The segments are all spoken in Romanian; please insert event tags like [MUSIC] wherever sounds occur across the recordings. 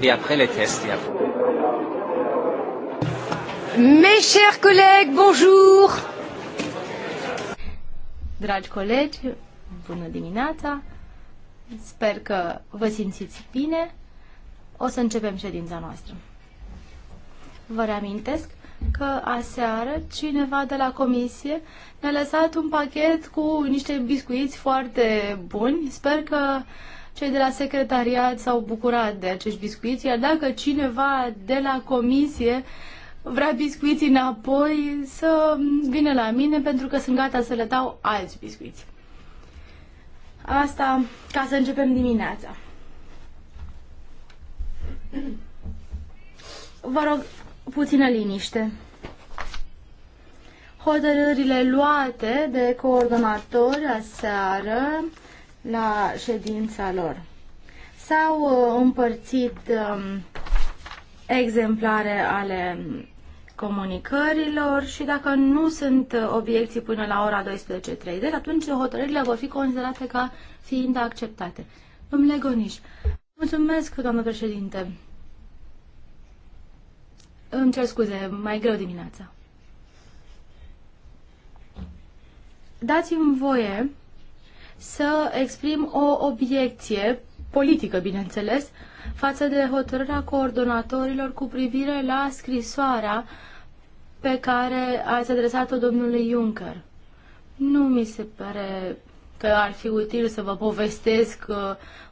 Et après les tests. Et après... Mes chers collègues, bonjour. Dragi colegi, bună dimineața. Sper că vă simțiți bine. O să începem ședința noastră. Vă reamintesc că aseară cineva de la comisie ne-a lăsat un pachet cu niște biscuiți foarte buni. Sper că uh, cei de la secretariat s-au bucurat de acești biscuiți, iar dacă cineva de la comisie vrea biscuiți înapoi, să vină la mine pentru că sunt gata să le dau alți biscuiți. Asta ca să începem dimineața. [CLEARS THROAT] Vă rog, puțină liniște. Hotărârile luate de coordonatori aseară la ședința lor. S-au uh, împărțit um, exemplare ale comunicărilor și dacă nu sunt uh, obiecții până la ora 12.30, deci atunci hotărârile vor fi considerate ca fiind acceptate. Domnule Goniș, mulțumesc, doamnă președinte. Îmi cer scuze, mai greu dimineața. Dați-mi voie să exprim o obiecție politică, bineînțeles, față de hotărârea coordonatorilor cu privire la scrisoarea pe care ați adresat-o domnului Juncker. Nu mi se pare că ar fi util să vă povestesc uh,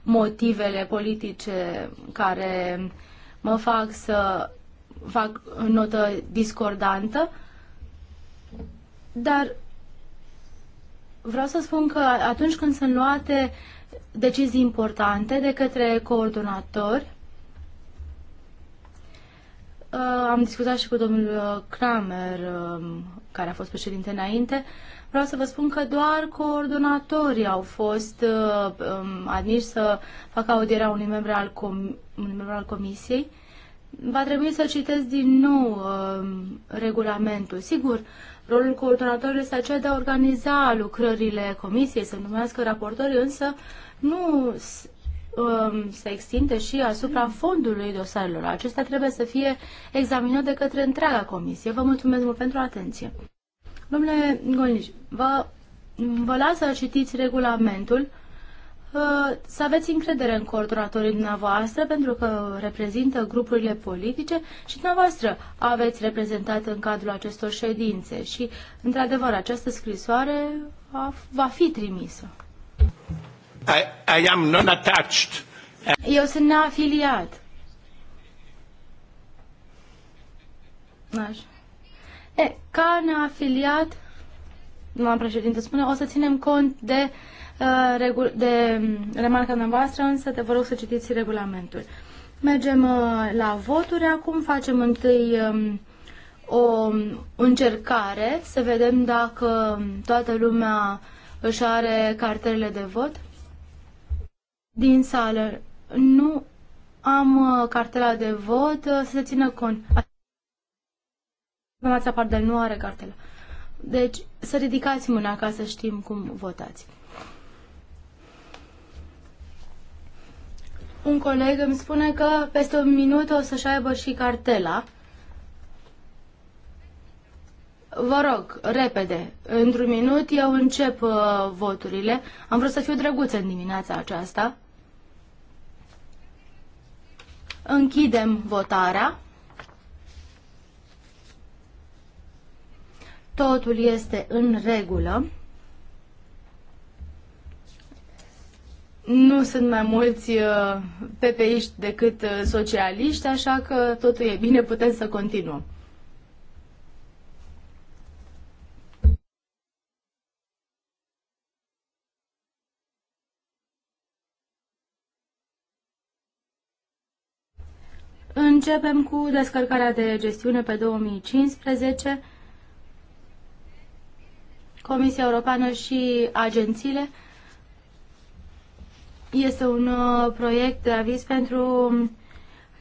motivele politice care mă fac să fac notă discordantă, dar Vreau să spun că atunci când sunt luate decizii importante de către coordonatori, uh, am discutat și cu domnul uh, Kramer, um, care a fost președinte înainte, vreau să vă spun că doar coordonatorii au fost uh, um, admiși să facă audierea unui membru al, com- unui membru al comisiei. Va trebui să citesc din nou um, regulamentul. Sigur, Rolul coordonatorului este acela de a organiza lucrările comisiei, să numească raportori, însă nu um, se extinde și asupra fondului dosarelor. Acesta trebuie să fie examinat de către întreaga comisie. Vă mulțumesc mult pentru atenție. Domnule Golnici, vă, vă las să citiți regulamentul Uh, să aveți încredere în coordonatorii dumneavoastră, pentru că reprezintă grupurile politice și dumneavoastră aveți reprezentat în cadrul acestor ședințe și, într-adevăr, această scrisoare a, va fi trimisă. I, I am not attached. Eu sunt neafiliat. Așa. E, ca neafiliat, nu am președinte spune, o să ținem cont de uh, Uh, de mm, remarca dumneavoastră, însă te vă rog să citiți regulamentul. Mergem uh, la voturi acum, facem întâi um, o încercare să vedem dacă um, toată lumea își are cartelele de vot. Din sală nu am uh, cartela de vot, să se țină cont. Doamna Țapardel nu are cartela. Deci să ridicați mâna ca să știm cum votați. Un coleg îmi spune că peste un minut o să-și aibă și cartela. Vă rog, repede, într-un minut eu încep uh, voturile. Am vrut să fiu drăguță în dimineața aceasta. Închidem votarea. Totul este în regulă. nu sunt mai mulți uh, pepeiști decât uh, socialiști, așa că totul e bine, putem să continuăm. Începem cu descărcarea de gestiune pe 2015. Comisia Europeană și agențiile este un uh, proiect de aviz pentru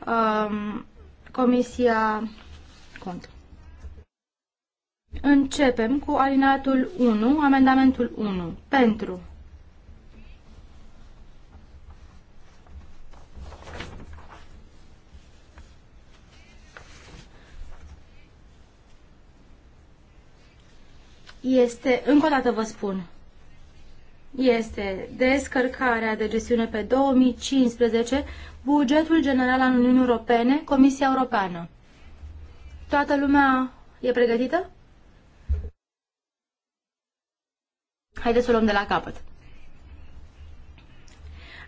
uh, Comisia Cont. Începem cu alinatul 1, amendamentul 1. Pentru. Este, încă o dată vă spun, este descărcarea de gestiune pe 2015, bugetul general al Uniunii Europene, Comisia Europeană. Toată lumea e pregătită? Haideți să o luăm de la capăt.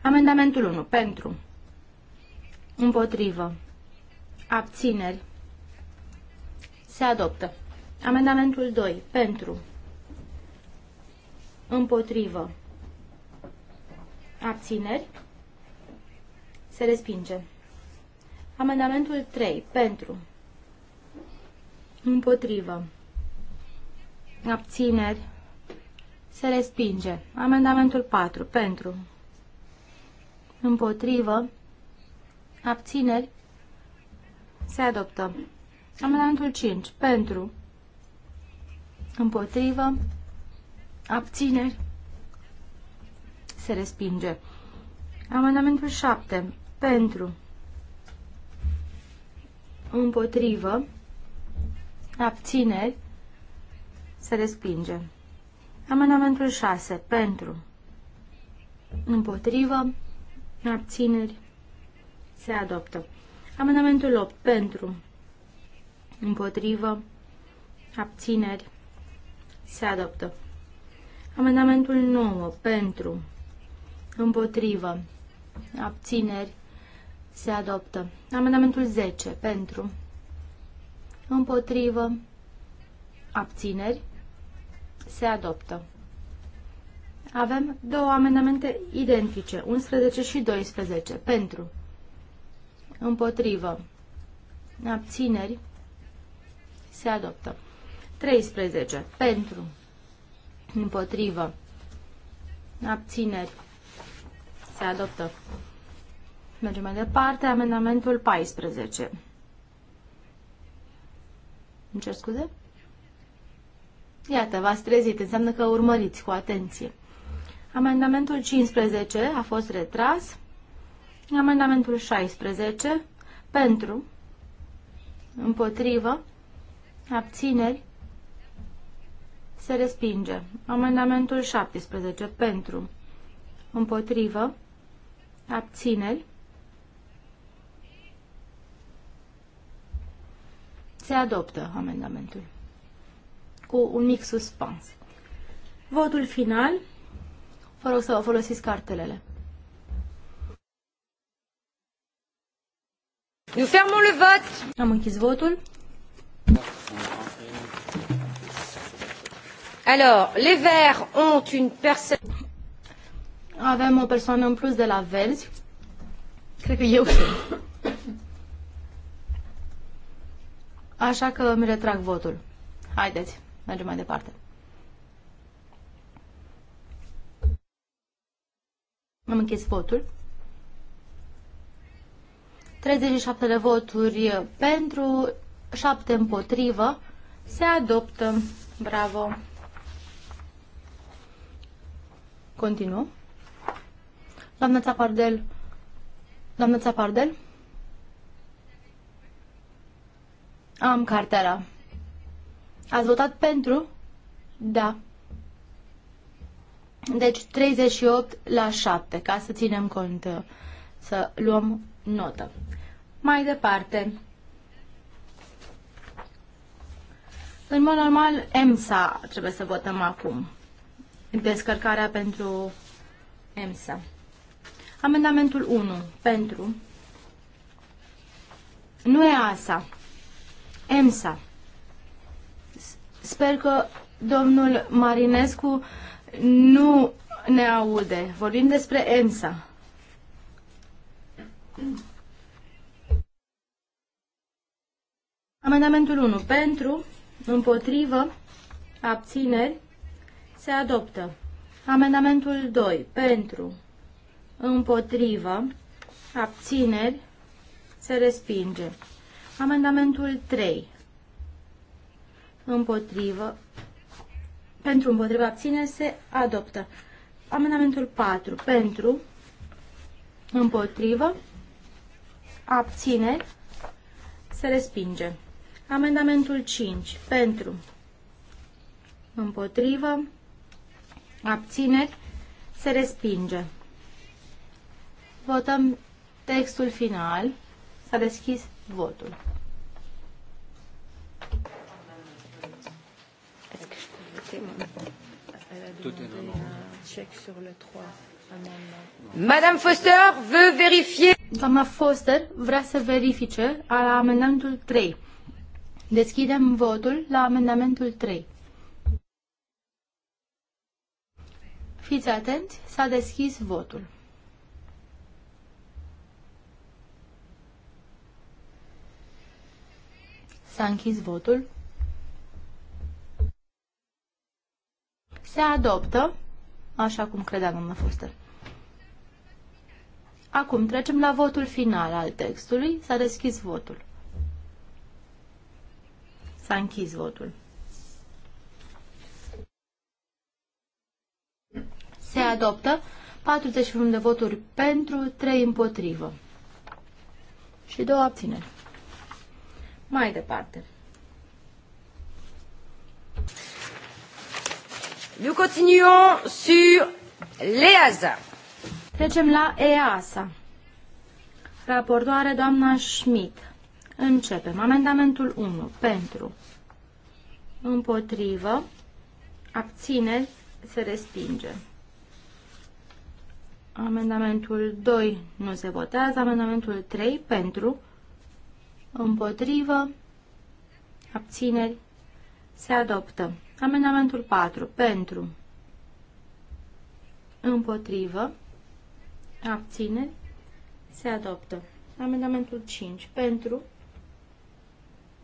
Amendamentul 1. Pentru. Împotrivă. Abțineri. Se adoptă. Amendamentul 2. Pentru. Împotrivă. Abțineri. Se respinge. Amendamentul 3. Pentru. Împotrivă. Abțineri. Se respinge. Amendamentul 4. Pentru. Împotrivă. Abțineri. Se adoptă. Amendamentul 5. Pentru. Împotrivă. Abțineri. Se respinge. Amendamentul 7. Pentru. Împotrivă. Abțineri. Se respinge. Amendamentul 6. Pentru. Împotrivă. Abțineri. Se adoptă. Amendamentul 8. Pentru. Împotrivă. Abțineri. Se adoptă. Amendamentul 9 pentru, împotrivă, abțineri, se adoptă. Amendamentul 10 pentru, împotrivă, abțineri, se adoptă. Avem două amendamente identice, 11 și 12, pentru, împotrivă, abțineri, se adoptă. 13, pentru, împotrivă, abțineri, se adoptă. Mergem mai departe, amendamentul 14. Îmi cer scuze? Iată, v-ați trezit, înseamnă că urmăriți cu atenție. Amendamentul 15 a fost retras. Amendamentul 16 pentru, împotrivă, abțineri, se respinge. Amendamentul 17. Pentru. Împotrivă. Abțineri. Se adoptă amendamentul. Cu un mic suspans. Votul final. Vă rog să vă folosiți cartelele. Nous fermons le vote. Am închis votul. Da. Alors, les Verts ont une personne... Avem o persoană în plus de la Verzi. Cred că eu sunt. Așa că îmi retrag votul. Haideți, mergem mai departe. Am închis votul. 37 de voturi pentru, 7 împotrivă. Se adoptă. Bravo! Continuăm. Doamna Țapardel, doamna Țapardel, am cartela. Ați votat pentru? Da. Deci 38 la 7, ca să ținem cont, să luăm notă. Mai departe, în mod normal, EMSA trebuie să votăm acum descărcarea pentru EMSA. Amendamentul 1 pentru nu e ASA, EMSA. Sper că domnul Marinescu nu ne aude. Vorbim despre EMSA. Amendamentul 1. Pentru, împotrivă, abțineri, se adoptă. Amendamentul 2. Pentru. Împotrivă. Abțineri. Se respinge. Amendamentul 3. Împotrivă. Pentru împotrivă abține se adoptă. Amendamentul 4. Pentru. Împotrivă. Abțineri. Se respinge. Amendamentul 5. Pentru. Împotrivă abțineri, se respinge. Votăm textul final. S-a deschis votul. Madame Foster veut vérifier. Doamna Foster vrea să verifice la amendamentul 3. Deschidem votul la amendamentul 3. Fiți atenți, s-a deschis votul. S-a închis votul. Se adoptă, așa cum credea doamna Foster. Acum trecem la votul final al textului. S-a deschis votul. S-a închis votul. se adoptă 41 de voturi pentru, 3 împotrivă și 2 abțineri. Mai departe. Nous continuons sur l'EASA. Trecem la EASA. Raportoare doamna Schmidt. Începem. Amendamentul 1. Pentru. Împotrivă. Abțineri. Se respinge. Amendamentul 2 nu se votează. Amendamentul 3 pentru, împotrivă, abțineri, se adoptă. Amendamentul 4 pentru, împotrivă, abțineri, se adoptă. Amendamentul 5 pentru,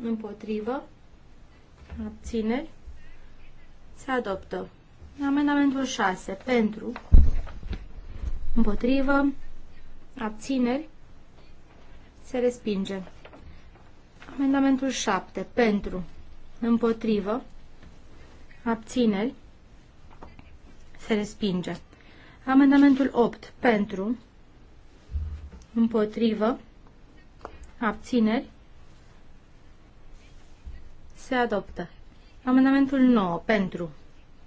împotrivă, abțineri, se adoptă. Amendamentul 6 pentru, împotrivă, abțineri, se respinge. Amendamentul 7, pentru, împotrivă, abțineri, se respinge. Amendamentul 8, pentru, împotrivă, abțineri, se adoptă. Amendamentul 9, pentru,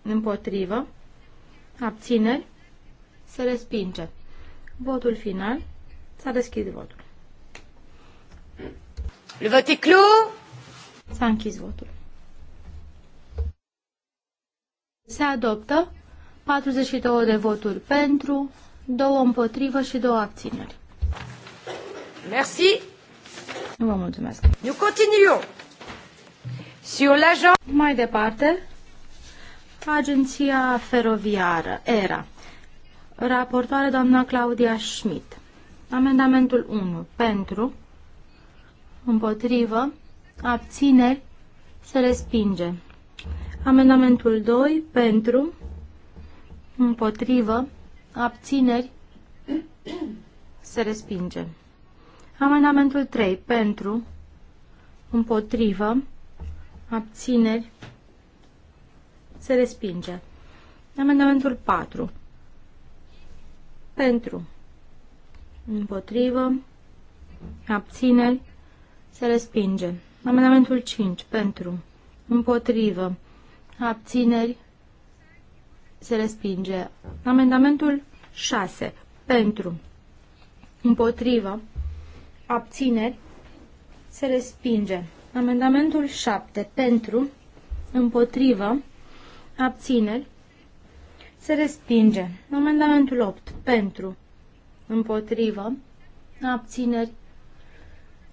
împotrivă, abțineri, se respinge. Votul final. S-a deschis votul. Le vote est clos. S-a închis votul. Se adoptă 42 de voturi pentru, 2 împotrivă și 2 abțineri. Merci. Vă mulțumesc. Nu continuăm. Sur l'agent. Mai departe, agenția feroviară ERA. Raportoare doamna Claudia Schmidt. Amendamentul 1. Pentru. Împotrivă. abține, Se respinge. Amendamentul 2. Pentru. Împotrivă. Abțineri. Se respinge. Amendamentul 3. Pentru. Împotrivă. Abțineri. Se respinge. Amendamentul 4 pentru, împotrivă, abțineri, se respinge. Amendamentul 5, pentru, împotrivă, abțineri, se respinge. Amendamentul 6, pentru, împotrivă, abțineri, se respinge. Amendamentul 7, pentru, împotrivă, abțineri, se respinge. Amendamentul 8. Pentru. Împotrivă. Abțineri.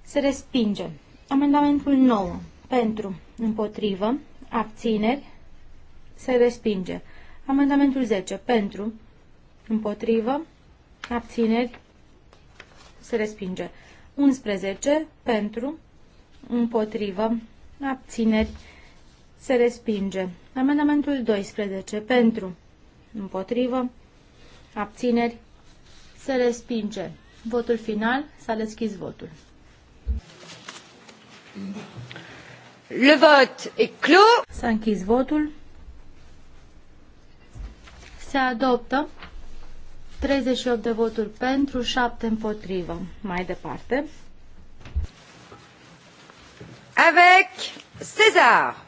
Se respinge. Amendamentul 9. Pentru. Împotrivă. Abțineri. Se respinge. Amendamentul 10. Pentru. Împotrivă. Abțineri. Se respinge. 11. Pentru. Împotrivă. Abțineri. Se respinge. Amendamentul 12. Pentru împotrivă, abțineri, se respinge. Votul final, s-a deschis votul. Le vot e clos. S-a închis votul. Se adoptă 38 de voturi pentru, 7 împotrivă. Mai departe. Avec César,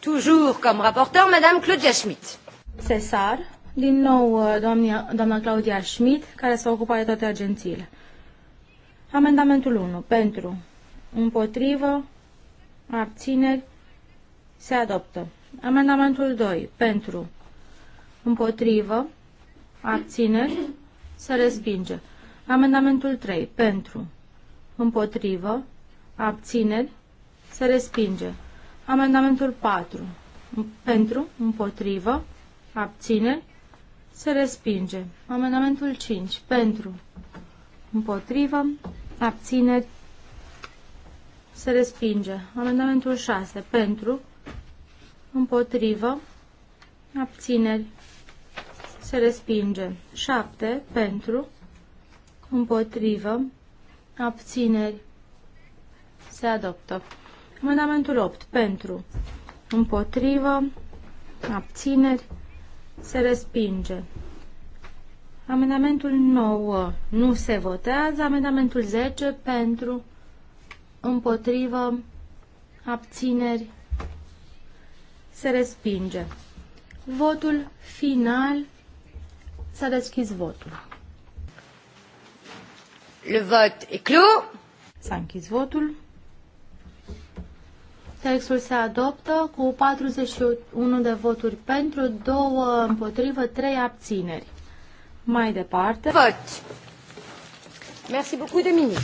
toujours comme rapporteur, Madame Claudia Schmidt. César, din nou uh, doamna, doamna Claudia Schmidt, care s-a ocupat de toate agențiile. Amendamentul 1. Pentru. Împotrivă. Abțineri. Se adoptă. Amendamentul 2. Pentru. Împotrivă. Abțineri. Se respinge. Amendamentul 3. Pentru. Împotrivă. Abțineri. Se respinge. Amendamentul 4. Pentru. Împotrivă. Abțineri. Se respinge. Amendamentul 5. Pentru. Împotrivă. Abțineri. Se respinge. Amendamentul 6. Pentru. Împotrivă. Abțineri. Se respinge. 7. Pentru. Împotrivă. Abțineri. Se adoptă. Amendamentul 8. Pentru. Împotrivă. Abțineri se respinge. Amendamentul 9 nu se votează. Amendamentul 10 pentru, împotrivă, abțineri, se respinge. Votul final. S-a deschis votul. Le vot e clos. S-a închis votul. Textul se adoptă cu 41 de voturi pentru, 2 împotrivă, 3 abțineri. Mai departe. Vot. Merci beaucoup, Dominic.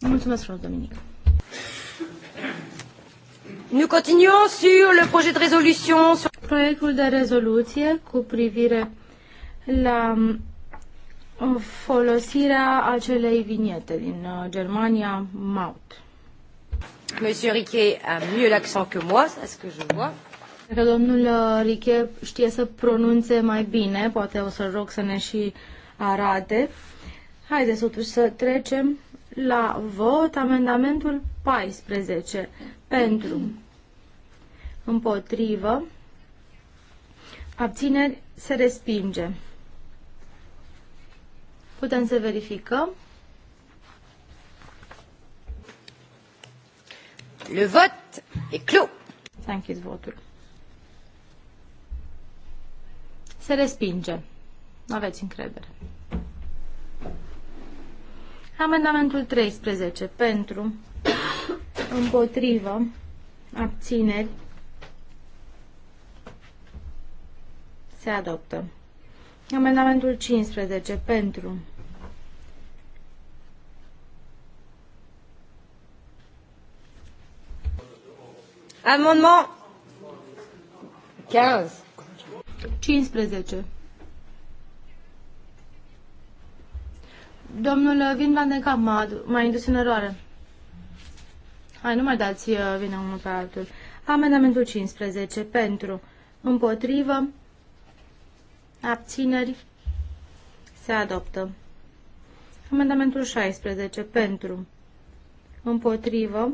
Mulțumesc frumos, Dominic. Nous continuons sur le projet de résolution. Sur... Proiectul de rezoluție cu privire la um, folosirea acelei viniete din uh, Germania, Maut. Monsieur Riquet a mieux l'accent que moi, c'est ce que je vois. Că domnul uh, Riche știe să pronunțe mai bine, poate o să rog să ne și arate. Haideți totuși să trecem la vot amendamentul 14 pentru împotrivă abțineri se respinge. Putem să verificăm. Le vot est clos. S-a votul. Se respinge. Nu aveți încredere. Amendamentul 13. Pentru, împotrivă, abțineri, se adoptă. Amendamentul 15. Pentru, Amendement 15. 15. Domnul Vin Van de Cap m-a, m-a indus în eroare. Hai, nu mai dați uh, vina unul pe altul. Amendamentul 15. Pentru. Împotrivă. Abțineri. Se adoptă. Amendamentul 16. Pentru. Împotrivă.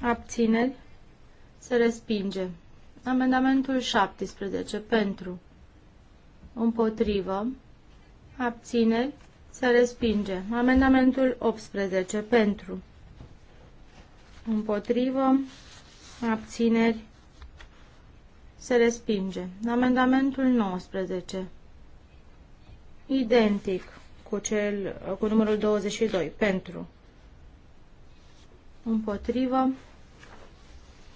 Abțineri. Se respinge. Amendamentul 17. Pentru. Împotrivă. Abține. Se respinge. Amendamentul 18. Pentru. Împotrivă. Abțineri. Se respinge. Amendamentul 19. Identic cu, cel, cu numărul 22. Pentru. Împotrivă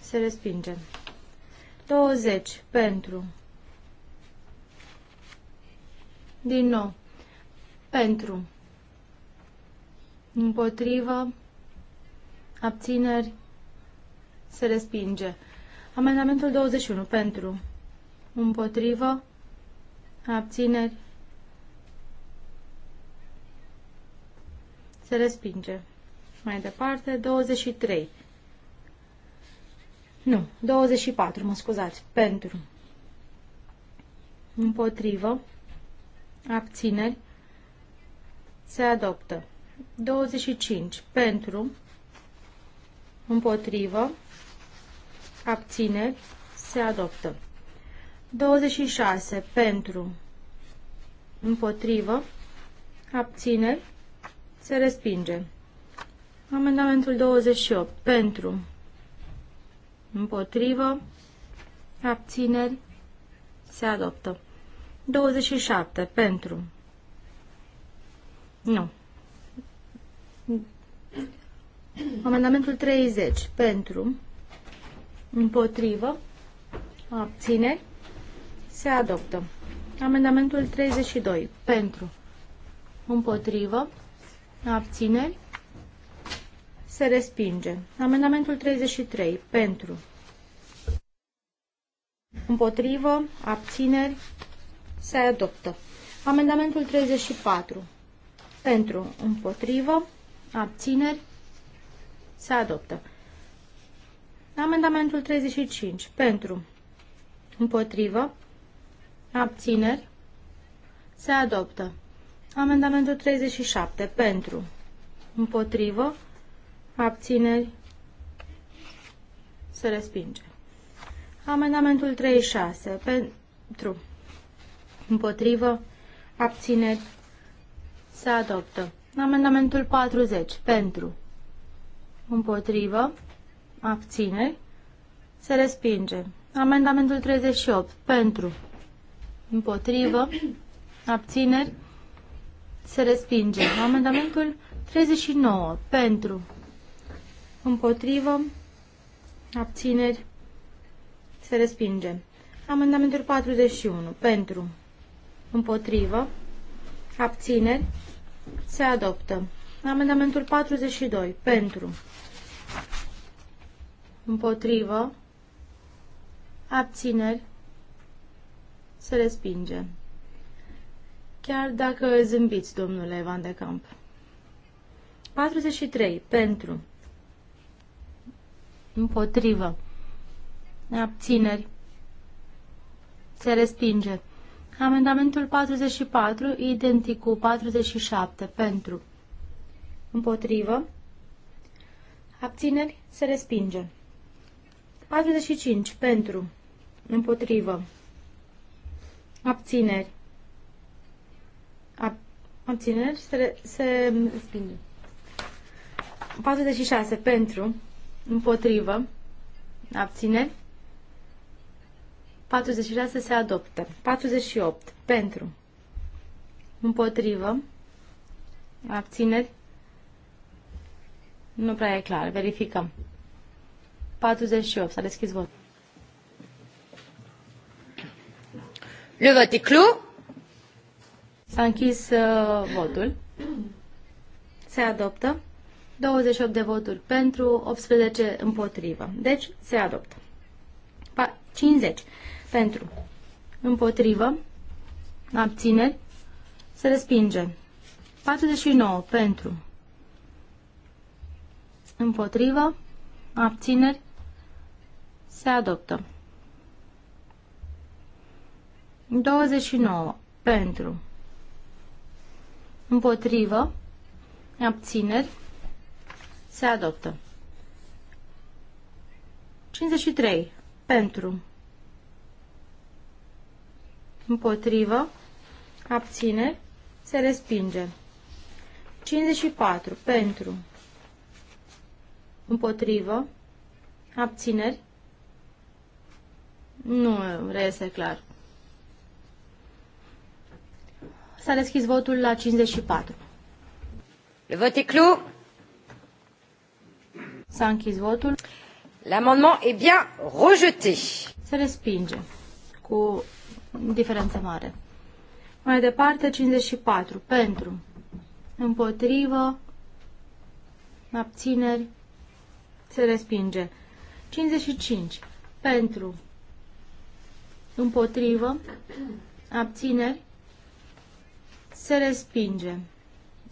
se respinge. 20 pentru. Din nou. Pentru. Împotrivă. Abțineri. Se respinge. Amendamentul 21. Pentru. Împotrivă. Abțineri. Se respinge. Mai departe, 23. Nu, 24, mă scuzați, pentru. Împotrivă. Abțineri. Se adoptă. 25, pentru. Împotrivă. Abțineri. Se adoptă. 26, pentru. Împotrivă. Abțineri. Se respinge. Amendamentul 28, pentru. Pentru împotrivă, abțineri, se adoptă. 27 pentru. Nu. Amendamentul 30 pentru, împotrivă, abțineri, se adoptă. Amendamentul 32 pentru, împotrivă, abțineri, se respinge. Amendamentul 33. Pentru. Împotrivă. Abțineri. Se adoptă. Amendamentul 34. Pentru. Împotrivă. Abțineri. Se adoptă. Amendamentul 35. Pentru. Împotrivă. Abțineri. Se adoptă. Amendamentul 37. Pentru. Împotrivă abțineri, se respinge. Amendamentul 36 pentru împotrivă abțineri se adoptă. Amendamentul 40 pentru împotrivă abțineri se respinge. Amendamentul 38 pentru împotrivă abțineri se respinge. Amendamentul 39 pentru împotrivă, abțineri, se respinge. Amendamentul 41, pentru, împotrivă, abțineri, se adoptă. Amendamentul 42, pentru, împotrivă, abțineri, se respinge. Chiar dacă zâmbiți, domnule Van de Camp. 43. Pentru. Împotrivă. Abțineri. Se respinge. Amendamentul 44, identic cu 47, pentru. Împotrivă. Abțineri. Se respinge. 45, pentru. Împotrivă. Abțineri. Ab abțineri se, se respinge. 46, pentru împotrivă, abțineri, 46 se adoptă. 48 pentru, împotrivă, abțineri, nu prea e clar, verificăm. 48, s-a deschis vot. Le vot e clou. S-a închis uh, votul. Se adoptă. 28 de voturi pentru, 18 împotrivă. Deci se adoptă. 50 pentru, împotrivă, abțineri, se respinge. 49 pentru, împotrivă, abțineri, se adoptă. 29 pentru, împotrivă, abțineri, se adoptă. 53. Pentru. Împotrivă. Abține. Se respinge. 54. Pentru. Împotrivă. Abțineri. Nu reiese clar. S-a deschis votul la 54. Le vot e clos. S-a închis votul. L'amendement est bien rejeté. Se respinge cu diferență mare. Mai departe, 54. Pentru. Împotrivă. Abțineri. Se respinge. 55. Pentru. Împotrivă. Abțineri. Se respinge.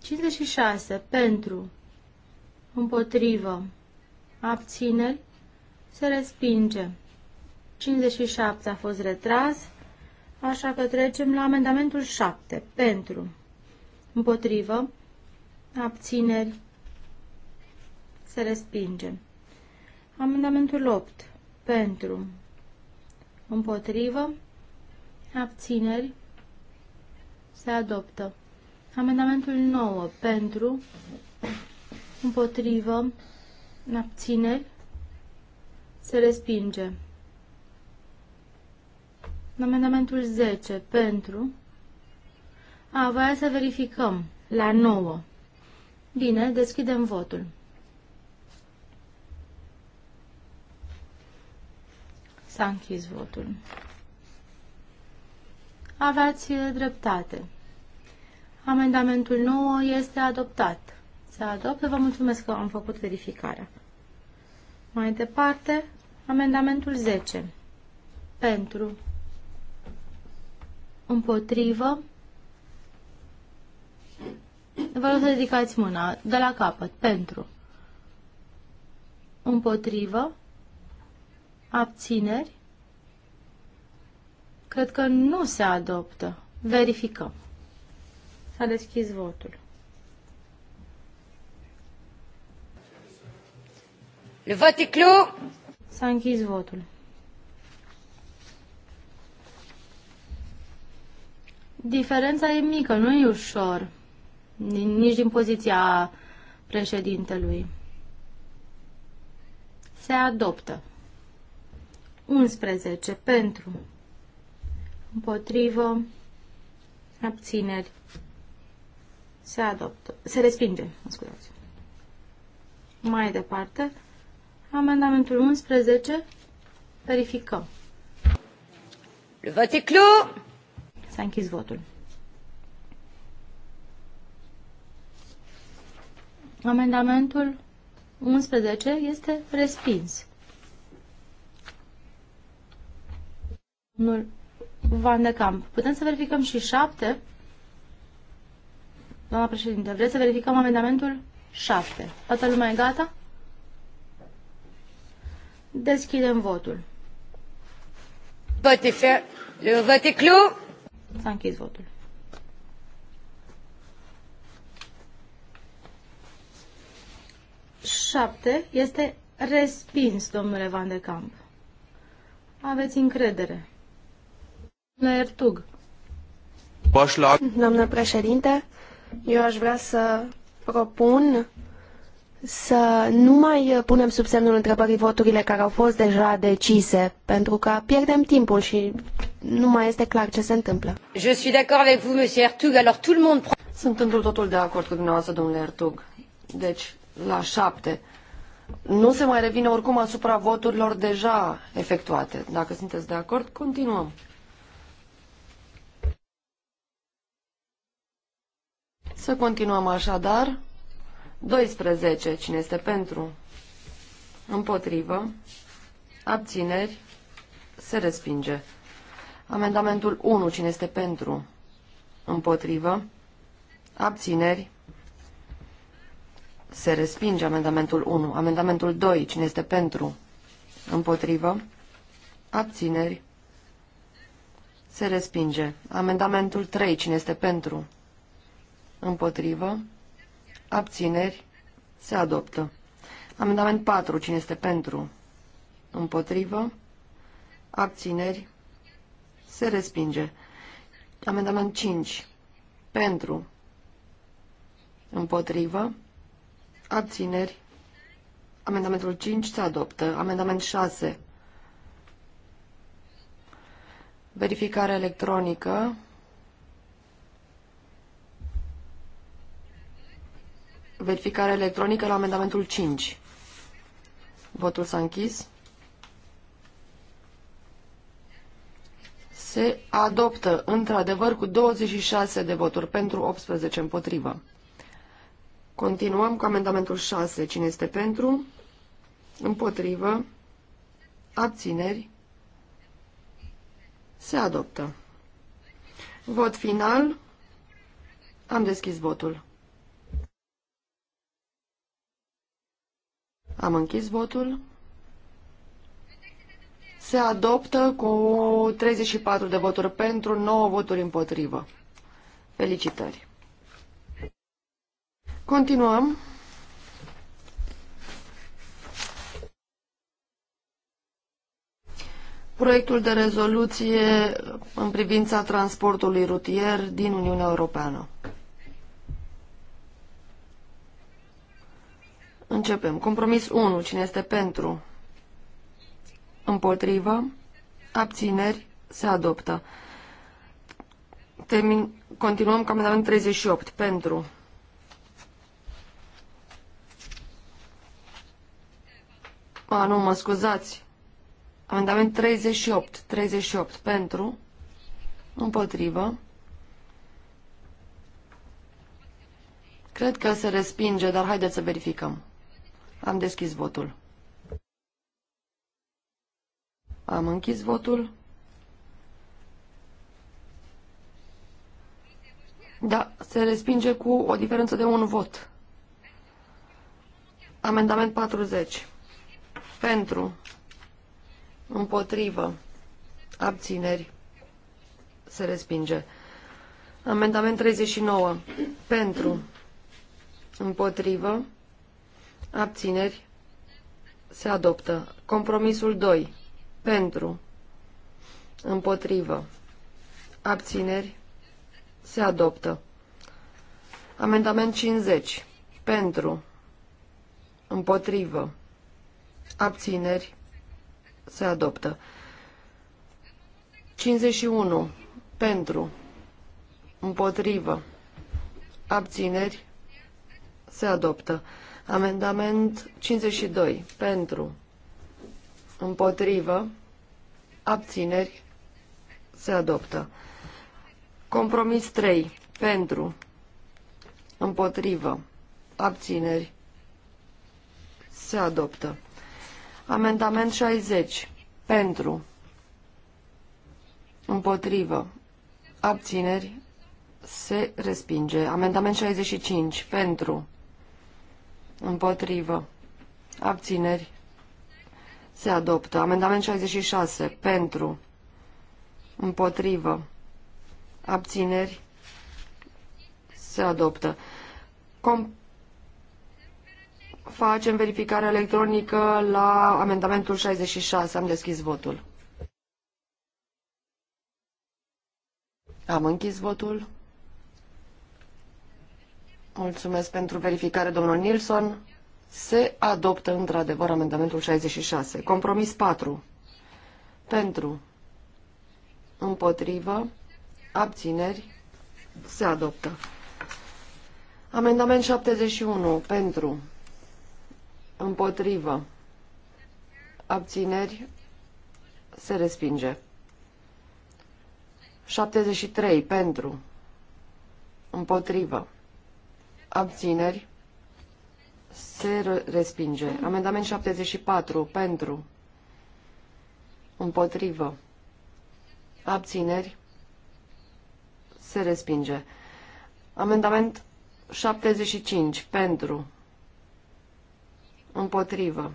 56. Pentru. Împotrivă abțineri, se respinge. 57 a fost retras, așa că trecem la amendamentul 7. Pentru, împotrivă, abțineri, se respinge. Amendamentul 8. Pentru, împotrivă, abțineri, se adoptă. Amendamentul 9. Pentru, împotrivă, abțineri, se respinge. Amendamentul 10 pentru. A, voia să verificăm. La 9. Bine, deschidem votul. S-a închis votul. Aveați dreptate. Amendamentul 9 este adoptat. Se adoptă. Vă mulțumesc că am făcut verificarea. Mai departe, amendamentul 10. Pentru. Împotrivă. Vă rog să ridicați mâna de la capăt. Pentru. Împotrivă. Abțineri. Cred că nu se adoptă. Verificăm. S-a deschis votul. Le vot e clos. S-a închis votul. Diferența e mică, nu e ușor, nici din poziția președintelui. Se adoptă. 11 pentru, împotrivă, abțineri, se adoptă, se respinge, scuzați. Mai departe, Amendamentul 11. Verificăm. Le vot e clos. S-a închis votul. Amendamentul 11 este respins. Domnul Van de Camp, putem să verificăm și 7? Doamna președinte, vreți să verificăm amendamentul 7? Toată lumea e gata? Deschidem votul. Vote fer... Le uh, vote clos. S-a închis votul. Șapte este respins, domnule Van de Camp. Aveți încredere. Domnule Ertug. Doamnă președinte, eu aș vrea să propun să nu mai punem sub semnul întrebării voturile care au fost deja decise, pentru că pierdem timpul și nu mai este clar ce se întâmplă. Je suis d'accord avec vous, monsieur Ertug, alors tout le monde... Sunt într totul de acord cu dumneavoastră, domnule Ertug. Deci, la șapte. Nu se mai revine oricum asupra voturilor deja efectuate. Dacă sunteți de acord, continuăm. Să continuăm așadar. 12. Cine este pentru? Împotrivă. Abțineri. Se respinge. Amendamentul 1. Cine este pentru? Împotrivă. Abțineri. Se respinge amendamentul 1. Amendamentul 2. Cine este pentru? Împotrivă. Abțineri. Se respinge. Amendamentul 3. Cine este pentru? Împotrivă. Abțineri. Se adoptă. Amendament 4. Cine este pentru? Împotrivă. Abțineri. Se respinge. Amendament 5. Pentru. Împotrivă. Abțineri. Amendamentul 5 se adoptă. Amendament 6. Verificare electronică. Verificare electronică la amendamentul 5. Votul s-a închis. Se adoptă, într-adevăr, cu 26 de voturi pentru, 18 împotrivă. Continuăm cu amendamentul 6. Cine este pentru? Împotrivă. Abțineri. Se adoptă. Vot final. Am deschis votul. Am închis votul. Se adoptă cu 34 de voturi pentru, 9 voturi împotrivă. Felicitări! Continuăm. Proiectul de rezoluție în privința transportului rutier din Uniunea Europeană. Începem. Compromis 1. Cine este pentru? Împotrivă. Abțineri. Se adoptă. Termin... Continuăm cu amendament 38. Pentru. A, nu, mă scuzați. Amendament 38. 38. Pentru. Împotrivă. Cred că se respinge, dar haideți să verificăm. Am deschis votul. Am închis votul. Da, se respinge cu o diferență de un vot. Amendament 40. Pentru. Împotrivă. Abțineri. Se respinge. Amendament 39. Pentru. Împotrivă. Abțineri. Se adoptă. Compromisul 2. Pentru. Împotrivă. Abțineri. Se adoptă. Amendament 50. Pentru. Împotrivă. Abțineri. Se adoptă. 51. Pentru. Împotrivă. Abțineri. Se adoptă. Amendament 52. Pentru. Împotrivă. Abțineri. Se adoptă. Compromis 3. Pentru. Împotrivă. Abțineri. Se adoptă. Amendament 60. Pentru. Împotrivă. Abțineri. Se respinge. Amendament 65. Pentru. Împotrivă. Abțineri. Se adoptă. Amendament 66. Pentru. Împotrivă. Abțineri. Se adoptă. Com facem verificare electronică la amendamentul 66. Am deschis votul. Am închis votul. Mulțumesc pentru verificare, domnul Nilsson. Se adoptă într-adevăr amendamentul 66. Compromis 4. Pentru. Împotrivă. Abțineri. Se adoptă. Amendament 71. Pentru. Împotrivă. Abțineri. Se respinge. 73. Pentru. Împotrivă abțineri, se respinge. Amendament 74, pentru, împotrivă, abțineri, se respinge. Amendament 75, pentru, împotrivă,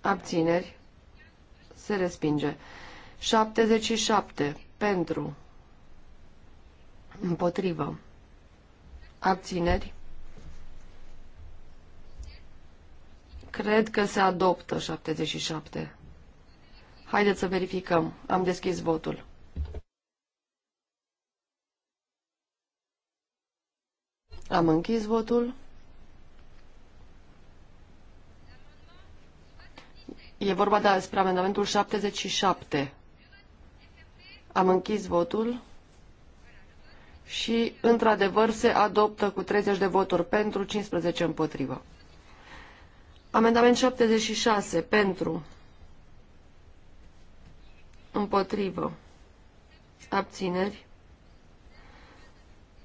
abțineri, se respinge. 77, pentru, împotrivă, abțineri, Cred că se adoptă 77. Haideți să verificăm. Am deschis votul. Am închis votul. E vorba despre amendamentul 77. Am închis votul și, într-adevăr, se adoptă cu 30 de voturi pentru, 15 împotrivă. Amendament 76. Pentru. Împotrivă. Abțineri.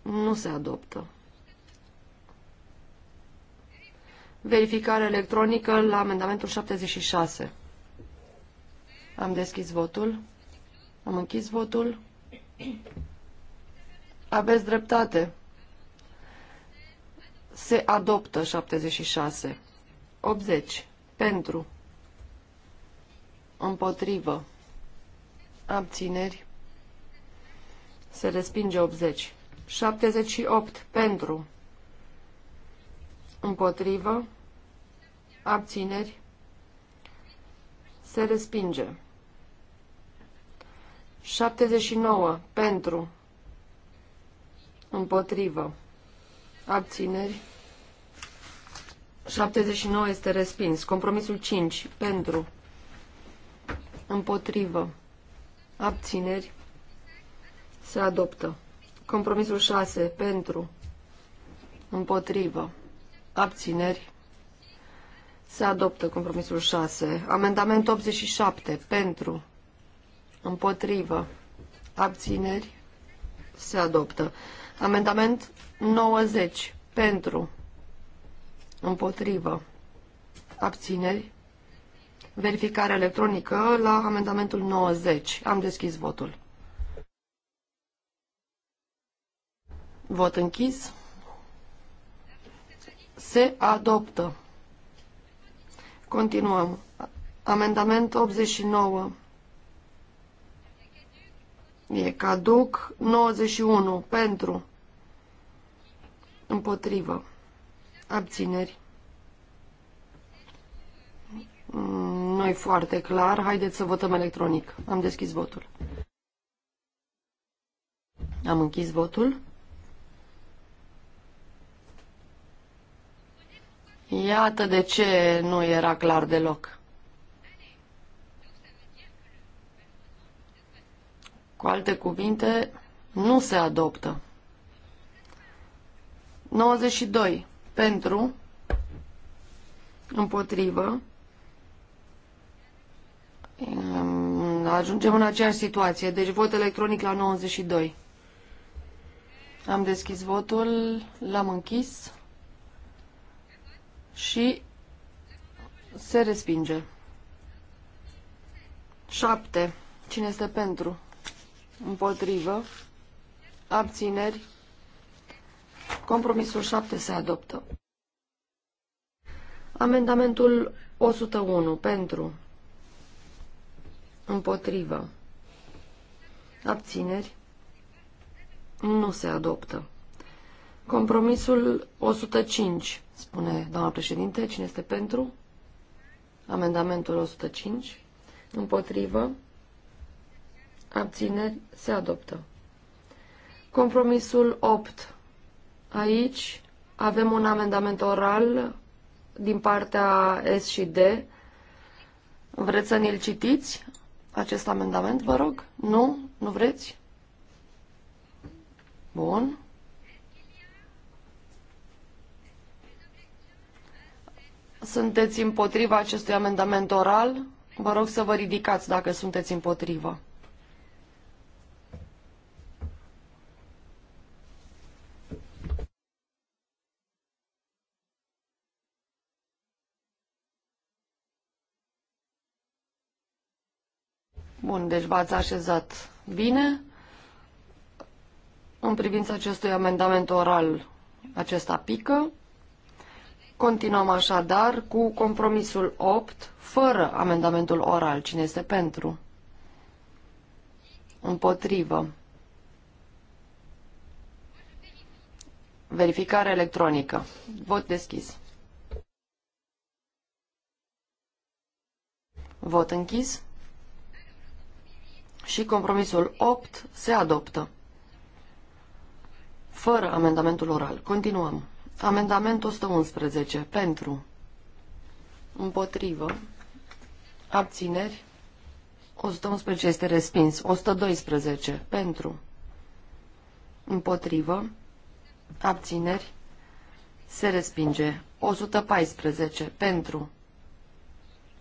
Nu se adoptă. Verificare electronică la amendamentul 76. Am deschis votul. Am închis votul. Aveți dreptate. Se adoptă 76. 80. Pentru. Împotrivă. Abțineri. Se respinge 80. 78. Pentru. Împotrivă. Abțineri. Se respinge. 79. Pentru. Împotrivă. Abțineri. 79 este respins. Compromisul 5. Pentru. Împotrivă. Abțineri. Se adoptă. Compromisul 6. Pentru. Împotrivă. Abțineri. Se adoptă compromisul 6. Amendament 87. Pentru. Împotrivă. Abțineri. Se adoptă. Amendament 90. Pentru. Împotrivă. Abțineri. Verificare electronică la amendamentul 90. Am deschis votul. Vot închis. Se adoptă. Continuăm. Amendament 89. E caduc 91. Pentru. Împotrivă. Abțineri. nu e foarte clar. Haideți să votăm electronic. Am deschis votul. Am închis votul. Iată de ce nu era clar deloc. Cu alte cuvinte, nu se adoptă. 92 pentru, împotrivă, ajungem în aceeași situație. Deci vot electronic la 92. Am deschis votul, l-am închis și se respinge. 7. Cine este pentru? Împotrivă. Abțineri. Compromisul 7 se adoptă. Amendamentul 101 pentru împotrivă abțineri nu se adoptă. Compromisul 105, spune doamna președinte, cine este pentru? Amendamentul 105, împotrivă, abțineri, se adoptă. Compromisul 8, Aici avem un amendament oral din partea S și D. Vreți să ne-l citiți, acest amendament, vă rog? Nu? Nu vreți? Bun. Sunteți împotriva acestui amendament oral? Vă rog să vă ridicați dacă sunteți împotrivă. Bun, deci v-ați așezat bine. În privința acestui amendament oral, acesta pică. Continuăm așadar cu compromisul 8, fără amendamentul oral. Cine este pentru? Împotrivă. Verificare electronică. Vot deschis. Vot închis și compromisul 8 se adoptă. Fără amendamentul oral. Continuăm. Amendament 111. Pentru. Împotrivă. Abțineri. 111 este respins. 112. Pentru. Împotrivă. Abțineri. Se respinge. 114. Pentru.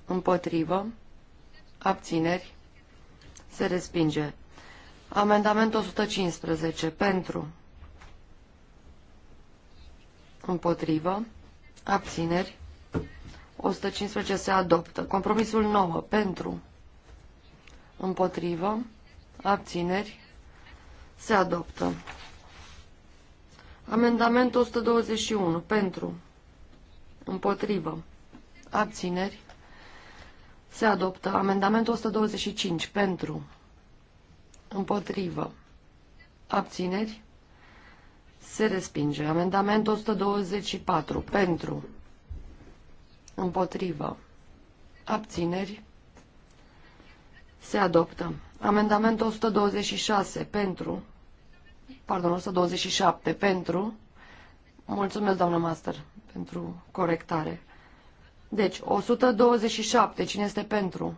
Împotrivă. Abțineri. Se respinge. Amendament 115. Pentru. Împotrivă. Abțineri. 115 se adoptă. Compromisul 9. Pentru. Împotrivă. Abțineri. Se adoptă. Amendament 121. Pentru. Împotrivă. Abțineri. Se adoptă amendamentul 125 pentru, împotrivă, abțineri, se respinge. Amendamentul 124 pentru, împotrivă, abțineri, se adoptă. Amendamentul 126 pentru, pardon, 127 pentru, mulțumesc doamnă master pentru corectare. Deci, 127. Cine este pentru?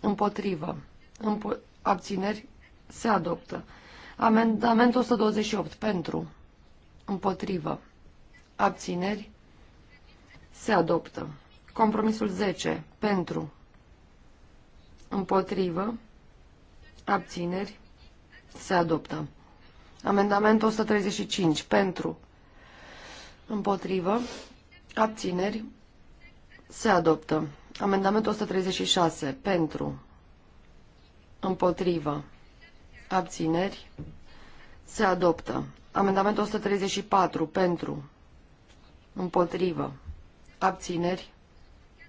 Împotrivă. Împo abțineri se adoptă. Amendamentul 128. Pentru. Împotrivă. Abțineri se adoptă. Compromisul 10. Pentru. Împotrivă. Abțineri se adoptă. Amendamentul 135. Pentru. Împotrivă. Abțineri se adoptă. Amendamentul 136. Pentru. Împotrivă. Abțineri. Se adoptă. Amendamentul 134. Pentru. Împotrivă. Abțineri.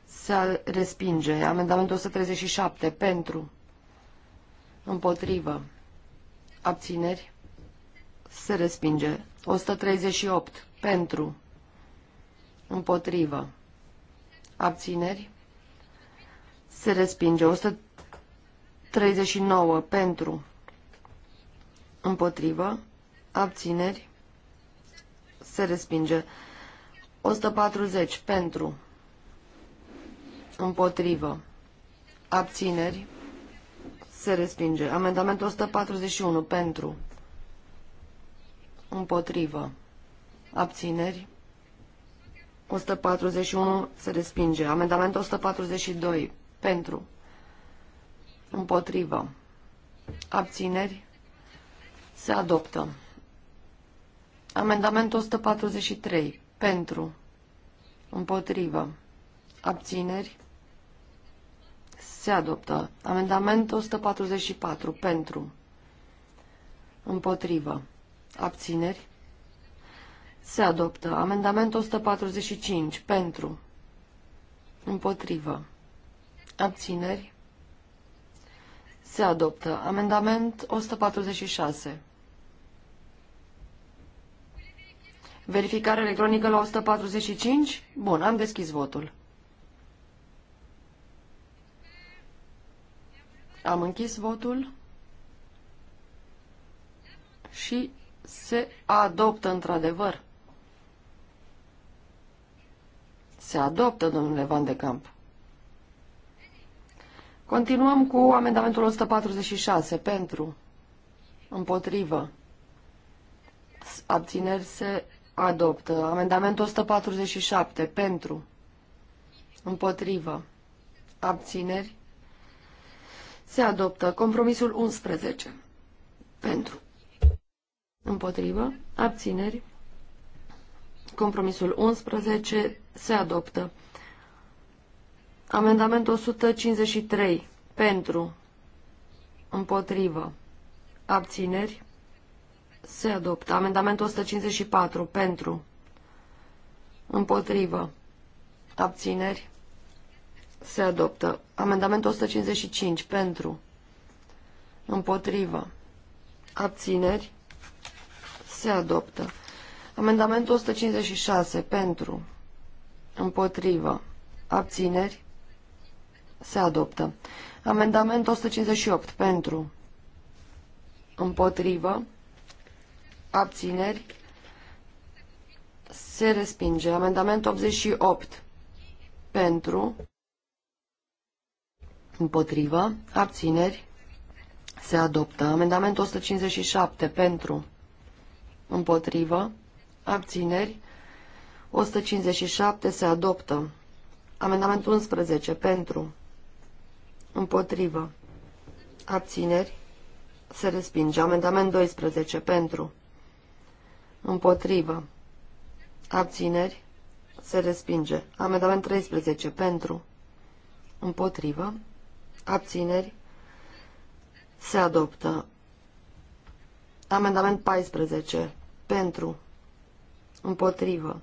Se respinge. Amendamentul 137. Pentru. Împotrivă. Abțineri. Se respinge. 138. Pentru. Împotrivă abțineri, se respinge. 139 pentru, împotrivă, abțineri, se respinge. 140 pentru, împotrivă, abțineri, se respinge. Amendamentul 141 pentru, împotrivă, abțineri, 141 se respinge. Amendamentul 142 pentru. Împotrivă. Abțineri. Se adoptă. Amendamentul 143 pentru. Împotrivă. Abțineri. Se adoptă. Amendamentul 144 pentru. Împotrivă. Abțineri. Se adoptă. Amendamentul 145. Pentru. Împotrivă. Abțineri. Se adoptă. Amendament 146. Verificare electronică la 145? Bun, am deschis votul. Am închis votul și se adoptă într-adevăr. Se adoptă, domnule Van de Camp. Continuăm cu amendamentul 146. Pentru. Împotrivă. Abțineri se adoptă. Amendamentul 147. Pentru. Împotrivă. Abțineri. Se adoptă. Compromisul 11. Pentru. Împotrivă. Abțineri. Compromisul 11 se adoptă. Amendamentul 153. Pentru. Împotrivă. Abțineri. Se adoptă. Amendamentul 154. Pentru. Împotrivă. Abțineri. Se adoptă. Amendamentul 155. Pentru. Împotrivă. Abțineri. Se adoptă. Amendamentul 156 pentru, împotrivă, abțineri, se adoptă. Amendamentul 158 pentru, împotrivă, abțineri, se respinge. Amendamentul 88 pentru, împotrivă, abțineri, se adoptă. Amendamentul 157 pentru, împotrivă, abțineri, 157 se adoptă. Amendamentul 11 pentru, împotrivă, abțineri, se respinge. Amendament 12 pentru, împotrivă, abțineri, se respinge. Amendament 13 pentru, împotrivă, abțineri, se adoptă. Amendament 14 pentru, Împotrivă.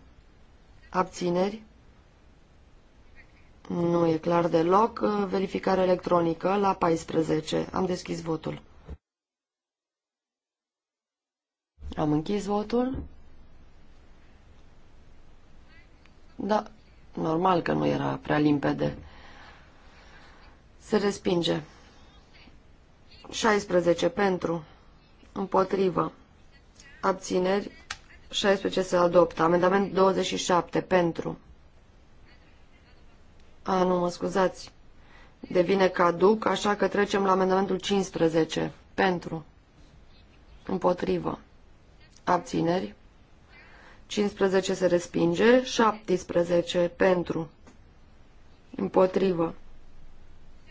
Abțineri. Nu e clar deloc. Verificare electronică la 14. Am deschis votul. Am închis votul. Da, normal că nu era prea limpede. Se respinge. 16 pentru. Împotrivă. Abțineri. 16 se adoptă. Amendament 27 pentru. A, nu, mă scuzați. Devine caduc, așa că trecem la amendamentul 15. Pentru. Împotrivă. Abțineri. 15 se respinge. 17 pentru. Împotrivă.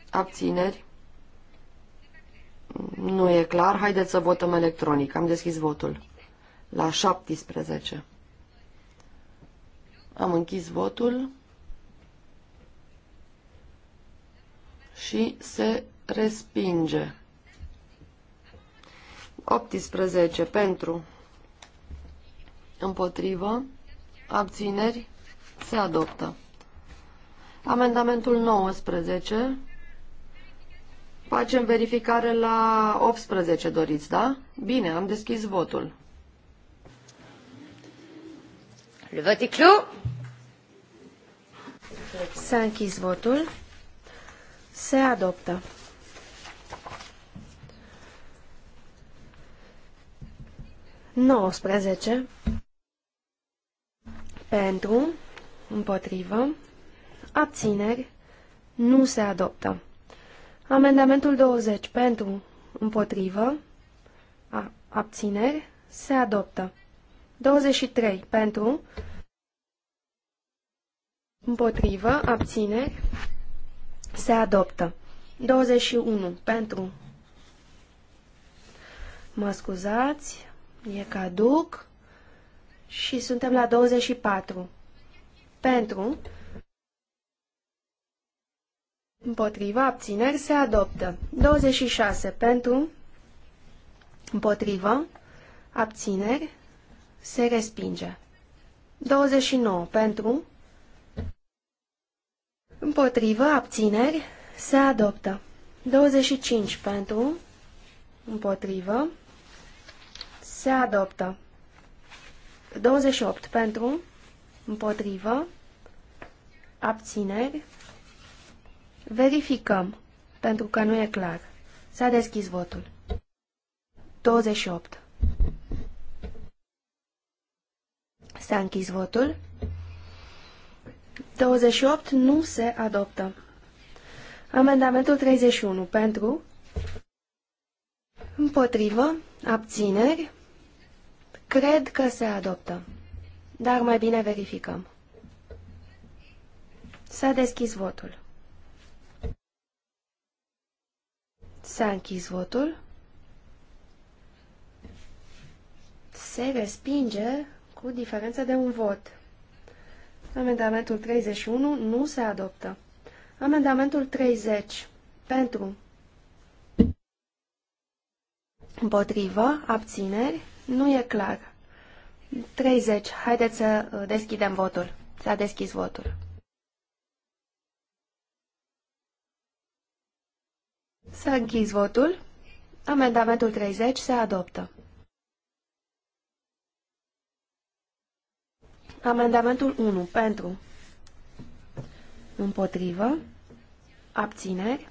Abțineri. Nu e clar. Haideți să votăm electronic. Am deschis votul la 17. Am închis votul și se respinge. 18 pentru, împotrivă, abțineri, se adoptă. Amendamentul 19. Facem verificare la 18, doriți, da? Bine, am deschis votul. Le vote est clos. închis votul. Se adoptă. Nouăsprezece. Pentru, împotrivă, abțineri, nu se adoptă. Amendamentul 20 pentru, împotrivă, a, abțineri, se adoptă. 23 pentru, împotrivă, abțineri, se adoptă. 21 pentru, mă scuzați, e caduc și suntem la 24 pentru, împotriva, abțineri, se adoptă. 26 pentru, împotrivă, abțineri, se respinge. 29 pentru, împotrivă, abțineri, se adoptă. 25 pentru, împotrivă, se adoptă. 28 pentru, împotrivă, abțineri, verificăm, pentru că nu e clar. S-a deschis votul. 28. S-a închis votul. 28 nu se adoptă. Amendamentul 31 pentru, împotrivă, abțineri, cred că se adoptă, dar mai bine verificăm. S-a deschis votul. S-a închis votul. Se respinge cu diferență de un vot. Amendamentul 31 nu se adoptă. Amendamentul 30. Pentru. Împotrivă. Abțineri. Nu e clar. 30. Haideți să uh, deschidem votul. S-a deschis votul. S-a închis votul. Amendamentul 30 se adoptă. Amendamentul 1 pentru împotrivă abțineri.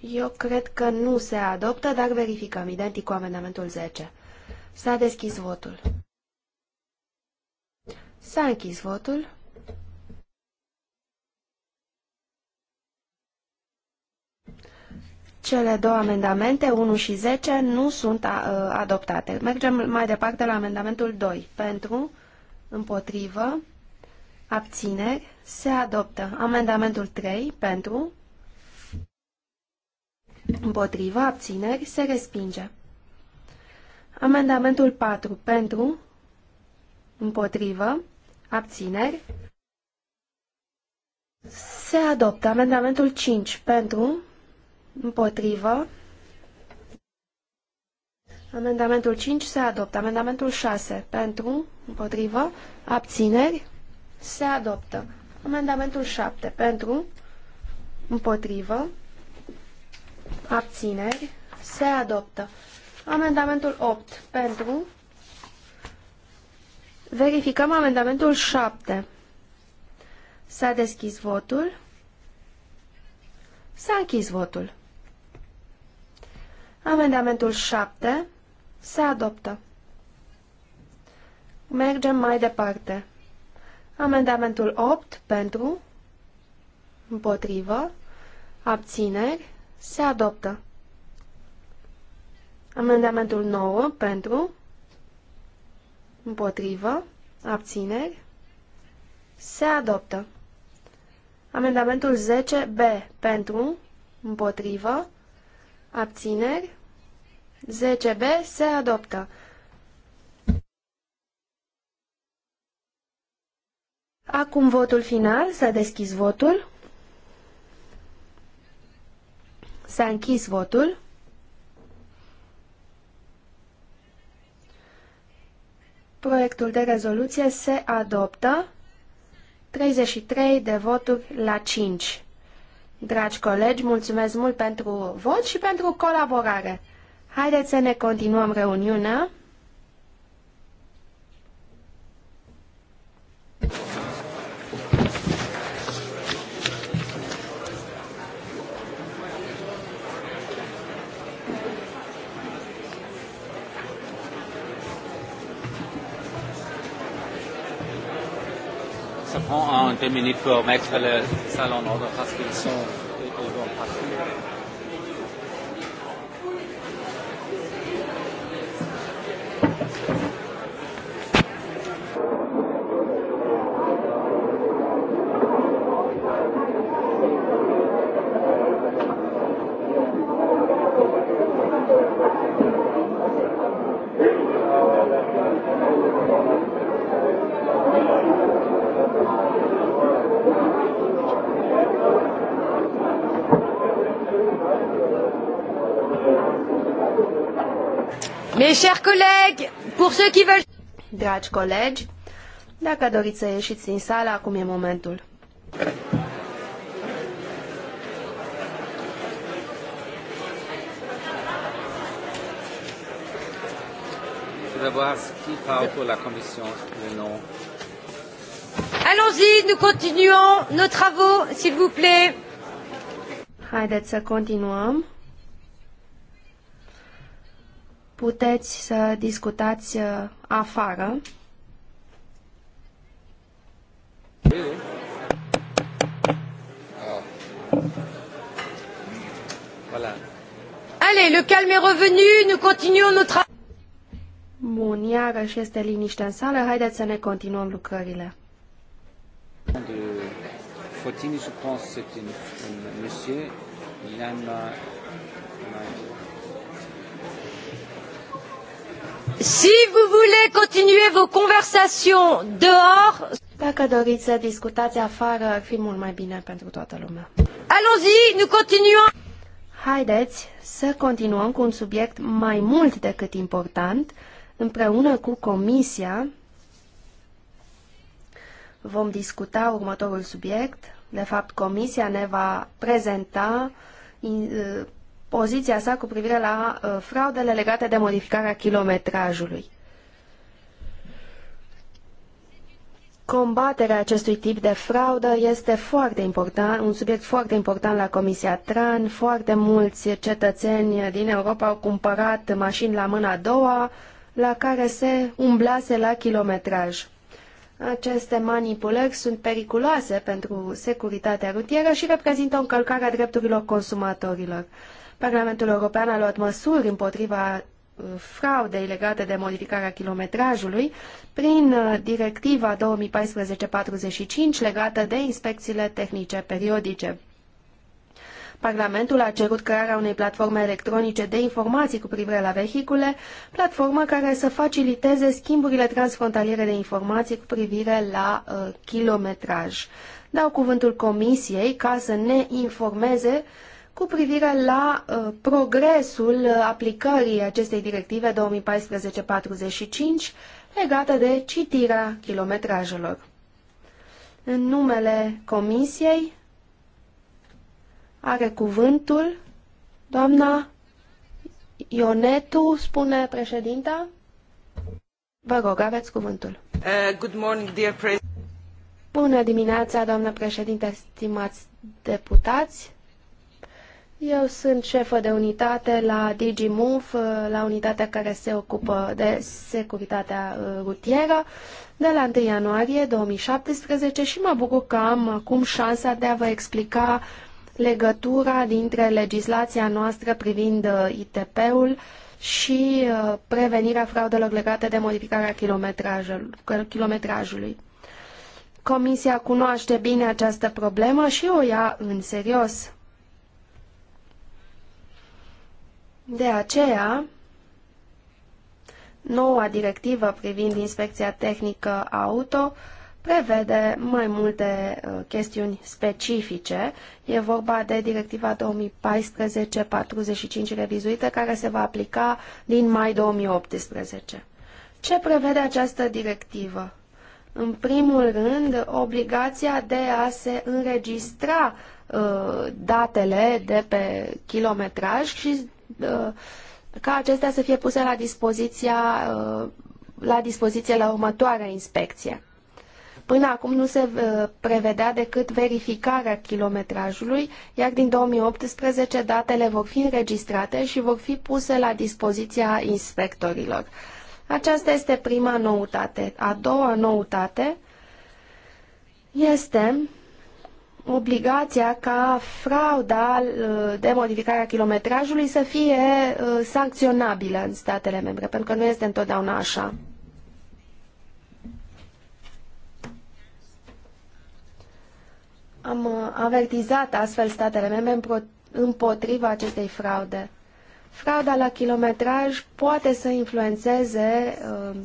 Eu cred că nu se adoptă, dar verificăm. Identic cu amendamentul 10. S-a deschis votul. S-a închis votul. Cele două amendamente, 1 și 10, nu sunt uh, adoptate. Mergem mai departe la amendamentul 2. Pentru, împotrivă, abțineri, se adoptă. Amendamentul 3, pentru, împotrivă, abțineri, se respinge. Amendamentul 4, pentru, împotrivă, abțineri, se adoptă. Amendamentul 5, pentru, Împotrivă. Amendamentul 5 se adoptă. Amendamentul 6 pentru, împotrivă, abțineri, se adoptă. Amendamentul 7 pentru, împotrivă, abțineri, se adoptă. Amendamentul 8 pentru, verificăm amendamentul 7. S-a deschis votul, s-a închis votul. Amendamentul 7 se adoptă. Mergem mai departe. Amendamentul 8 pentru, împotrivă, abțineri, se adoptă. Amendamentul 9 pentru, împotrivă, abțineri, se adoptă. Amendamentul 10b pentru, împotrivă, abțineri, 10B se adoptă. Acum votul final, s-a deschis votul. S-a închis votul. Proiectul de rezoluție se adoptă. 33 de voturi la 5. Dragi colegi, mulțumesc mult pentru vot și pentru colaborare. Haideți să ne continuăm reuniunea. Ça prend un, deux minutes pour mettre le salon en ordre parce qu'ils sont... Mes chers collègues, pour ceux qui veulent... Dragi colegi, dacă doriți să ieșiți din sală, acum e momentul. Allons-y, nous continuons nos travaux, s'il vous plaît. Haideți să continuăm puteți să discutați uh, afară. Allez, le calme est revenu, nous continuons notre... Bun, iarăși este liniște în sală, haideți să ne continuăm lucrările. Fotini, je pense, c'est un monsieur, il aime Si vous voulez continuer vos conversations dehors... Dacă doriți să discutați afară, ar fi mult mai bine pentru toată lumea. Allons-y, nous continuons! Haideți să continuăm cu un subiect mai mult decât important, împreună cu Comisia. Vom discuta următorul subiect. De fapt, Comisia ne va prezenta poziția sa cu privire la uh, fraudele legate de modificarea kilometrajului. Combaterea acestui tip de fraudă este foarte important, un subiect foarte important la Comisia TRAN. Foarte mulți cetățeni din Europa au cumpărat mașini la mâna a doua, la care se umblase la kilometraj. Aceste manipulări sunt periculoase pentru securitatea rutieră și reprezintă o încălcare a drepturilor consumatorilor. Parlamentul European a luat măsuri împotriva uh, fraudei legate de modificarea kilometrajului prin uh, directiva 2014-45 legată de inspecțiile tehnice periodice. Parlamentul a cerut crearea unei platforme electronice de informații cu privire la vehicule, platformă care să faciliteze schimburile transfrontaliere de informații cu privire la uh, kilometraj. Dau cuvântul Comisiei ca să ne informeze uh, cu privire la uh, progresul aplicării acestei directive 2014-45 legată de citirea kilometrajelor. În numele Comisiei are cuvântul doamna Ionetu, spune președinta. Vă rog, aveți cuvântul. Uh, good morning, dear Bună dimineața, doamnă președinte, stimați deputați. Eu sunt șefă de unitate la DigiMove, la unitatea care se ocupă de securitatea uh, rutieră, de la 1 ianuarie 2017 și mă bucur că am acum șansa de a vă explica legătura dintre legislația noastră privind uh, ITP-ul și uh, prevenirea fraudelor legate de modificarea kilometrajului. Comisia cunoaște bine această problemă și o ia în serios. De aceea, noua directivă privind inspecția tehnică auto prevede mai multe uh, chestiuni specifice. E vorba de directiva 2014-45 revizuită care se va aplica din mai 2018. Ce prevede această directivă? În primul rând, obligația de a se înregistra uh, datele de pe kilometraj și Uh, ca acestea să fie puse la dispoziția uh, la dispoziție la următoarea inspecție. Până acum nu se uh, prevedea decât verificarea kilometrajului, iar din 2018 datele vor fi înregistrate și vor fi puse la dispoziția inspectorilor. Aceasta este prima noutate. A doua noutate este obligația ca frauda uh, de modificare a kilometrajului să fie uh, sancționabilă în statele membre, pentru că nu este întotdeauna așa. Am uh, avertizat astfel statele membre împotriva acestei fraude. Frauda la kilometraj poate să influențeze um,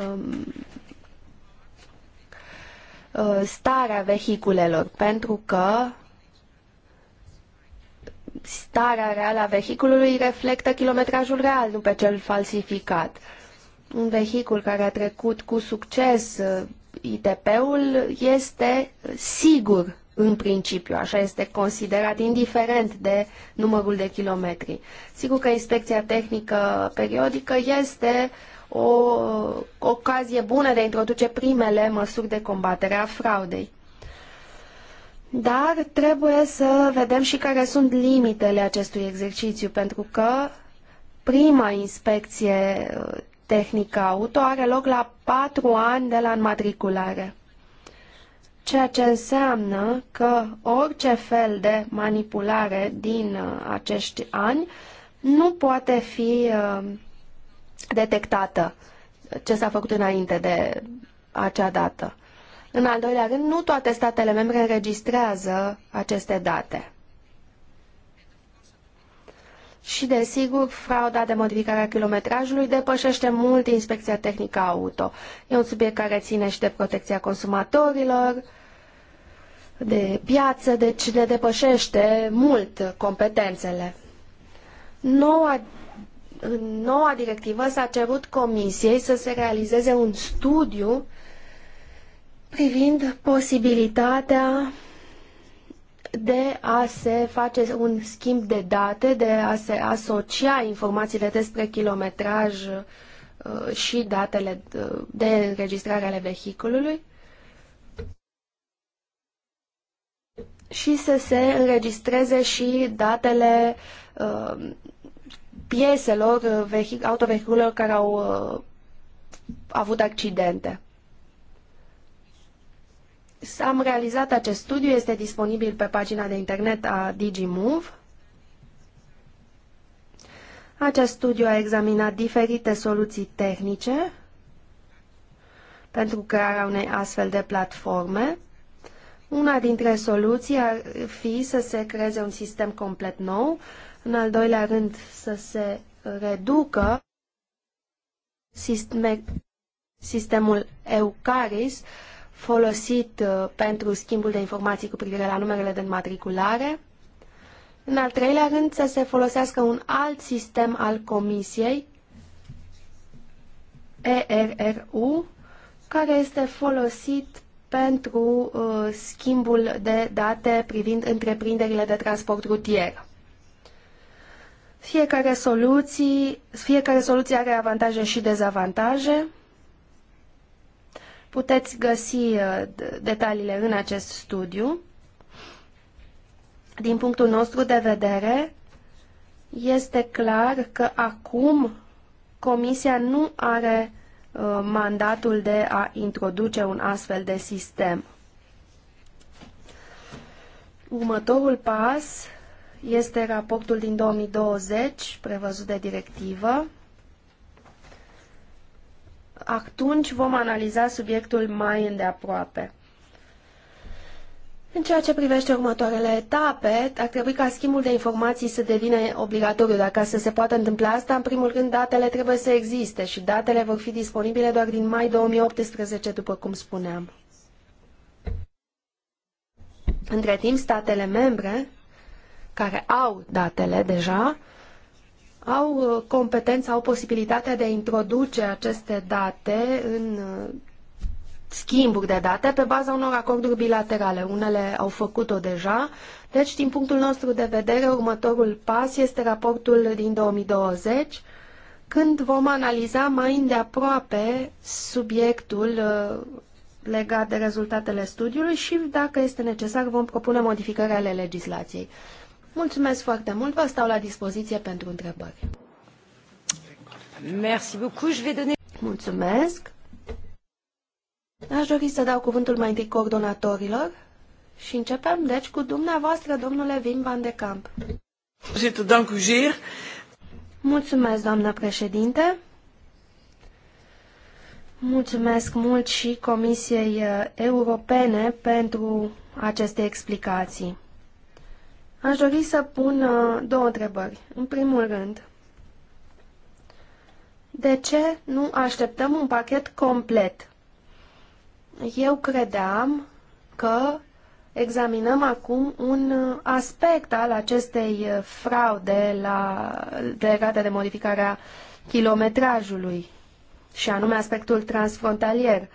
um, Uh, starea vehiculelor, pentru că starea reală a vehiculului reflectă kilometrajul real, nu pe cel falsificat. Un vehicul care a trecut cu succes uh, ITP-ul este sigur în principiu, așa este considerat, indiferent de numărul de kilometri. Sigur că inspecția tehnică periodică este uh, o ocazie bună de a introduce primele măsuri de combatere a fraudei. Dar trebuie să vedem și care sunt limitele acestui exercițiu, pentru că prima inspecție uh, tehnică auto are loc la patru ani de la înmatriculare ceea ce înseamnă că orice fel de manipulare din uh, acești ani nu poate fi uh, detectată ce s-a făcut înainte de acea dată. În al doilea rând, nu toate statele membre înregistrează aceste date. Și, desigur, frauda de modificare a kilometrajului depășește mult inspecția tehnică auto. E un subiect care ține și de protecția consumatorilor, de piață, deci ne depășește mult competențele. Noua în noua directivă s-a cerut Comisiei să se realizeze un studiu privind posibilitatea de a se face un schimb de date, de a se asocia informațiile despre kilometraj uh, și datele uh, de înregistrare ale vehiculului și să se înregistreze și datele uh, pieselor uh, autovehiculelor care au uh, avut accidente. Am realizat acest studiu, este disponibil pe pagina de internet a DigiMove. Acest studiu a examinat diferite soluții tehnice pentru crearea unei astfel de platforme. Una dintre soluții ar fi să se creeze un sistem complet nou în al doilea rând să se reducă sistemul Eucaris folosit uh, pentru schimbul de informații cu privire la numerele de înmatriculare. În al treilea rând, să se folosească un alt sistem al Comisiei, ERRU, care este folosit pentru uh, schimbul de date privind întreprinderile de transport rutier. Fiecare soluție, fiecare soluție are avantaje și dezavantaje. Puteți găsi uh, detaliile în acest studiu. Din punctul nostru de vedere, este clar că acum Comisia nu are uh, mandatul de a introduce un astfel de sistem. Următorul pas este raportul din 2020 prevăzut de directivă. Atunci vom analiza subiectul mai îndeaproape. În ceea ce privește următoarele etape, ar trebui ca schimbul de informații să devină obligatoriu. Dacă să se poată întâmpla asta, în primul rând datele trebuie să existe și datele vor fi disponibile doar din mai 2018, după cum spuneam. Între timp, statele membre care au datele deja, au uh, competența, au posibilitatea de a introduce aceste date în uh, schimburi de date pe baza unor acorduri bilaterale. Unele au făcut-o deja. Deci, din punctul nostru de vedere, următorul pas este raportul din 2020, când vom analiza mai îndeaproape subiectul uh, legat de rezultatele studiului și, dacă este necesar, vom propune modificări ale legislației. Mulțumesc foarte mult, vă stau la dispoziție pentru întrebări. Merci beaucoup, je vais donner... Mulțumesc. Aș dori să dau cuvântul mai întâi coordonatorilor și începem, deci, cu dumneavoastră, domnule Vim Van de Camp. Mulțumesc, doamnă președinte. Mulțumesc mult și Comisiei Europene pentru aceste explicații. Aș dori să pun uh, două întrebări. În primul rând, de ce nu așteptăm un pachet complet? Eu credeam că examinăm acum un uh, aspect al acestei uh, fraude la, legate de modificarea kilometrajului, și anume aspectul transfrontalier.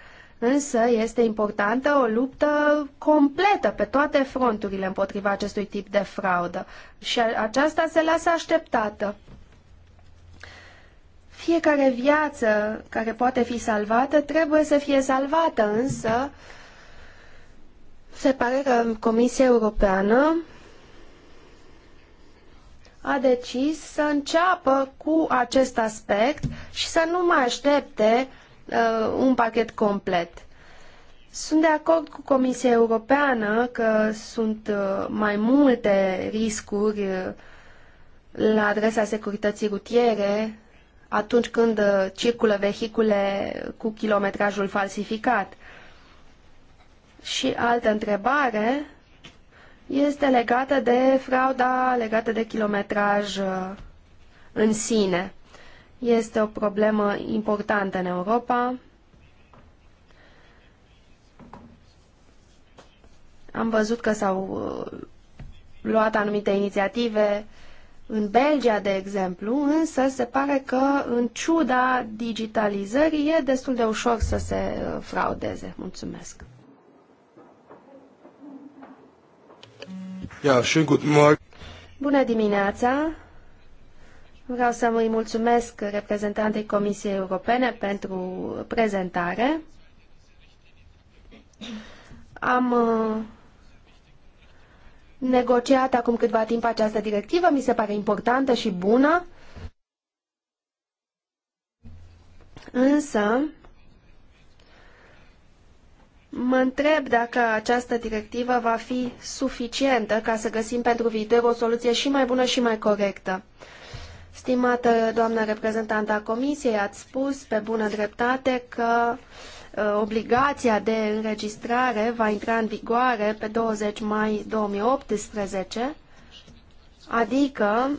Însă este importantă o luptă completă pe toate fronturile împotriva acestui tip de fraudă și aceasta se lasă așteptată. Fiecare viață care poate fi salvată trebuie să fie salvată, însă se pare că Comisia Europeană a decis să înceapă cu acest aspect și să nu mai aștepte uh, uh, un pachet complet. Sunt de acord cu Comisia Europeană că sunt uh, mai multe riscuri uh, la adresa securității rutiere atunci când uh, circulă vehicule cu kilometrajul falsificat. Și altă întrebare este legată de frauda legată de kilometraj în sine. Este o problemă importantă în Europa. Am văzut că s-au uh, luat anumite inițiative în Belgia, de exemplu, însă se pare că, în ciuda digitalizării, e destul de ușor să se uh, fraudeze. Mulțumesc! Ja, schönen guten Morgen. Bună dimineața! Vreau să îi mulțumesc reprezentantei Comisiei Europene pentru prezentare. Am uh, negociat acum câtva timp această directivă, mi se pare importantă și bună, însă mă întreb dacă această directivă va fi suficientă ca să găsim pentru viitor o soluție și mai bună și mai corectă. Stimată doamnă reprezentantă a Comisiei, ați spus pe bună dreptate că uh, obligația de înregistrare va intra în vigoare pe 20 mai 2018, adică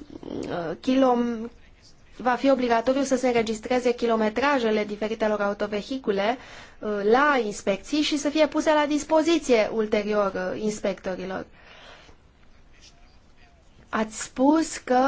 uh, kilom, va fi obligatoriu să se înregistreze kilometrajele diferitelor autovehicule uh, la inspecții și să fie puse la dispoziție ulterior inspectorilor. Ați spus că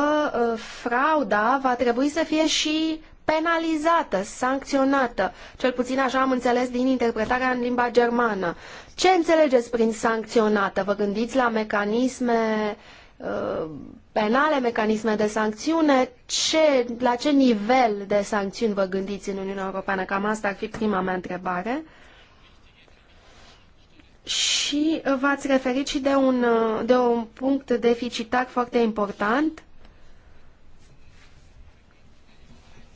uh, frauda va trebui să fie și penalizată, sancționată. Cel puțin așa am înțeles din interpretarea în limba germană. Ce înțelegeți prin sancționată? Vă gândiți la mecanisme uh, penale, mecanisme de sancțiune? Ce, la ce nivel de sancțiuni vă gândiți în Uniunea Europeană? Cam asta ar fi prima mea întrebare. Uh, și uh, v-ați referit și de un, uh, de un punct deficitar foarte important.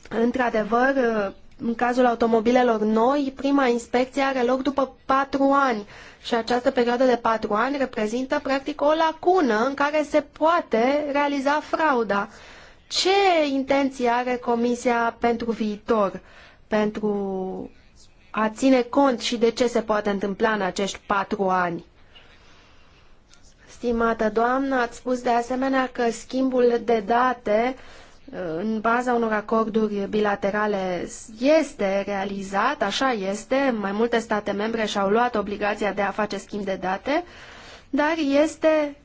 Într-adevăr, uh, în cazul automobilelor noi, prima inspecție are loc după patru ani și această perioadă de patru ani reprezintă practic o lacună în care se poate realiza frauda. Ce intenție are Comisia pentru viitor, pentru a ține cont și de ce se poate întâmpla în acești patru ani. Stimată doamnă, ați spus de asemenea că schimbul de date uh, în baza unor acorduri bilaterale este realizat, așa este, mai multe state membre și-au luat obligația de a face schimb de date, dar este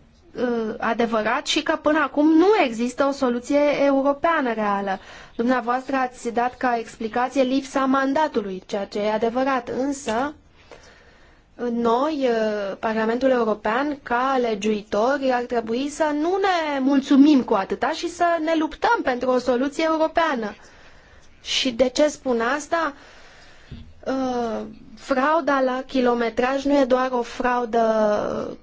Uh, adevărat și că până acum nu există o soluție europeană reală. Dumneavoastră ați dat ca explicație lipsa mandatului, ceea ce e adevărat, însă noi, uh, Parlamentul European, ca legiuitori, ar trebui să nu ne mulțumim cu atâta și să ne luptăm pentru o soluție europeană. Și de ce spun asta? Uh, frauda la kilometraj nu e doar o fraudă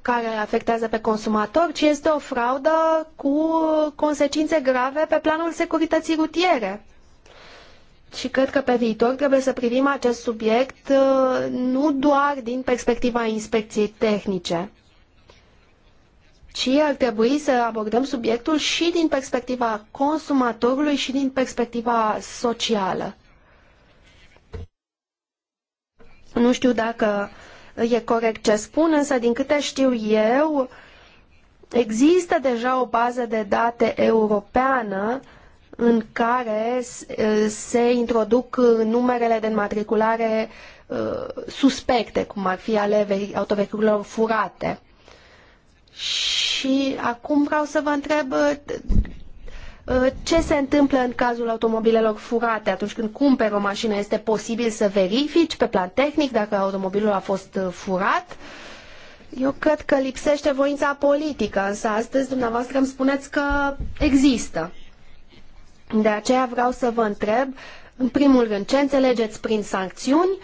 care afectează pe consumator, ci este o fraudă cu consecințe grave pe planul securității rutiere. Și cred că pe viitor trebuie să privim acest subiect uh, nu doar din perspectiva inspecției tehnice, ci ar trebui să abordăm subiectul și din perspectiva consumatorului și din perspectiva socială Nu știu dacă e corect ce spun, însă din câte știu eu, există deja o bază de date europeană în care se introduc numerele de înmatriculare suspecte, cum ar fi ale autovehiculelor furate. Și acum vreau să vă întreb Uh, ce se întâmplă în cazul automobilelor furate atunci când cumperi o mașină? Este posibil să verifici pe plan tehnic dacă automobilul a fost uh, furat? Eu cred că lipsește voința politică, însă astăzi dumneavoastră îmi spuneți că există. De aceea vreau să vă întreb, în primul rând, ce înțelegeți prin sancțiuni?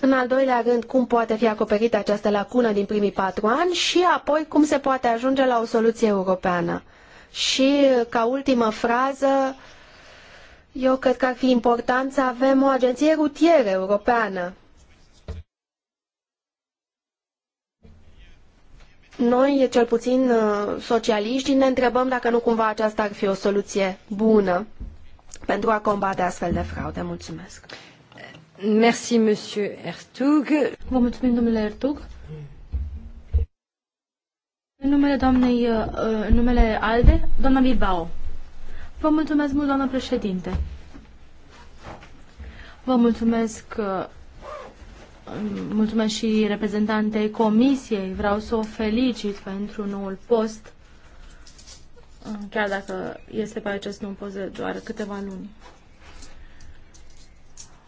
În al doilea rând, cum poate fi acoperită această lacună din primii patru ani și apoi cum se poate ajunge la o soluție europeană? Și, ca ultimă frază, eu cred că ar fi important să avem o agenție rutieră europeană. Noi, cel puțin uh, socialiștii, ne întrebăm dacă nu cumva aceasta ar fi o soluție bună pentru a combate astfel de fraude. Mulțumesc! Merci, monsieur Ertug. Vă mulțumim, domnule Ertug. În numele doamnei, uh, uh, în numele ALDE, doamna Bilbao. Vă mulțumesc mult, doamnă președinte. Vă mulțumesc, uh, um, mulțumesc și reprezentantei comisiei. Vreau să o felicit pentru noul post, chiar dacă este pe acest nou post de doar câteva luni.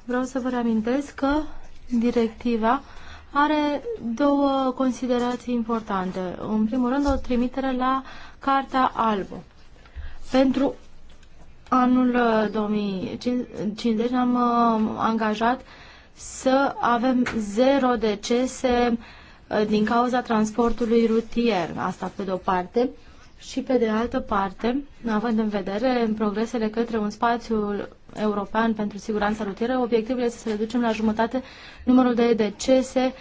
Vreau să vă reamintesc că directiva are două considerații importante. În primul rând, o trimitere la Carta Albă. Pentru anul 2050 uh, am uh, angajat să avem zero decese uh, din cauza transportului rutier, asta pe de-o parte, și pe de altă parte, având în vedere progresele către un spațiu european pentru siguranța rutieră, obiectivul este să reducem la jumătate numărul de decese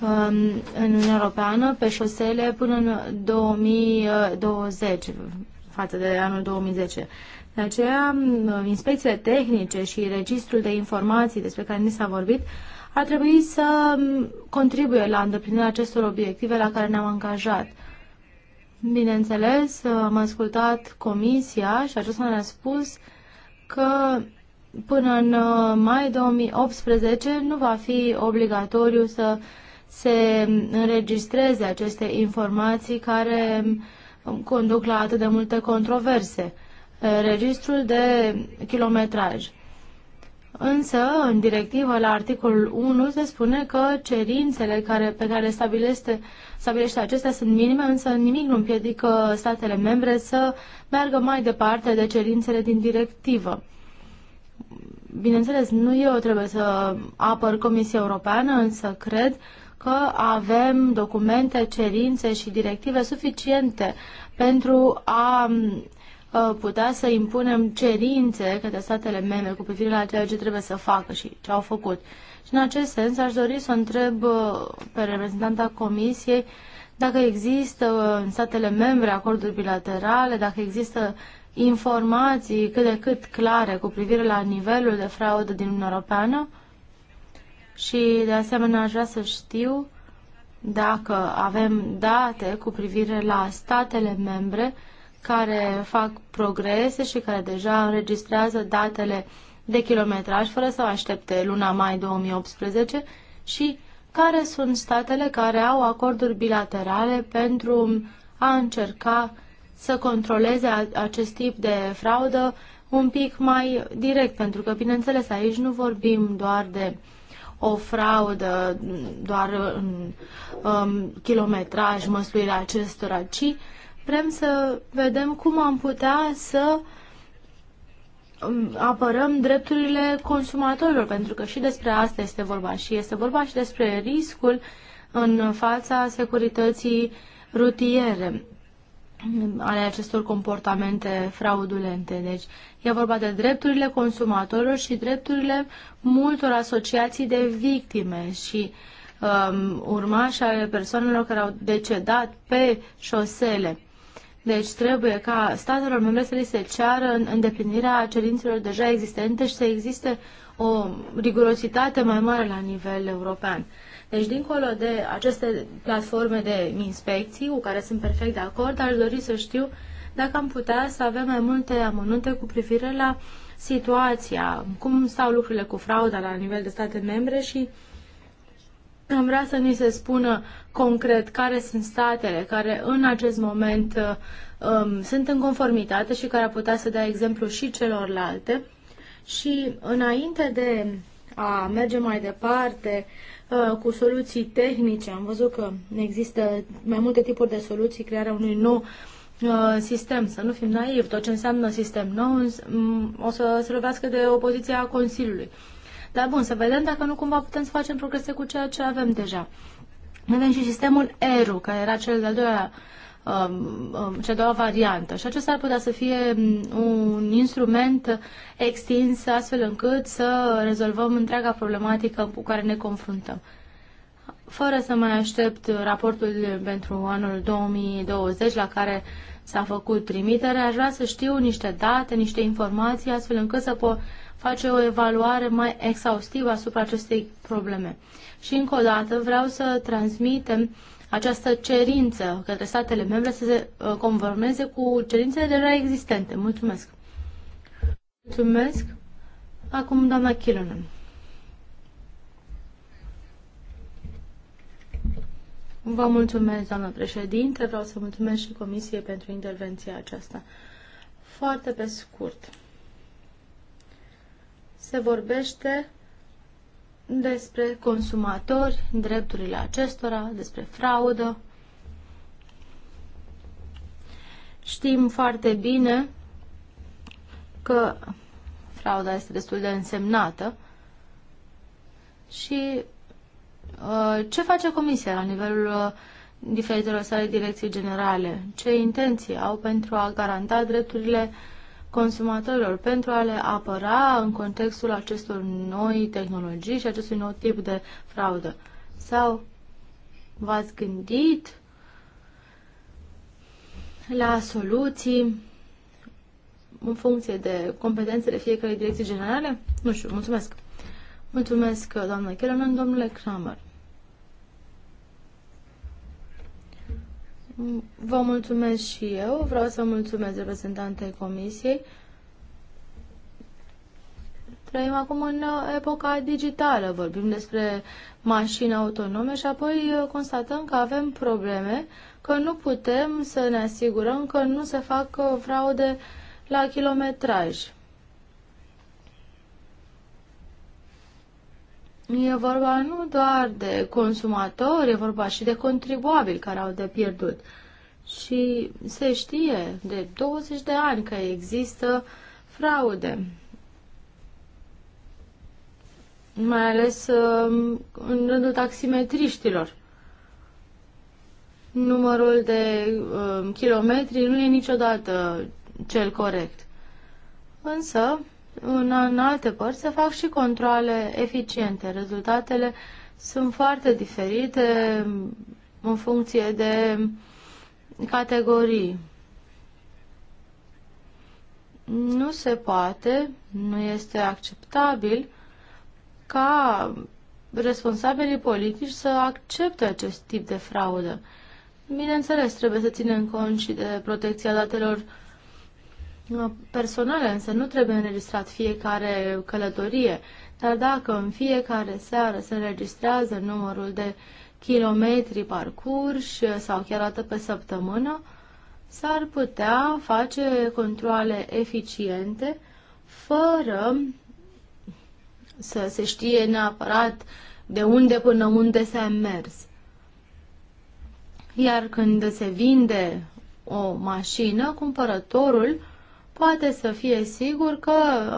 um, în Uniunea Europeană pe șosele până în 2020 față de anul 2010. De aceea, um, inspecțiile tehnice și registrul de informații despre care ni s-a vorbit ar trebui să um, contribuie la îndeplinirea acestor obiective la care ne-am angajat. Bineînțeles, am ascultat comisia și aceasta ne-a spus că până în uh, mai 2018 nu va fi obligatoriu să se înregistreze aceste informații care um, conduc la atât de multe controverse. Uh, registrul de kilometraj. Însă, în directivă, la articolul 1, se spune că cerințele care, pe care stabilește, stabilește acestea sunt minime, însă nimic nu împiedică statele membre să meargă mai departe de cerințele din directivă. Bineînțeles, nu eu trebuie să apăr Comisia Europeană, însă cred că avem documente, cerințe și directive suficiente pentru a Uh, putea să impunem cerințe către statele membre cu privire la ceea ce trebuie să facă și ce au făcut. Și în acest sens aș dori să întreb uh, pe reprezentanta Comisiei dacă există uh, în statele membre acorduri bilaterale, dacă există informații cât de cât clare cu privire la nivelul de fraudă din Uniunea Europeană și de asemenea aș vrea să știu dacă avem date cu privire la statele membre care fac progrese și care deja înregistrează datele de kilometraj fără să aștepte luna mai 2018 și care sunt statele care au acorduri bilaterale pentru a încerca să controleze acest tip de fraudă un pic mai direct, pentru că, bineînțeles, aici nu vorbim doar de o fraudă, doar în um, kilometraj, măsluirea acestora, ci Vrem să vedem cum am putea să um, apărăm drepturile consumatorilor, pentru că și despre asta este vorba și este vorba și despre riscul în fața securității rutiere um, ale acestor comportamente fraudulente. Deci e vorba de drepturile consumatorilor și drepturile multor asociații de victime și um, urmași ale persoanelor care au decedat pe șosele. Deci trebuie ca statelor membre să li se ceară îndeplinirea cerințelor deja existente și să existe o rigurositate mai mare la nivel european. Deci, dincolo de aceste platforme de inspecții, cu care sunt perfect de acord, aș dori să știu dacă am putea să avem mai multe amănunte cu privire la situația, cum stau lucrurile cu frauda la nivel de state membre și uh, am vrea să ni se spună concret care sunt statele care în acest moment um, sunt în conformitate și care ar putea să dea exemplu și celorlalte. Și înainte de a merge mai departe uh, cu soluții tehnice, am văzut că există mai multe tipuri de soluții, crearea unui nou uh, sistem, să nu fim naivi, tot ce înseamnă sistem nou o să se lovească de opoziția Consiliului. Dar bun, să vedem dacă nu cumva putem să facem progrese cu ceea ce avem deja. Avem și sistemul ERU, care era cel de-al doilea um, um, cea doua variantă. Și acesta ar putea să fie um, un instrument extins astfel încât să rezolvăm întreaga problematică cu care ne confruntăm. Fără să mai aștept raportul pentru anul 2020 la care s-a făcut trimitere, aș vrea să știu niște date, niște informații, astfel încât să po- face o evaluare mai exhaustivă asupra acestei probleme. Și încă o dată vreau să transmitem această cerință către statele membre să se uh, conformeze cu cerințele deja existente. Mulțumesc! Mulțumesc! Acum doamna Chilonen. Vă mulțumesc, doamna președinte. Vreau să mulțumesc și Comisiei pentru intervenția aceasta. Foarte pe scurt se vorbește despre consumatori, drepturile acestora, despre fraudă. Știm foarte bine că frauda este destul de însemnată și uh, ce face Comisia la nivelul uh, diferitelor sale direcții generale? Ce intenții au pentru a garanta drepturile uh, consumatorilor pentru a le apăra în contextul acestor noi tehnologii și acestui nou tip de fraudă? Sau v-ați gândit la soluții în funcție de competențele fiecarei direcții generale? Nu știu, mulțumesc. Mulțumesc, doamna Kellerman, domnule Kramer. Vă mulțumesc și eu. Vreau să mulțumesc reprezentantei Comisiei. Trăim acum în uh, epoca digitală, vorbim despre mașini autonome și apoi uh, constatăm că avem probleme, că nu putem să ne asigurăm că nu se fac uh, fraude la kilometraj. E vorba nu doar de consumatori, e vorba și de contribuabili care au de pierdut. Și se știe de 20 de ani că există fraude. Mai ales um, în rândul taximetriștilor. Numărul de um, kilometri nu e niciodată cel corect. Însă, în, în alte părți se fac și controle eficiente. Rezultatele sunt foarte diferite în funcție de categorii. Nu se poate, nu este acceptabil ca responsabilii politici să accepte acest tip de fraudă. Bineînțeles, trebuie să ținem cont și de protecția datelor personale, însă nu trebuie înregistrat fiecare călătorie. Dar dacă în fiecare seară se înregistrează numărul de kilometri parcurși sau chiar atât pe săptămână, s-ar putea face controle eficiente fără să se știe neapărat de unde până unde s-a mers. Iar când se vinde o mașină, cumpărătorul poate să fie sigur că,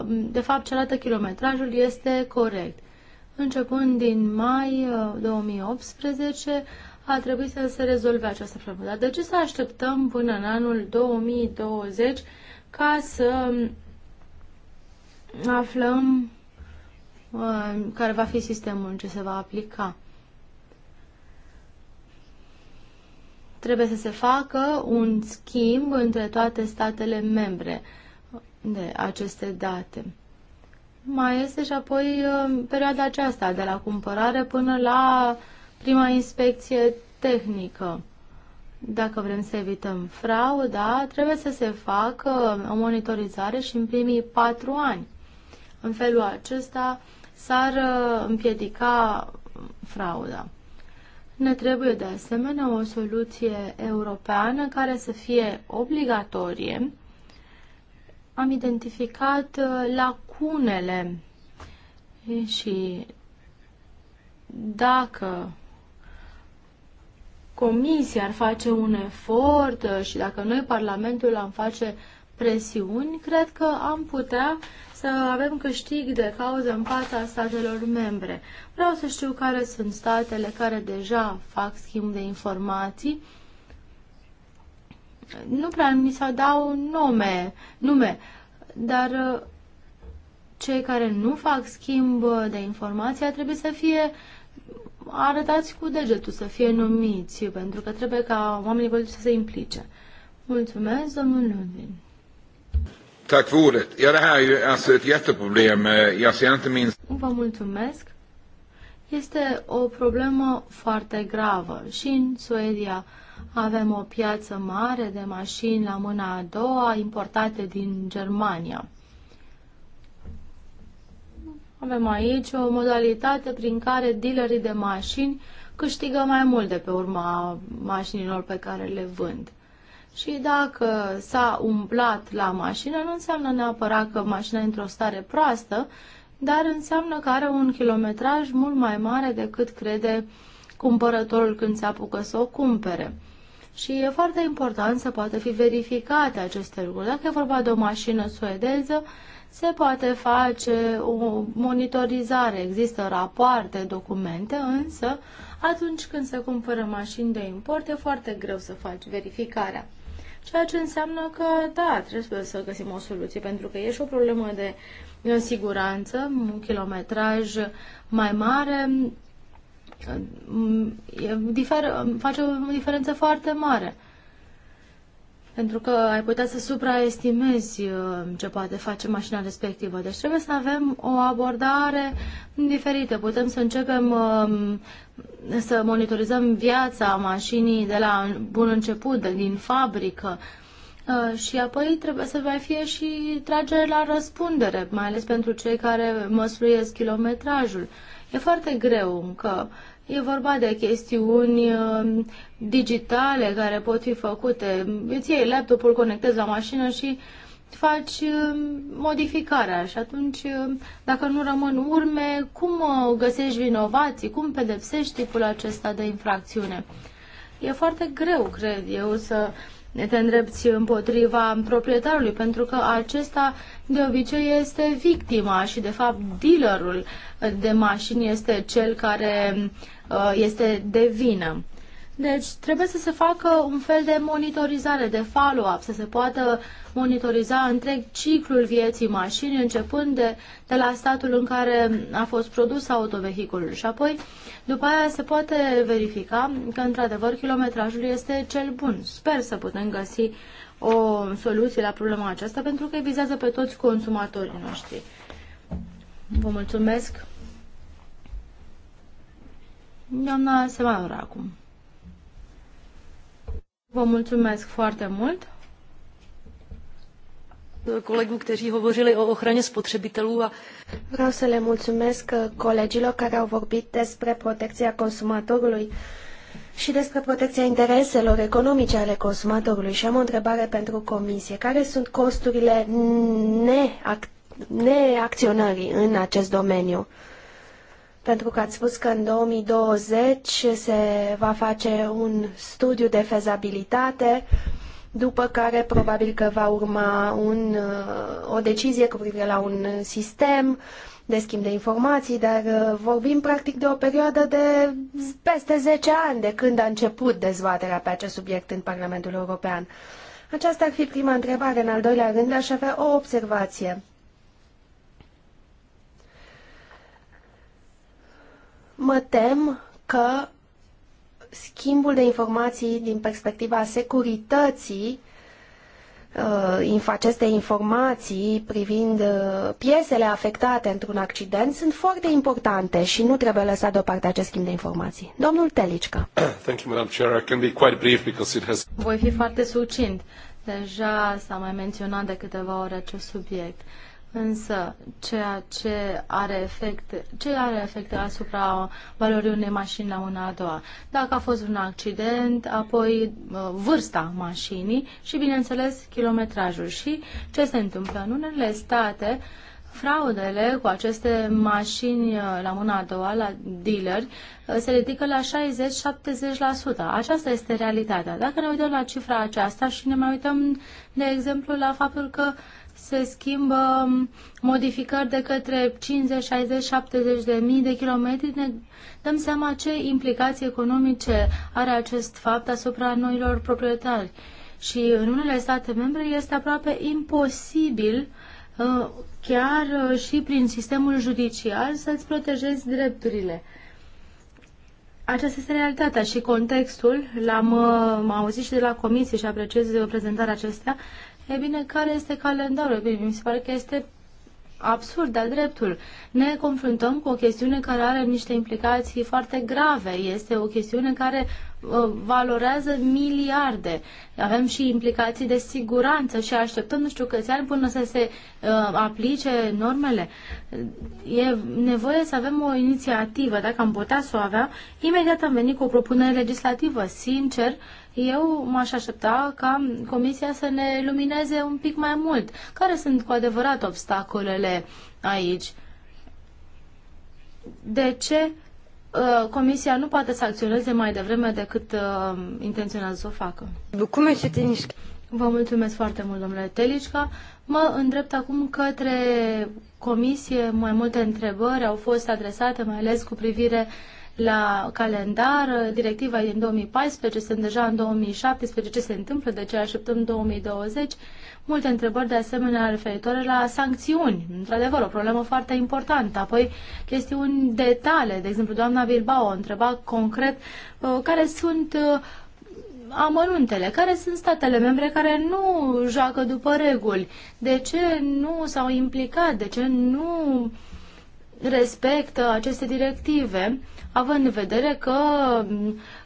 de fapt, celălalt kilometrajul este corect. Începând din mai 2018, uh, a trebuit să se rezolve această problemă. Dar de ce să așteptăm până în anul 2020 ca să um, aflăm uh, care va fi sistemul ce se va aplica? trebuie să se facă un schimb între toate statele membre de aceste date. Mai este și apoi uh, perioada aceasta, de la cumpărare până la prima inspecție tehnică. Dacă vrem să evităm frauda, trebuie să se facă o monitorizare și în primii patru ani. În felul acesta s-ar uh, împiedica frauda. Ne trebuie de asemenea o soluție europeană care să fie obligatorie. Am identificat uh, lacunele și dacă Comisia ar face un efort uh, și dacă noi, Parlamentul, am face presiuni, cred că am putea să avem câștig de cauză în fața statelor membre. Vreau să știu care sunt statele care deja fac schimb de informații. Nu prea mi s-a s-au dau nume, nume, dar uh, cei care nu fac schimb de informații trebuie să fie arătați cu degetul, să fie numiți, pentru că trebuie ca oamenii politici să se implice. Mulțumesc, domnul Lundin. Tack för ordet. Ja, det här är ju alltså ett jätteproblem. Eh, jag ser inte minst... Vă mulțumesc. Este o problemă foarte gravă. Și în Suedia avem o piață mare de mașini la mâna a doua importate din Germania. Avem aici o modalitate prin care dealerii de mașini câștigă mai mult de pe urma mașinilor pe care le vând. Și dacă s-a umblat la mașină, nu înseamnă neapărat că mașina e într-o stare proastă, dar înseamnă că are un kilometraj mult mai mare decât crede cumpărătorul când se apucă să o cumpere. Și e foarte important să poată fi verificate aceste lucruri. Dacă e vorba de o mașină suedeză, se poate face o monitorizare, există rapoarte, documente, însă atunci când se cumpără mașini de import e foarte greu să faci verificarea ceea ce înseamnă că, da, trebuie să găsim o soluție, pentru că e și o problemă de siguranță, un kilometraj mai mare, mm, difer, face o diferență foarte mare pentru că ai putea să supraestimezi uh, ce poate face mașina respectivă. Deci trebuie să avem o abordare diferită. Putem să începem um, să monitorizăm viața mașinii de la bun început, de, din fabrică, uh, și apoi trebuie să mai fie și tragere la răspundere, mai ales pentru cei care măsluiesc kilometrajul. E foarte greu că E vorba de chestiuni uh, digitale care pot fi făcute. Îți iei laptopul, conectezi la mașină și faci uh, modificarea și atunci uh, dacă nu rămân urme, cum găsești vinovații, cum pedepsești tipul acesta de infracțiune? E foarte greu, cred eu, să te îndrepți împotriva proprietarului, pentru că acesta de obicei este victima și de fapt dealerul de mașini este cel care uh, este de vină. Deci trebuie să se facă un fel de monitorizare, de follow-up, să se poată monitoriza întreg ciclul vieții mașinii, începând de, de la statul în care a fost produs autovehiculul și apoi după aia se poate verifica că într-adevăr kilometrajul este cel bun. Sper să putem găsi o soluție la problema aceasta pentru că vizează pe toți consumatorii noștri. Vă mulțumesc. Doamna Semanora acum. Vă mulțumesc foarte mult. Colegul kteří hovořili o ochraně spotřebitelů a... Vreau să le mulțumesc uh, colegilor care au vorbit despre protecția consumatorului și despre protecția intereselor economice ale consumatorului. Și am o întrebare pentru comisie. Care sunt costurile neac neacționării în acest domeniu? pentru că ați spus că în 2020 se va face un studiu de fezabilitate, după care probabil că va urma un, uh, o decizie cu privire la un sistem de schimb de informații, dar uh, vorbim practic de o perioadă de peste 10 ani de când a început dezbaterea pe acest subiect în Parlamentul European. Aceasta ar fi prima întrebare. În al doilea rând, aș avea o observație. Mă tem că schimbul de informații din perspectiva securității în uh, aceste informații privind uh, piesele afectate într-un accident sunt foarte importante și nu trebuie lăsat deoparte acest schimb de informații. Domnul Telicca. [COUGHS] Voi fi foarte succint. Deja s-a mai menționat de câteva ori acest subiect. Însă, ceea ce are efect, ce are efect asupra valorii unei mașini la una a doua? Dacă a fost un accident, apoi uh, vârsta mașinii și, bineînțeles, kilometrajul. Și ce se întâmplă? În unele state, fraudele cu aceste mașini uh, la mâna a doua, la dealeri, uh, se ridică la 60-70%. Aceasta este realitatea. Dacă ne uităm la cifra aceasta și ne mai uităm, de exemplu, la faptul că se schimbă modificări de către 50, 60, 70 de mii de kilometri, ne dăm seama ce implicații economice are acest fapt asupra noilor proprietari. Și în unele state membre este aproape imposibil uh, chiar uh, și prin sistemul judiciar să-ți protejezi drepturile. Aceasta este realitatea și contextul, l-am uh, auzit și de la comisie și apreciez prezentarea acestea, E bine, care este calendarul? Bine, mi se pare că este absurd de dreptul. Ne confruntăm cu o chestiune care are niște implicații foarte grave. Este o chestiune care uh, valorează miliarde. Avem și implicații de siguranță și așteptăm nu știu câți ani până să se uh, aplice normele. E nevoie să avem o inițiativă. Dacă am putea să o avea, imediat am venit cu o propunere legislativă. Sincer, uh, eu m-aș aștepta ca Comisia să ne lumineze un pic mai mult. Care sunt cu adevărat obstacolele aici? De ce uh, Comisia nu poate să acționeze mai devreme decât uh, intenționează să o facă? Vă mulțumesc foarte mult, domnule Telișca. Mă îndrept acum către comisie. Mai multe întrebări au fost adresate, mai ales cu privire la calendar. Directiva e din 2014, sunt deja în 2017. Ce se întâmplă? De ce așteptăm 2020? Multe întrebări de asemenea referitoare la sancțiuni. Într-adevăr, o problemă foarte importantă. Apoi, chestiuni detale. De exemplu, doamna Bilbao întreba concret uh, care sunt uh, amănuntele, care sunt statele membre care nu joacă după reguli, de ce nu s-au implicat, de ce nu respectă aceste directive având în vedere că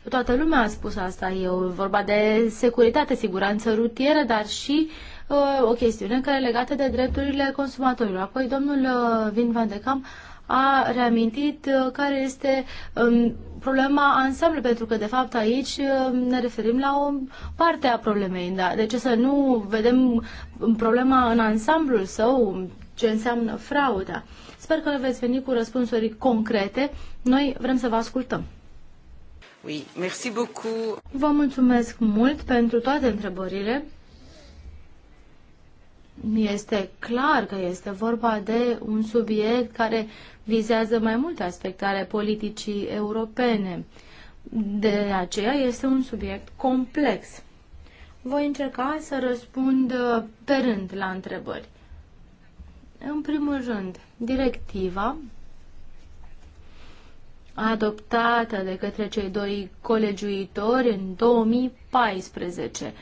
toată lumea a spus asta, e vorba de securitate, siguranță rutieră, dar și uh, o chestiune care e legată de drepturile consumatorilor. Apoi domnul uh, Vin Van de Cam a reamintit uh, care este um, problema ansamblu, pentru că, de fapt, aici uh, ne referim la o parte a problemei. Da? De deci, ce să nu vedem problema în ansamblul său, ce înseamnă frauda? Sper că veți veni cu răspunsuri concrete. Noi vrem să vă ascultăm. Oui, merci beaucoup. Vă mulțumesc mult pentru toate întrebările. Este clar că este vorba de un subiect care vizează mai multe aspecte ale politicii europene. De aceea este un subiect complex. Voi încerca să răspund pe rând la întrebări. În primul rând, directiva adoptată de către cei doi colegiuitori în 2014.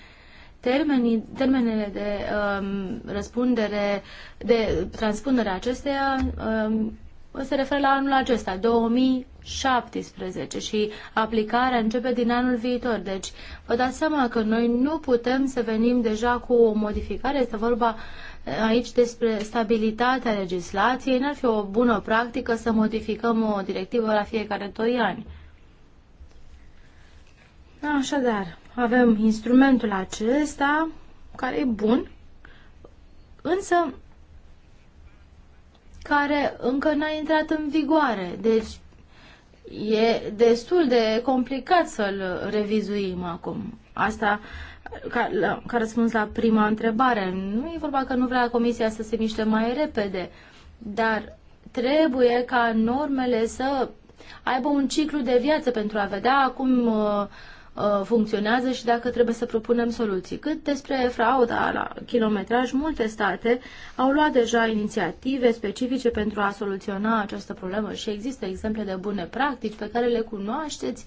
Termenii, termenele de um, răspundere, de transpunere acesteia um, se referă la anul acesta, 2017 și aplicarea începe din anul viitor. Deci vă dați seama că noi nu putem să venim deja cu o modificare, este vorba eh, aici despre stabilitatea legislației, n-ar fi o bună practică să modificăm o directivă la fiecare doi ani. Da, așadar, avem instrumentul acesta, care e bun, însă care încă n-a intrat în vigoare. Deci e destul de complicat să-l revizuim acum. Asta ca, la, ca răspuns la prima întrebare. Nu e vorba că nu vrea Comisia să se miște mai repede, dar trebuie ca normele să aibă un ciclu de viață pentru a vedea cum uh, Uh, funcționează și dacă trebuie să propunem soluții. Cât despre frauda la kilometraj, multe state au luat deja inițiative specifice pentru a soluționa această problemă și există exemple de bune practici pe care le cunoașteți.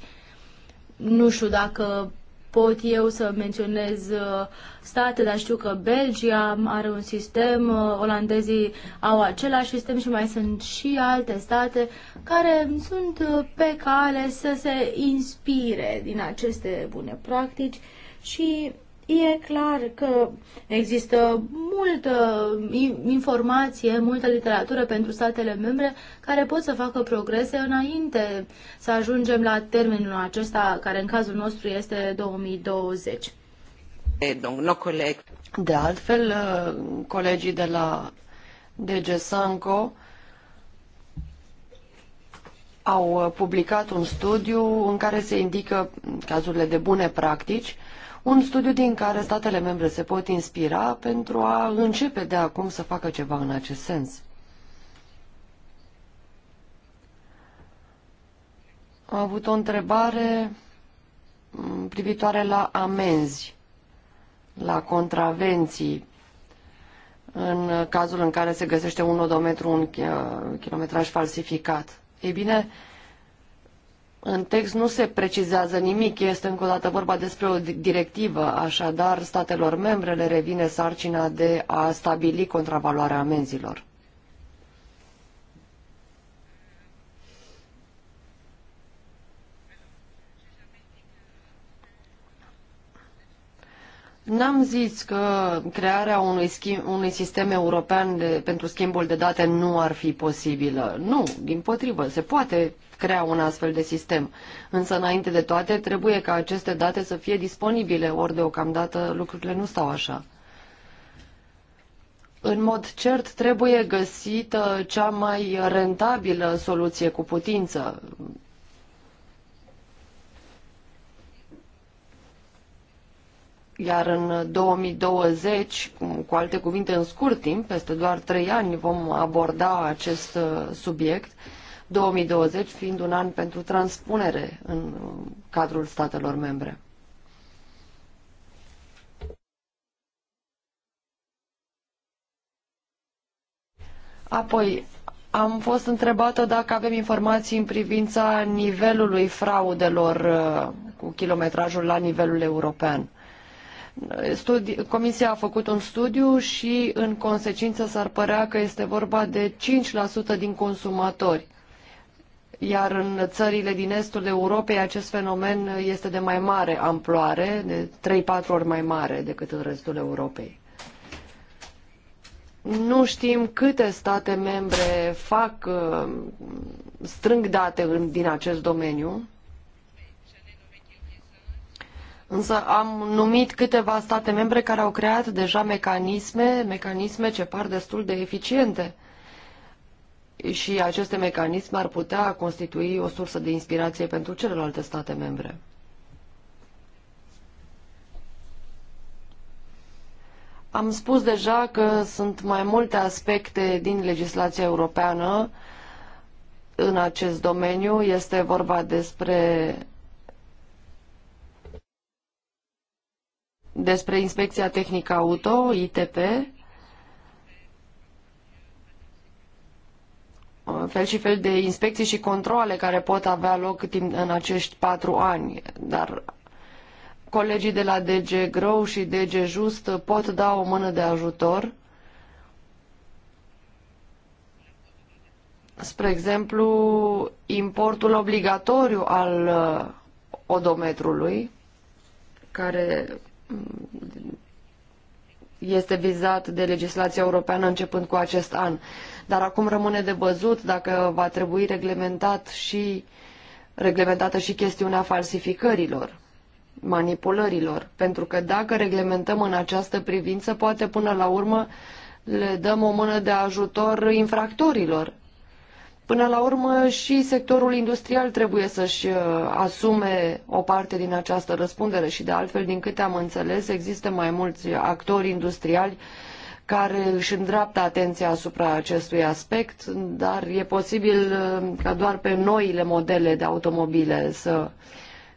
Nu știu dacă pot eu să menționez uh, state, dar știu că Belgia are un sistem, uh, olandezii au același sistem și mai sunt și alte state care sunt uh, pe cale să se inspire din aceste bune practici și E clar că există multă informație, multă literatură pentru statele membre care pot să facă progrese înainte să ajungem la termenul acesta, care în cazul nostru este 2020. De altfel, uh, colegii de la DG Sanco au uh, publicat un studiu în care se indică cazurile de bune practici un studiu din care statele membre se pot inspira pentru a începe de acum să facă ceva în acest sens. Am avut o întrebare mm, privitoare la amenzi, la contravenții, în cazul în care se găsește un odometru, un uh, kilometraj falsificat. Ei bine, în text nu se precizează nimic, este încă o dată vorba despre o directivă, așadar statelor membre le revine sarcina de a stabili contravaloarea amenzilor. N-am zis că crearea unui, schimb, unui sistem european de, pentru schimbul de date nu ar fi posibilă. Nu, din potrivă, se poate crea un astfel de sistem. Însă, înainte de toate, trebuie ca aceste date să fie disponibile, ori deocamdată lucrurile nu stau așa. În mod cert, trebuie găsită cea mai rentabilă soluție cu putință. Iar în 2020, cu alte cuvinte, în scurt timp, peste doar trei ani, vom aborda acest uh, subiect 2020 fiind un an pentru transpunere în cadrul statelor membre. Apoi, am fost întrebată dacă avem informații în privința nivelului fraudelor uh, cu kilometrajul la nivelul european. Studi Comisia a făcut un studiu și în consecință s-ar părea că este vorba de 5% din consumatori iar în țările din estul Europei acest fenomen este de mai mare amploare, de 3-4 ori mai mare decât în restul Europei. Nu știm câte state membre fac, uh, strâng date în, din acest domeniu, însă am numit câteva state membre care au creat deja mecanisme, mecanisme ce par destul de eficiente – și aceste mecanisme ar putea constitui o sursă de inspirație pentru celelalte state membre. Am spus deja că sunt mai multe aspecte din legislația europeană în acest domeniu. Este vorba despre despre inspecția tehnică auto, ITP, fel și fel de inspecții și controle care pot avea loc timp în acești patru ani, dar colegii de la DG Grow și DG Just pot da o mână de ajutor. Spre exemplu, importul obligatoriu al uh, odometrului, care mm, este vizat de legislația europeană începând cu acest an. Dar acum rămâne de văzut dacă va trebui reglementat și, reglementată și chestiunea falsificărilor, manipulărilor. Pentru că dacă reglementăm în această privință, poate până la urmă le dăm o mână de ajutor infractorilor. Până la urmă și sectorul industrial trebuie să-și uh, asume o parte din această răspundere și de altfel, din câte am înțeles, există mai mulți actori industriali uh, care își îndreaptă atenția asupra acestui aspect, dar e posibil uh, ca doar pe noile modele de automobile să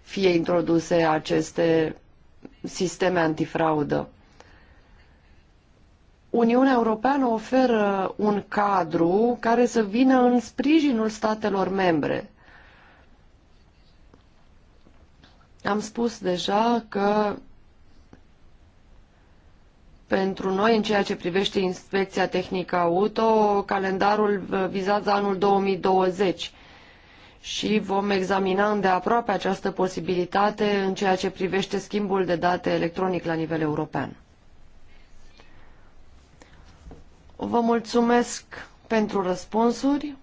fie introduse aceste sisteme antifraudă. Uniunea Europeană oferă un cadru care să vină în sprijinul statelor membre. Am spus deja că pentru noi, în ceea ce privește inspecția tehnică auto, calendarul uh, vizează anul 2020 și vom examina îndeaproape această posibilitate în ceea ce privește schimbul de date electronic la nivel european. Vă mulțumesc pentru răspunsuri.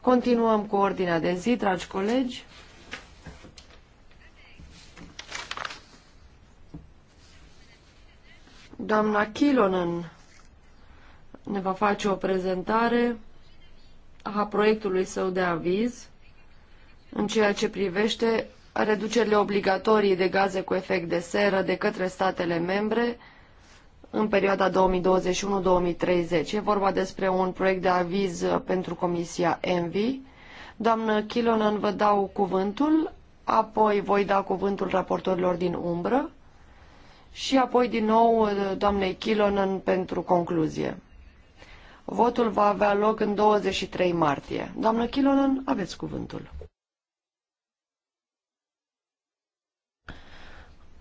Continuăm cu ordinea de zi, dragi colegi. Doamna Kilonen ne va face o prezentare a proiectului său de aviz în ceea ce privește reducerile obligatorii de gaze cu efect de seră de către statele membre în perioada 2021-2030. E vorba despre un proiect de aviz pentru Comisia ENVI. Doamnă Kilonen, vă dau cuvântul, apoi voi da cuvântul raportorilor din umbră și apoi din nou uh, doamnei Kilonen pentru concluzie. Votul va avea loc în 23 martie. Doamnă Kilonen, aveți cuvântul.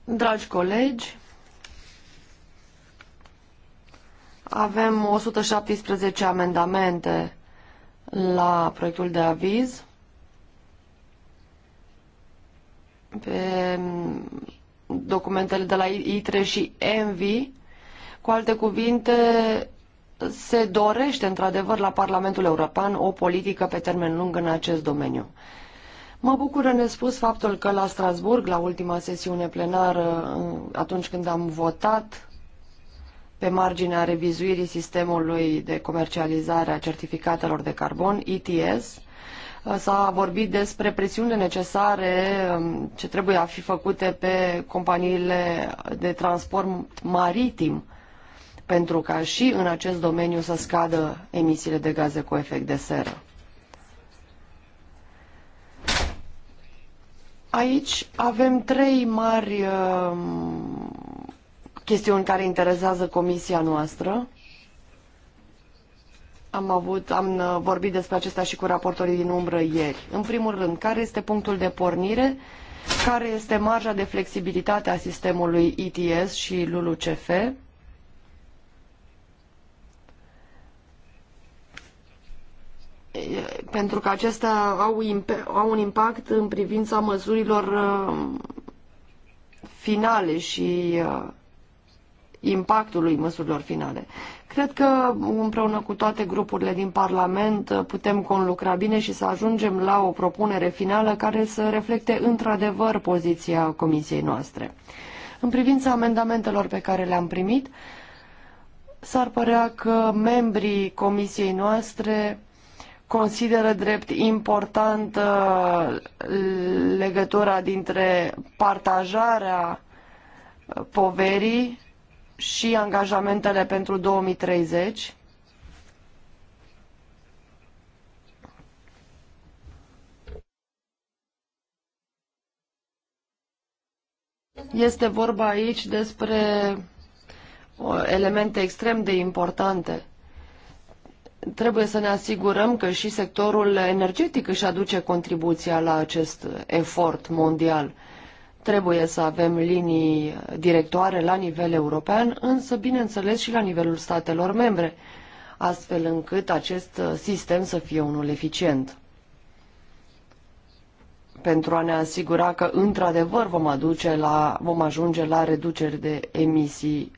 Dragi colegi, avem 117 amendamente la proiectul de aviz. Pe documentele de la ITRE și ENVI. Cu alte cuvinte, se dorește într-adevăr la Parlamentul European o politică pe termen lung în acest domeniu. Mă bucură nespus faptul că la Strasburg, la ultima sesiune plenară, atunci când am votat pe marginea revizuirii sistemului de comercializare a certificatelor de carbon, ETS, Uh, s-a vorbit despre presiunile necesare um, ce trebuie a fi făcute pe companiile de transport maritim pentru ca și în acest domeniu să scadă emisiile de gaze cu efect de seră. Aici avem trei mari uh, chestiuni care interesează comisia noastră. Am avut, am uh, vorbit despre acesta și cu raportorii din umbră ieri. În primul rând, care este punctul de pornire? Care este marja de flexibilitate a sistemului ETS și LULUCF? Pentru că acestea au, au un impact în privința măsurilor uh, finale și uh, impactului măsurilor finale. Cred că împreună cu toate grupurile din Parlament putem conlucra bine și să ajungem la o propunere finală care să reflecte într-adevăr poziția comisiei noastre. În privința amendamentelor pe care le-am primit, s-ar părea că membrii comisiei noastre consideră drept importantă uh, legătura dintre partajarea poverii și angajamentele pentru 2030. Este vorba aici despre elemente extrem de importante. Trebuie să ne asigurăm că și sectorul energetic își aduce contribuția la acest efort mondial. Trebuie să avem linii directoare la nivel european, însă, bineînțeles, și la nivelul statelor membre, astfel încât acest sistem să fie unul eficient. Pentru a ne asigura că, într-adevăr, vom, aduce la, vom ajunge la reduceri de emisii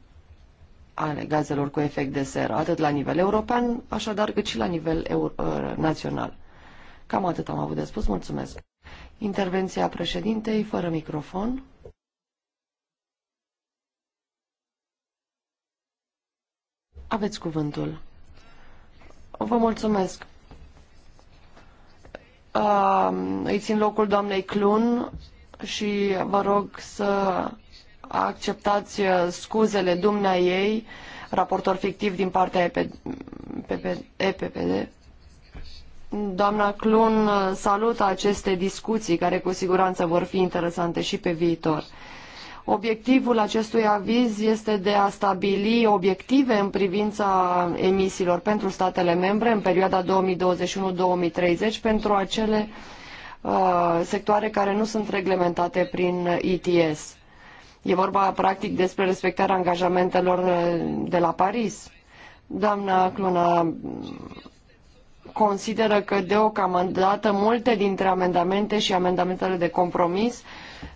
ale gazelor cu efect de seră, atât la nivel european, așadar, cât și la nivel uh, național. Cam atât am avut de spus. Mulțumesc! Intervenția președintei fără microfon. Aveți cuvântul. Vă mulțumesc. Uh, îi țin locul doamnei Clun și vă rog să acceptați uh, scuzele dumnea ei, raportor fictiv din partea EPPD. Doamna Clun uh, salut aceste discuții care cu siguranță vor fi interesante și pe viitor. Obiectivul acestui aviz este de a stabili obiective în privința emisiilor pentru statele membre în perioada 2021-2030 pentru acele uh, sectoare care nu sunt reglementate prin ETS. E vorba practic despre respectarea angajamentelor uh, de la Paris. Doamna Clun, consideră că deocamdată multe dintre amendamente și amendamentele de compromis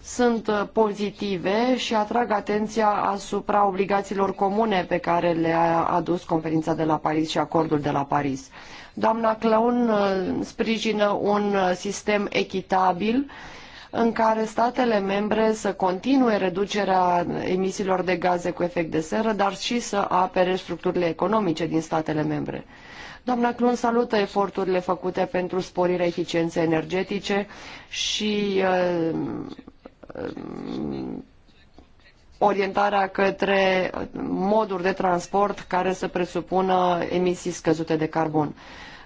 sunt uh, pozitive și atrag atenția asupra obligațiilor comune pe care le-a adus conferința de la Paris și acordul de la Paris. Doamna Clown uh, sprijină un uh, sistem echitabil în care statele membre să continue reducerea emisiilor de gaze cu efect de seră, dar și să apere structurile economice din statele membre. Doamna Clun salută eforturile făcute pentru sporirea eficienței energetice și uh, um, orientarea către moduri de transport care să presupună emisii scăzute de carbon.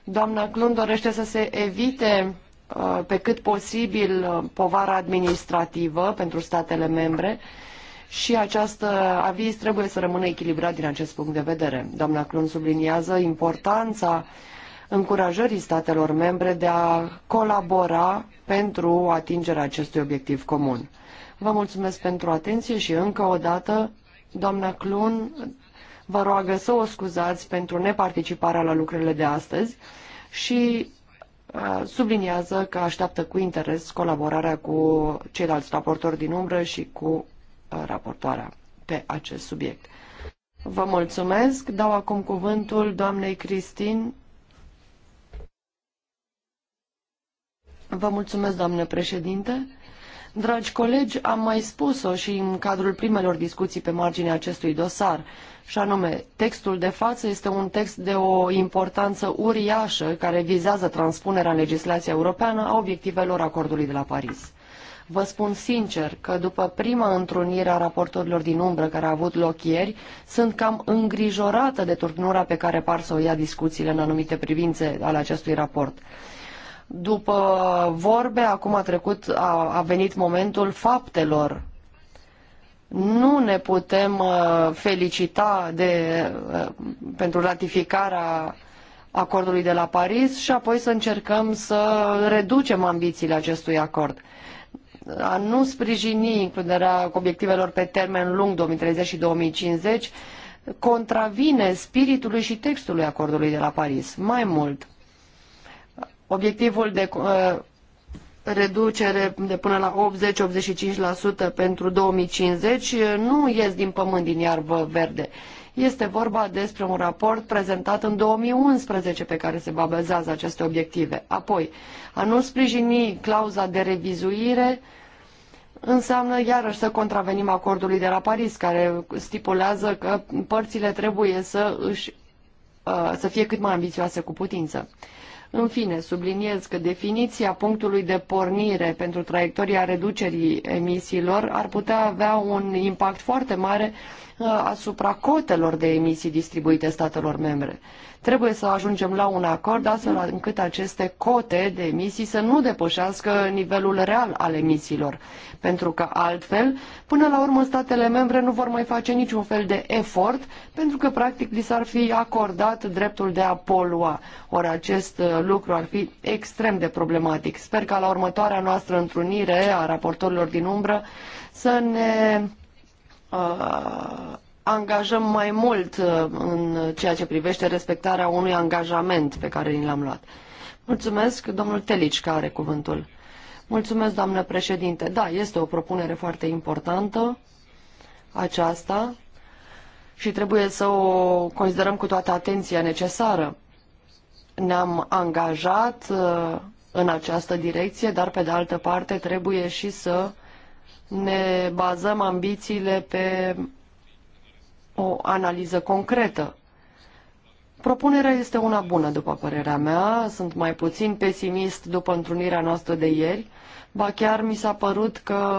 Doamna Clun dorește să se evite uh, pe cât posibil uh, povara administrativă pentru statele membre uh, și acest aviz trebuie să rămână echilibrat din acest punct de vedere. Doamna Clun subliniază importanța încurajării statelor membre de a colabora pentru atingerea acestui obiectiv comun. Vă mulțumesc pentru atenție și încă o dată, doamna Clun, vă roagă să o scuzați pentru neparticiparea la lucrările de astăzi și uh, subliniază că așteaptă cu interes colaborarea cu ceilalți raportori din umbră și cu raportoarea pe acest subiect. Vă mulțumesc. Dau acum cuvântul doamnei Cristin. Vă mulțumesc, doamne președinte. Dragi colegi, am mai spus-o și în cadrul primelor discuții pe marginea acestui dosar, și anume, textul de față este un text de o importanță uriașă care vizează transpunerea legislației europeană a obiectivelor acordului de la Paris. Vă spun sincer că după prima întrunire a raportorilor din umbră care a avut loc ieri, sunt cam îngrijorată de turnura pe care par să o ia discuțiile în anumite privințe ale acestui raport. După vorbe, acum a trecut, a, a venit momentul faptelor. Nu ne putem uh, felicita de, uh, pentru ratificarea acordului de la Paris și apoi să încercăm să reducem ambițiile acestui acord a nu sprijini includerea obiectivelor pe termen lung 2030 și 2050 contravine spiritului și textului acordului de la Paris. Mai mult, obiectivul de uh, reducere de până la 80-85% pentru 2050 uh, nu ies din pământ, din iarbă verde. Uh, este vorba despre un raport prezentat în 2011 pe care se bazează aceste obiective. Apoi, a nu sprijini clauza de revizuire înseamnă iarăși să contravenim acordului de la Paris, care stipulează că părțile trebuie să, își, uh, să fie cât mai ambițioase cu putință. În fine, subliniez că definiția punctului de pornire pentru traiectoria reducerii emisiilor ar putea avea un impact foarte mare Uh, asupra cotelor de emisii distribuite statelor membre. Trebuie să ajungem la un acord astfel încât aceste cote de emisii să nu depășească nivelul real al emisiilor, pentru că altfel, până la urmă, statele membre nu vor mai face niciun fel de efort, pentru că practic li s-ar fi acordat dreptul de a polua. Ori acest uh, lucru ar fi extrem de problematic. Sper ca la următoarea noastră întrunire a raportorilor din umbră să ne Uh, angajăm mai mult uh, în ceea ce privește respectarea unui angajament pe care ni l-am luat. Mulțumesc, domnul Telici, care are cuvântul. Mulțumesc, doamnă președinte. Da, este o propunere foarte importantă aceasta și trebuie să o considerăm cu toată atenția necesară. Ne-am angajat uh, în această direcție, dar pe de altă parte trebuie și să ne bazăm ambițiile pe o analiză concretă. Propunerea este una bună, după părerea mea. Sunt mai puțin pesimist după întrunirea noastră de ieri. Ba chiar mi s-a părut că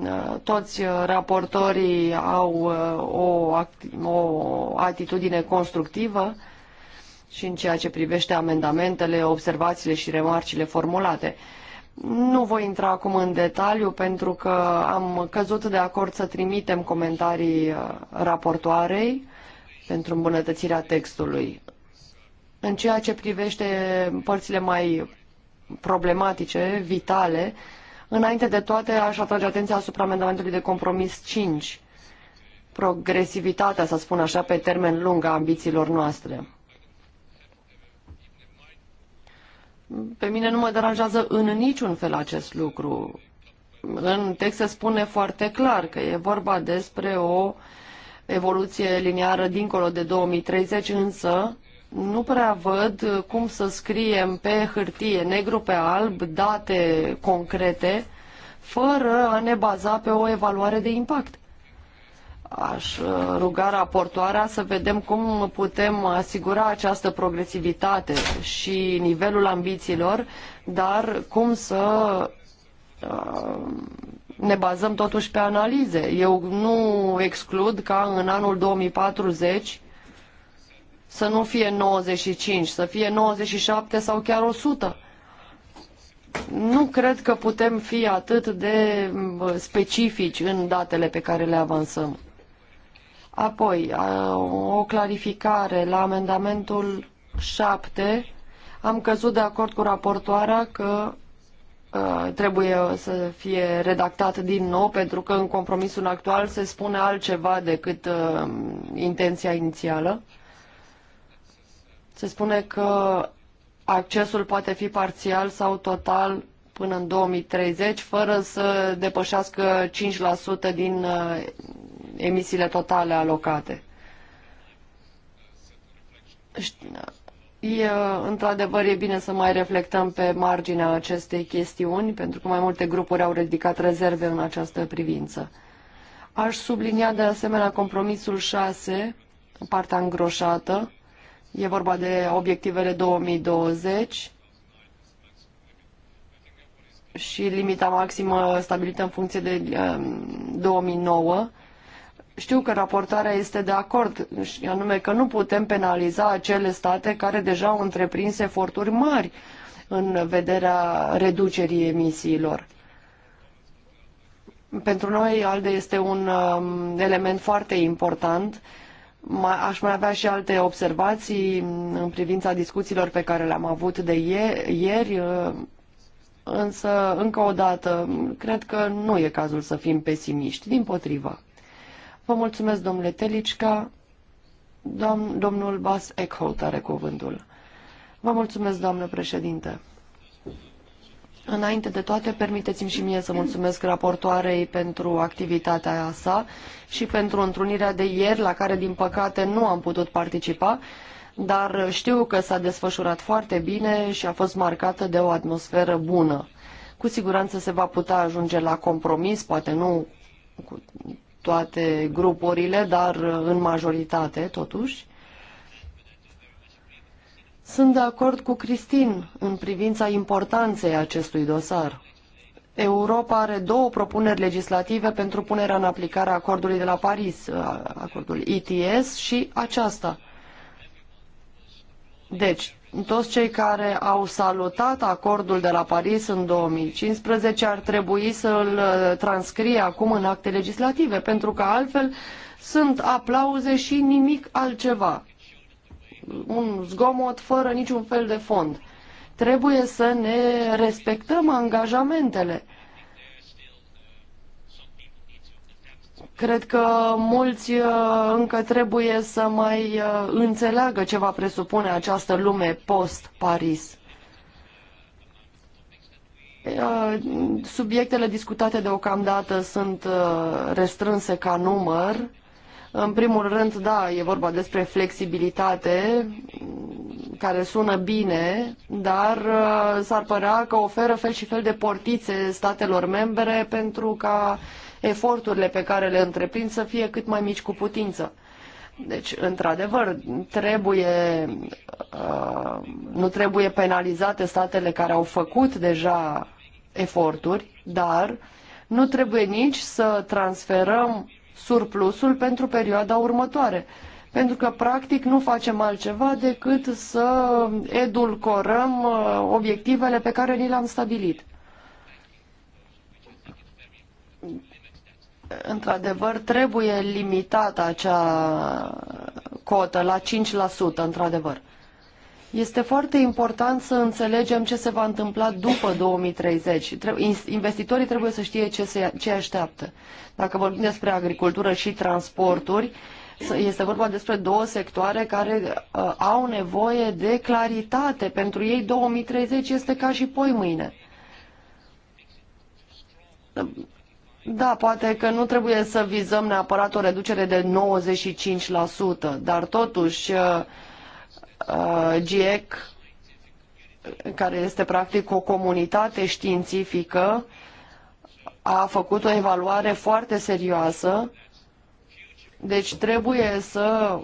uh, toți raportorii au uh, o, o atitudine constructivă și în ceea ce privește amendamentele, observațiile și remarcile formulate. Nu voi intra acum în detaliu pentru că am căzut de acord să trimitem comentarii uh, raportoarei pentru îmbunătățirea textului. În ceea ce privește părțile mai problematice, vitale, înainte de toate aș atrage atenția asupra amendamentului de compromis 5, progresivitatea, să spun așa, pe termen lung a ambițiilor noastre. Pe mine nu mă deranjează în niciun fel acest lucru. În text se spune foarte clar că e vorba despre o evoluție liniară dincolo de 2030, însă nu prea văd cum să scriem pe hârtie negru pe alb date concrete fără a ne baza pe o evaluare de impact. Aș uh, ruga raportoarea să vedem cum putem asigura această progresivitate și nivelul ambițiilor, dar cum să uh, ne bazăm totuși pe analize. Eu nu exclud ca în anul 2040 să nu fie 95, să fie 97 sau chiar 100. Nu cred că putem fi atât de uh, specifici în datele pe care le avansăm. Apoi, uh, o clarificare la amendamentul 7. Am căzut de acord cu raportoarea că uh, trebuie să fie redactat din nou, pentru că în compromisul actual se spune altceva decât uh, intenția inițială. Se spune că accesul poate fi parțial sau total până în 2030, fără să depășească 5% din uh, emisiile totale alocate. într-adevăr, e bine să mai reflectăm pe marginea acestei chestiuni, pentru că mai multe grupuri au ridicat rezerve în această privință. Aș sublinia de asemenea compromisul 6, partea îngroșată. E vorba de obiectivele 2020 și limita maximă stabilită în funcție de 2009 um, știu că raportarea este de acord, și anume că nu putem penaliza acele state care deja au întreprins eforturi mari în vederea reducerii emisiilor. Pentru noi, ALDE este un um, element foarte important. Aș mai avea și alte observații mm, în privința discuțiilor pe care le-am avut de ieri, uh, însă, încă o dată, mm, cred că nu e cazul să fim pesimiști, din potrivă. Vă mulțumesc, domnule Telicca. Dom domnul Bas Eckholt are cuvântul. Vă mulțumesc, doamnă președinte. Înainte de toate, permiteți-mi și mie să mulțumesc raportoarei pentru activitatea sa și pentru întrunirea de ieri, la care, din păcate, nu am putut participa, dar știu că s-a desfășurat foarte bine și a fost marcată de o atmosferă bună. Cu siguranță se va putea ajunge la compromis, poate nu cu toate grupurile, dar uh, în majoritate, totuși. Sunt de acord cu Cristin în privința importanței acestui dosar. Europa are două propuneri legislative pentru punerea în aplicare a acordului de la Paris, uh, acordul ETS și aceasta. Deci, toți cei care au salutat acordul de la Paris în 2015 ar trebui să-l uh, transcrie acum în acte legislative, pentru că altfel sunt aplauze și nimic altceva. Un zgomot fără niciun fel de fond. Trebuie să ne respectăm angajamentele. Cred că mulți uh, încă trebuie să mai uh, înțeleagă ce va presupune această lume post-Paris. Păi, uh, subiectele discutate deocamdată sunt restrânse ca număr. În primul rând, da, e vorba despre flexibilitate, mm, care sună bine, dar s-ar părea că oferă fel și fel de portițe statelor membre pentru ca eforturile pe care le întreprind să fie cât mai mici cu putință. Deci, într-adevăr, trebuie, uh, nu trebuie penalizate statele care au făcut deja eforturi, dar nu trebuie nici să transferăm surplusul pentru perioada următoare. Pentru că, practic, nu facem altceva decât să edulcorăm uh, obiectivele pe care ni le-am stabilit. într-adevăr, trebuie limitată acea cotă la 5%, într-adevăr. Este foarte important să înțelegem ce se va întâmpla după 2030. [COUGHS] Investitorii trebuie să știe ce, se, ce așteaptă. Dacă vorbim despre agricultură și transporturi, este vorba despre două sectoare care uh, au nevoie de claritate. Pentru ei 2030 este ca și poi mâine. Da, poate că nu trebuie să vizăm neapărat o reducere de 95%, dar totuși uh, uh, GIEC, care este practic o comunitate științifică, a făcut o evaluare foarte serioasă, deci trebuie să,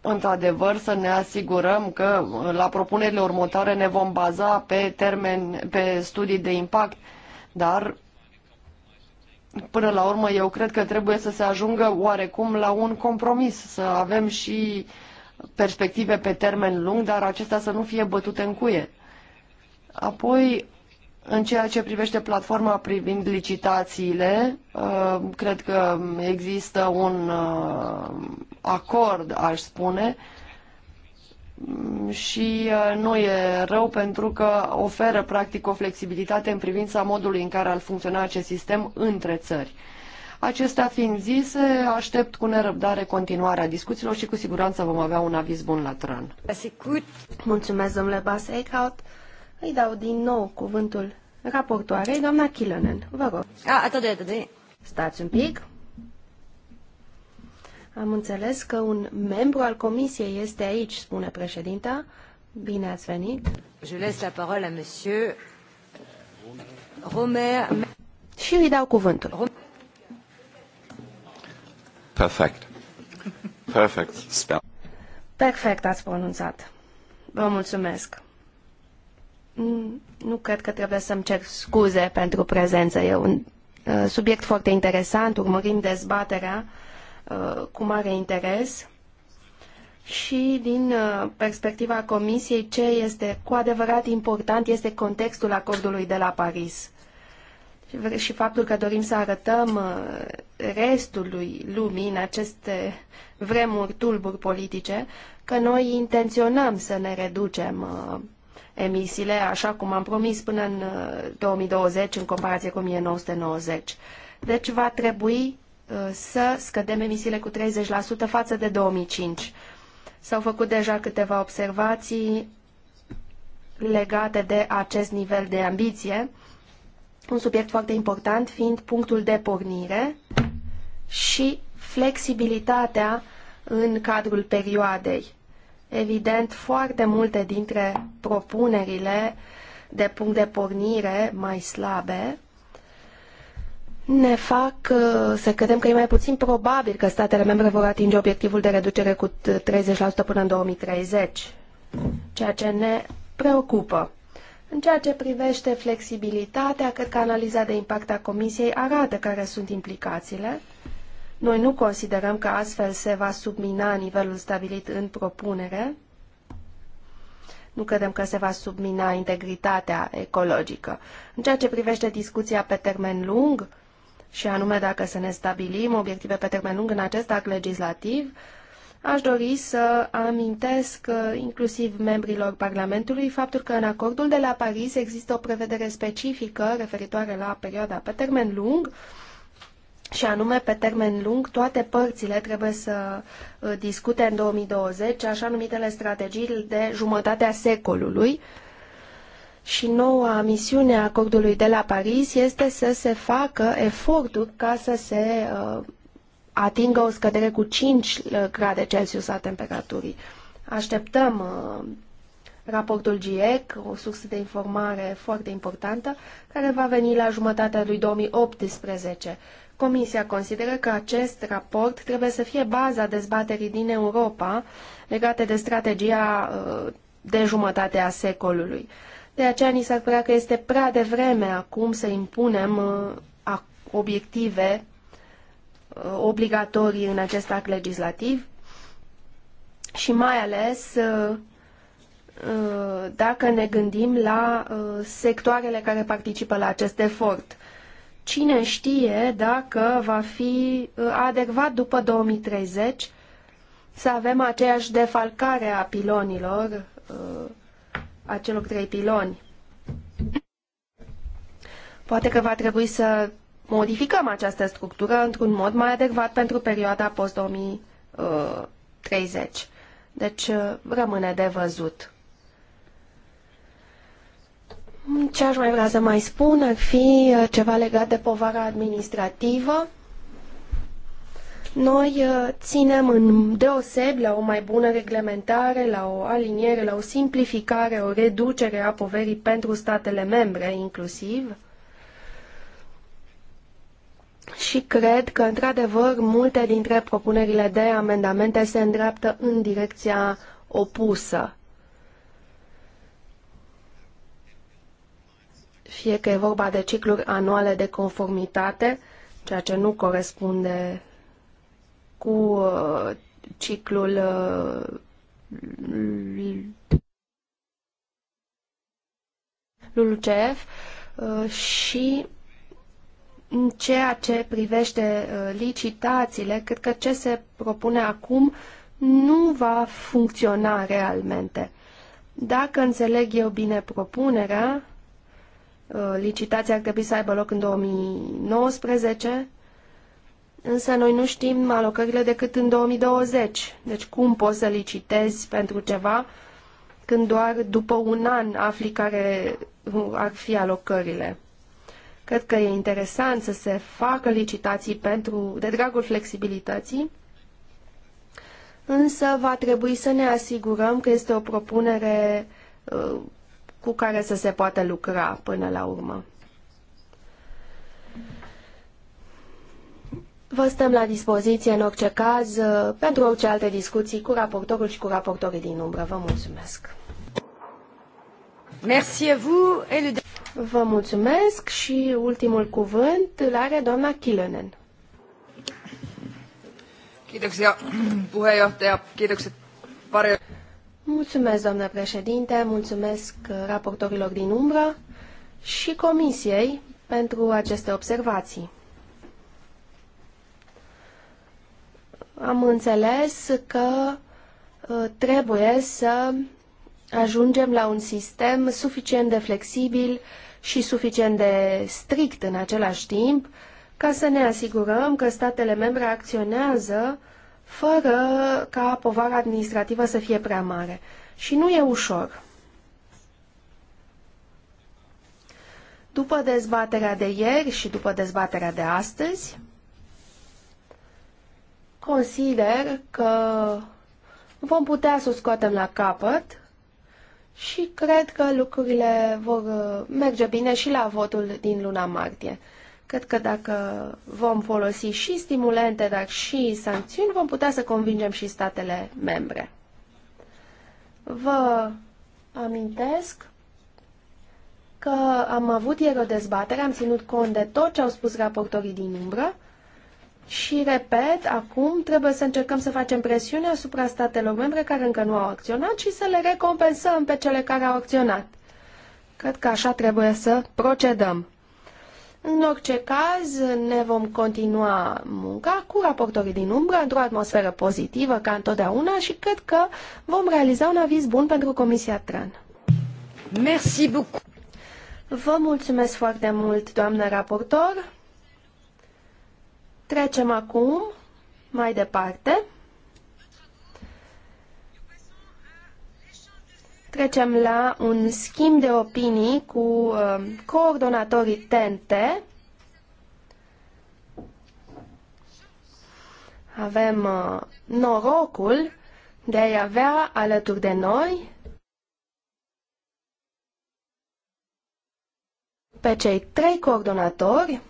într-adevăr, să ne asigurăm că uh, la propunerile următoare ne vom baza pe termen, pe studii de impact, dar Până la urmă, eu cred că trebuie să se ajungă oarecum la un compromis, să avem și perspective pe termen lung, dar acestea să nu fie bătute în cuie. Apoi, în ceea ce privește platforma privind licitațiile, uh, cred că există un uh, acord, aș spune, și uh, nu e rău pentru că oferă practic o flexibilitate în privința modului în care ar funcționa acest sistem între țări. Acestea fiind zise, aștept cu nerăbdare continuarea discuțiilor și cu siguranță vom avea un aviz bun la tran. Mulțumesc, domnule Bas Eichhout. Îi dau din nou cuvântul raportoarei, doamna Kilonen. Vă rog. A, ah, atât de, atât de. Stați un pic. Am înțeles că un membru al comisiei este aici, spune președinta. Bine ați venit. Je laisse la parole à monsieur Romer. Și îi dau cuvântul. Perfect. Perfect spell. Perfect ați pronunțat. Vă mulțumesc. Nu cred că trebuie să-mi cer scuze pentru prezență. E un uh, subiect foarte interesant, urmărim dezbaterea Uh, cu mare interes și din uh, perspectiva Comisiei, ce este cu adevărat important este contextul acordului de la Paris și faptul că dorim să arătăm uh, restului lumii în aceste vremuri tulburi politice că noi intenționăm să ne reducem emisiile, așa cum am promis până în 2020 în comparație cu 1990. Deci va trebui să scădem emisiile cu 30% față de 2005. S-au făcut deja câteva observații legate de acest nivel de ambiție, un subiect foarte important fiind punctul de pornire și flexibilitatea în cadrul perioadei. Evident, foarte multe dintre propunerile de punct de pornire mai slabe ne fac uh, să credem că e mai puțin probabil că statele membre vor atinge obiectivul de reducere cu 30% până în 2030, ceea ce ne preocupă. În ceea ce privește flexibilitatea, cred că analiza de impact a Comisiei arată care sunt implicațiile. Noi nu considerăm că astfel se va submina nivelul stabilit în propunere. Nu credem că se va submina integritatea ecologică. În ceea ce privește discuția pe termen lung, și anume dacă să ne stabilim obiective pe termen lung în acest act legislativ, aș dori să amintesc uh, inclusiv membrilor Parlamentului faptul că în acordul de la Paris există o prevedere specifică referitoare la perioada pe termen lung, și anume, pe termen lung, toate părțile trebuie să uh, discute în 2020 așa numitele strategii de jumătatea secolului, și noua misiune a acordului de la Paris este să se facă eforturi ca să se uh, atingă o scădere cu 5 uh, grade Celsius a temperaturii. Așteptăm uh, raportul GIEC, o sursă de informare foarte importantă, care va veni la jumătatea lui 2018. Comisia consideră că acest raport trebuie să fie baza dezbaterii din Europa legate de strategia uh, de jumătate a secolului. De aceea ni s-ar părea că este prea devreme acum să impunem uh, obiective uh, obligatorii în acest act legislativ și mai ales uh, dacă ne gândim la sectoarele care participă la acest efort. Cine știe dacă va fi adecvat după 2030 să avem aceeași defalcare a pilonilor a celor trei piloni. Poate că va trebui să modificăm această structură într-un mod mai adecvat pentru perioada post-2030. Uh, deci uh, rămâne de văzut. Ce aș mai vrea să mai spun ar fi uh, ceva legat de povara administrativă. Noi uh, ținem în deoseb la o mai bună reglementare, la o aliniere, la o simplificare, o reducere a poverii pentru statele membre inclusiv. Și cred că, într-adevăr, multe dintre propunerile de amendamente se îndreaptă în direcția opusă. Fie că e vorba de cicluri anuale de conformitate, ceea ce nu corespunde cu uh, ciclul uh, uh, și în ceea ce privește uh, licitațiile, cred că ce se propune acum nu va funcționa realmente. Dacă înțeleg eu bine propunerea, licitația ar trebui să aibă loc în 2019, însă noi nu știm alocările decât în 2020. Deci cum poți să licitezi pentru ceva când doar după un an afli care ar fi alocările? Cred că e interesant să se facă licitații pentru, de dragul flexibilității, însă va trebui să ne asigurăm că este o propunere uh, cu care să se poată lucra până la urmă. Vă stăm la dispoziție în orice caz uh, pentru orice alte discuții cu raportorul și cu raportorii din umbră. Vă mulțumesc! Vă mulțumesc și ultimul cuvânt îl are doamna Kilönen. Mulțumesc, doamnă președinte, mulțumesc uh, raportorilor din umbră și comisiei pentru aceste observații. am înțeles că uh, trebuie să ajungem la un sistem suficient de flexibil și suficient de strict în același timp ca să ne asigurăm că statele membre acționează fără ca povara administrativă să fie prea mare. Și nu e ușor. După dezbaterea de ieri și după dezbaterea de astăzi, consider că vom putea să o scoatem la capăt și cred că lucrurile vor uh, merge bine și la votul din luna martie. Cred că dacă vom folosi și stimulente, dar și sancțiuni, vom putea să convingem și statele membre. Vă amintesc că am avut ieri o dezbatere, am ținut cont de tot ce au spus raportorii din umbră și, repet, acum trebuie să încercăm să facem presiune asupra statelor membre care încă nu au acționat și să le recompensăm pe cele care au acționat. Cred că așa trebuie să procedăm. În orice caz, ne vom continua munca cu raportorii din umbră într-o atmosferă pozitivă, ca întotdeauna, și cred că vom realiza un aviz bun pentru Comisia TRAN. Merci beaucoup. Vă mulțumesc foarte mult, doamnă raportor. Trecem acum mai departe. Trecem la un schimb de opinii cu uh, coordonatorii TNT. Avem uh, norocul de a-i avea alături de noi pe cei trei coordonatori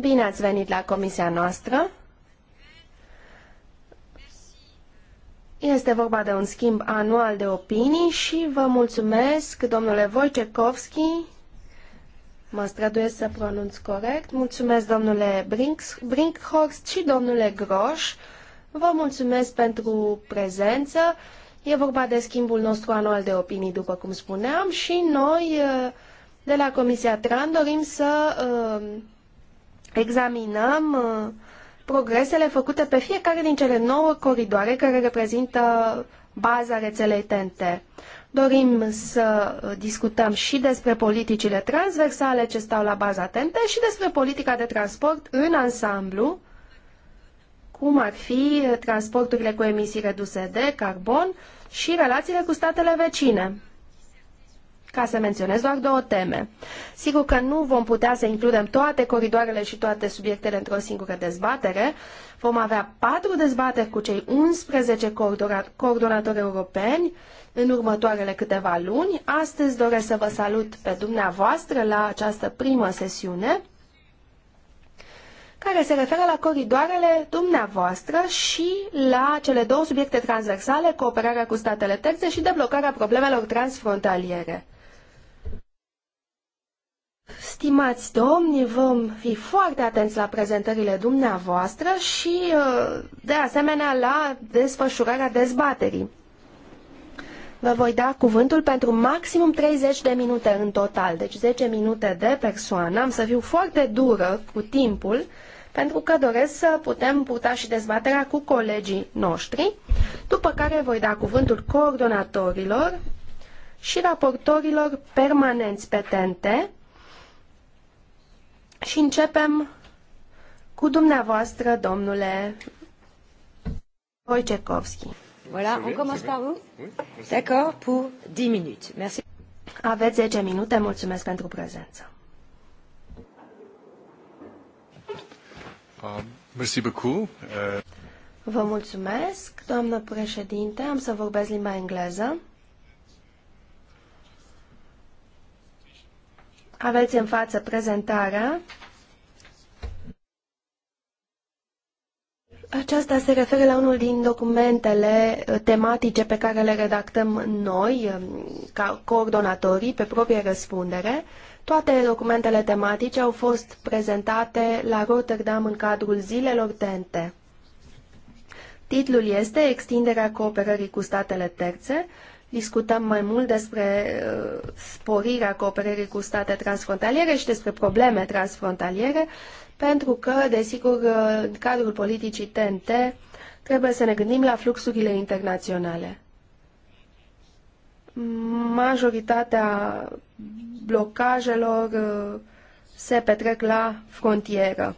Bine ați venit la comisia noastră. Este vorba de un schimb anual de opinii și vă mulțumesc, domnule Wojciechowski, mă străduiesc să pronunț corect, mulțumesc domnule Brinks, Brinkhorst și domnule Groș, vă mulțumesc pentru prezență. E vorba de schimbul nostru anual de opinii, după cum spuneam, și noi de la Comisia TRAN dorim să uh, examinăm uh, progresele făcute pe fiecare din cele nouă coridoare care reprezintă baza rețelei TNT. Dorim să uh, discutăm și despre politicile transversale ce stau la baza TNT și despre politica de transport în ansamblu, cum ar fi uh, transporturile cu emisii reduse de carbon și relațiile cu statele vecine ca să menționez doar două teme. Sigur că nu vom putea să includem toate coridoarele și toate subiectele într-o singură dezbatere. Vom avea patru dezbateri cu cei 11 coordonatori europeni în următoarele câteva luni. Astăzi doresc să vă salut pe dumneavoastră la această primă sesiune care se referă la coridoarele dumneavoastră și la cele două subiecte transversale, cooperarea cu statele terțe și deblocarea problemelor transfrontaliere. Stimați domni, vom fi foarte atenți la prezentările dumneavoastră și, uh, de asemenea, la desfășurarea dezbaterii. Vă voi da cuvântul pentru maximum 30 de minute în total, deci 10 minute de persoană. Am să fiu foarte dură cu timpul, pentru că doresc să putem purta și dezbaterea cu colegii noștri, după care voi da cuvântul coordonatorilor și raportorilor permanenți pe tente, și începem cu dumneavoastră, domnule Wojciechowski. Voilà, on commence par vous D'accord, pour 10 minutes. Merci. Aveți 10 minute, mulțumesc pentru prezență. Um, merci beaucoup. Uh... Vă mulțumesc, doamnă președinte, am să vorbesc limba engleză. Aveți în față prezentarea. Aceasta se referă la unul din documentele uh, tematice pe care le redactăm noi, um, ca coordonatorii, pe proprie răspundere. Toate documentele tematice au fost prezentate la Rotterdam în cadrul zilelor tente. Titlul este Extinderea cooperării cu statele terțe discutăm mai mult despre uh, sporirea cooperării cu state transfrontaliere și despre probleme transfrontaliere, pentru că, desigur, uh, în cadrul politicii TNT trebuie să ne gândim la fluxurile internaționale. Majoritatea blocajelor uh, se petrec la frontieră.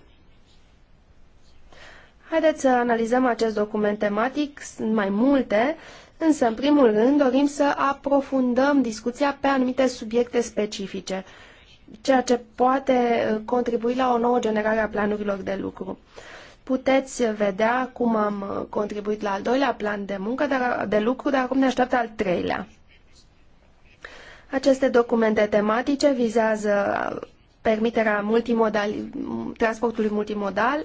Haideți să analizăm acest document tematic, sunt mai multe, uh, Însă, în primul rând, dorim să aprofundăm discuția pe anumite subiecte specifice, ceea ce poate uh, contribui la o nouă generare a planurilor de lucru. Puteți vedea cum am uh, contribuit la al doilea plan de muncă, dar, uh, de lucru, dar acum ne așteaptă al treilea. Aceste documente tematice vizează permiterea multimodal, transportului multimodal,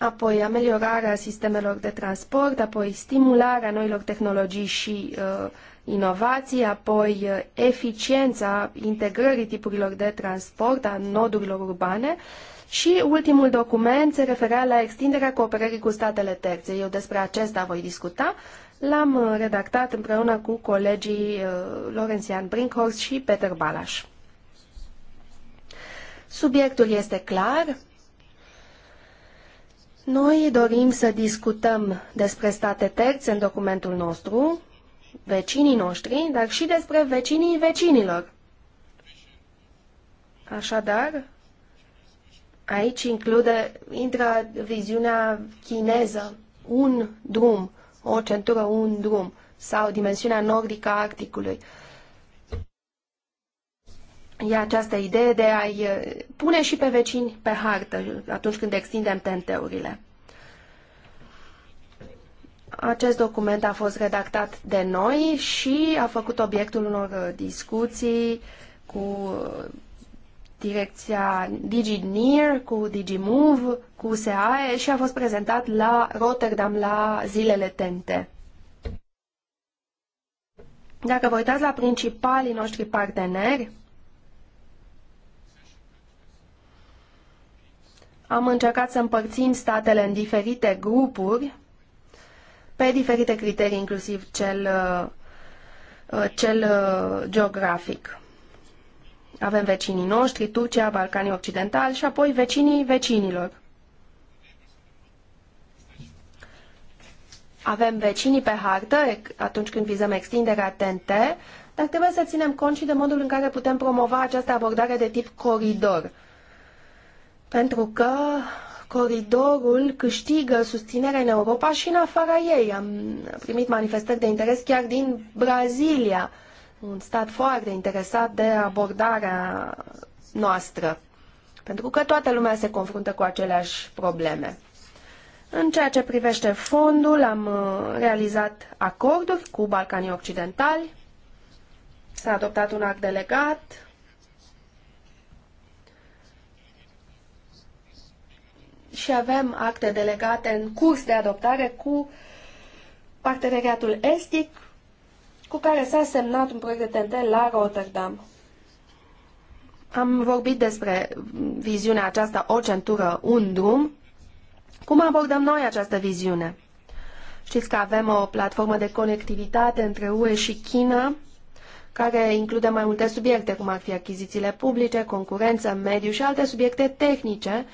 apoi ameliorarea sistemelor de transport, apoi stimularea noilor tehnologii și uh, inovații, apoi uh, eficiența integrării tipurilor de transport a nodurilor urbane și ultimul document se referea la extinderea cooperării cu statele terțe. Eu despre acesta voi discuta. L-am uh, redactat împreună cu colegii uh, Lorențian Brinkhorst și Peter Balaș. Subiectul este clar, noi dorim să discutăm despre state terțe în documentul nostru, vecinii noștri, dar și despre vecinii vecinilor. Așadar, aici include, intră viziunea chineză, un drum, o centură, un drum, sau dimensiunea nordică a Arcticului e această idee de a-i uh, pune și pe vecini pe hartă atunci când extindem tenteurile. Acest document a fost redactat de noi și a făcut obiectul unor uh, discuții cu uh, direcția DigiNear, cu DigiMove, cu SEAE și a fost prezentat la Rotterdam la zilele tente Dacă vă uitați la principalii noștri parteneri, Am încercat să împărțim statele în diferite grupuri pe diferite criterii, inclusiv cel, uh, uh, cel uh, geografic. Avem vecinii noștri, Turcia, Balcanii Occidentali și apoi vecinii vecinilor. Avem vecinii pe hartă atunci când vizăm extinderea TNT, dar trebuie să ținem cont și de modul în care putem promova această abordare de tip coridor pentru că coridorul câștigă susținere în Europa și în afara ei. Am primit manifestări de interes chiar din Brazilia, un stat foarte interesat de abordarea noastră, pentru că toată lumea se confruntă cu aceleași probleme. În ceea ce privește fondul, am uh, realizat acorduri cu Balcanii Occidentali, s-a adoptat un act delegat, și avem acte delegate în curs de adoptare cu parteneriatul estic, cu care s-a semnat un proiect de TNT la Rotterdam. Am vorbit despre viziunea aceasta, o centură, un drum. Cum abordăm noi această viziune? Știți că avem o platformă de conectivitate între UE și China, care include mai multe subiecte, cum ar fi achizițiile publice, concurență, mediu și alte subiecte tehnice,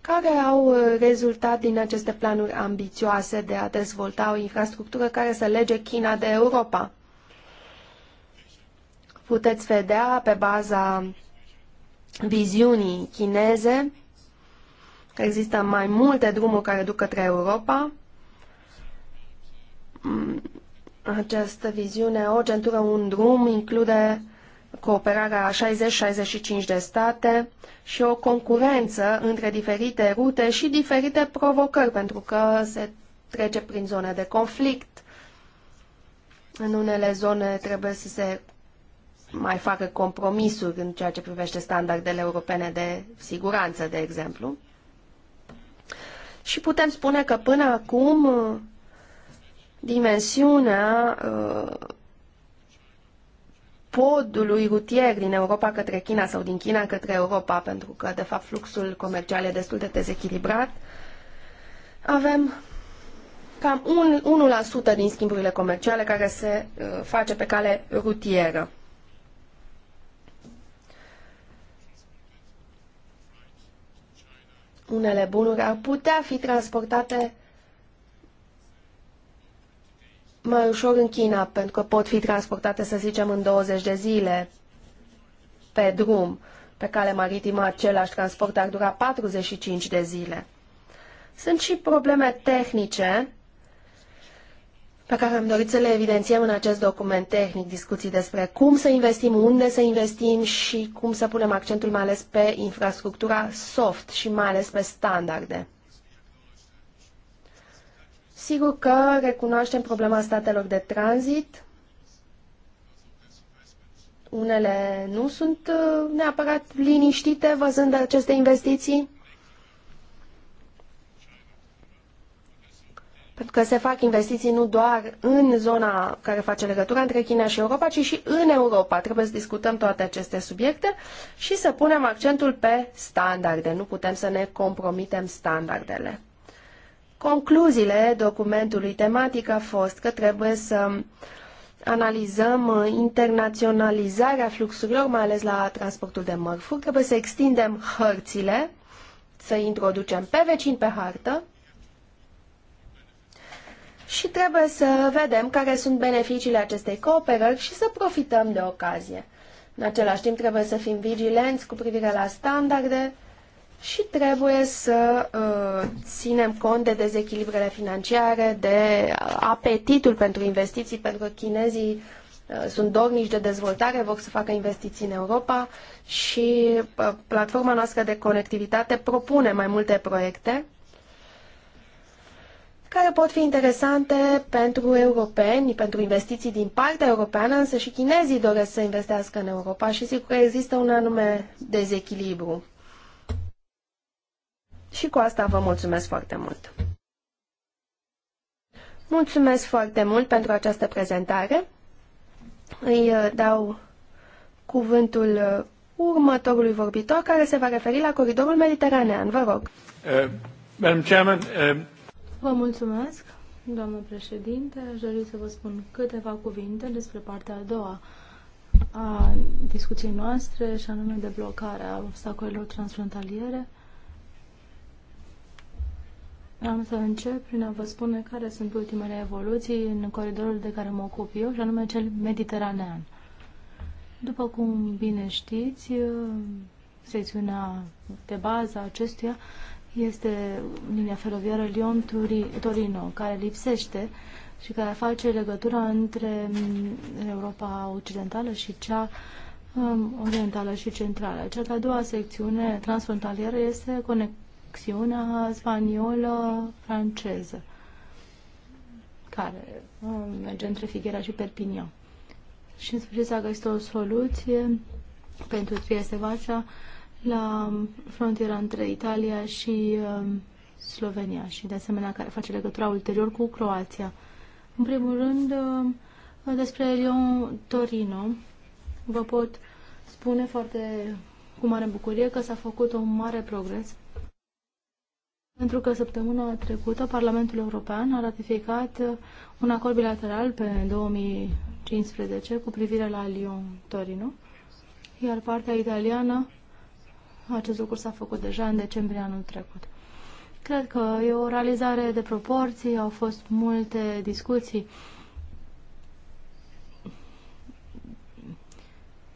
care au uh, rezultat din aceste planuri ambițioase de a dezvolta o infrastructură care să lege China de Europa. Puteți vedea pe baza viziunii chineze că există mai multe drumuri care duc către Europa. Mm, această viziune, o centură, un drum, include cooperarea a 60-65 de state și o concurență între diferite rute și diferite provocări, pentru că se trece prin zone de conflict. În unele zone trebuie să se mai facă compromisuri în ceea ce privește standardele europene de siguranță, de exemplu. Și putem spune că până acum dimensiunea uh, podului rutier din Europa către China sau din China către Europa, pentru că, de fapt, fluxul comercial e destul de dezechilibrat. Avem cam un, 1% din schimburile comerciale care se uh, face pe cale rutieră. Unele bunuri ar putea fi transportate mai ușor în China, pentru că pot fi transportate, să zicem, în 20 de zile pe drum. Pe cale maritimă același transport ar dura 45 de zile. Sunt și probleme tehnice pe care am dorit să le evidențiem în acest document tehnic, discuții despre cum să investim, unde să investim și cum să punem accentul mai ales pe infrastructura soft și mai ales pe standarde. Sigur că recunoaștem problema statelor de tranzit. Unele nu sunt uh, neapărat liniștite văzând aceste investiții. Pentru că se fac investiții nu doar în zona care face legătura între China și Europa, ci și în Europa. Trebuie să discutăm toate aceste subiecte și să punem accentul pe standarde. Nu putem să ne compromitem standardele. Concluziile documentului tematic a fost că trebuie să analizăm uh, internaționalizarea fluxurilor, mai ales la transportul de mărfuri, trebuie să extindem hărțile, să introducem pe vecin pe hartă și trebuie să vedem care sunt beneficiile acestei cooperări și să profităm de ocazie. În același timp trebuie să fim vigilenți cu privire la standarde, și trebuie să uh, ținem cont de dezechilibrele financiare, de apetitul pentru investiții, pentru că chinezii uh, sunt dornici de dezvoltare, vor să facă investiții în Europa și uh, platforma noastră de conectivitate propune mai multe proiecte care pot fi interesante pentru europeni, pentru investiții din partea europeană, însă și chinezii doresc să investească în Europa și sigur că există un anume dezechilibru. Și cu asta vă mulțumesc foarte mult. Mulțumesc foarte mult pentru această prezentare. Îi uh, dau cuvântul uh, următorului vorbitor care se va referi la coridorul mediteranean. Vă rog. Uh, Madam Chairman, uh... Vă mulțumesc, doamnă președinte. Aș dori să vă spun câteva cuvinte despre partea a doua a discuției noastre și anume de blocarea obstacolelor transfrontaliere. Am să încep prin a vă spune care sunt ultimele evoluții în coridorul de care mă ocup eu, și anume cel mediteranean. După cum bine știți, secțiunea de bază a acestuia este linia feroviară Lyon-Torino, care lipsește și care face legătura între Europa Occidentală și cea um, orientală și centrală. Cea de-a doua secțiune transfrontalieră este acțiunea spaniolă-franceză, care um, merge între Figuera și Perpignan. Și în sfârșit s-a găsit o soluție pentru Trieste Varșa la frontiera între Italia și um, Slovenia și de asemenea care face legătura ulterior cu Croația. În primul rând, um, despre Lyon Torino, vă pot spune foarte cu mare bucurie că s-a făcut un mare progres pentru că săptămâna trecută Parlamentul European a ratificat un acord bilateral pe 2015 cu privire la Lyon-Torino, iar partea italiană, acest lucru s-a făcut deja în decembrie anul trecut. Cred că e o realizare de proporții, au fost multe discuții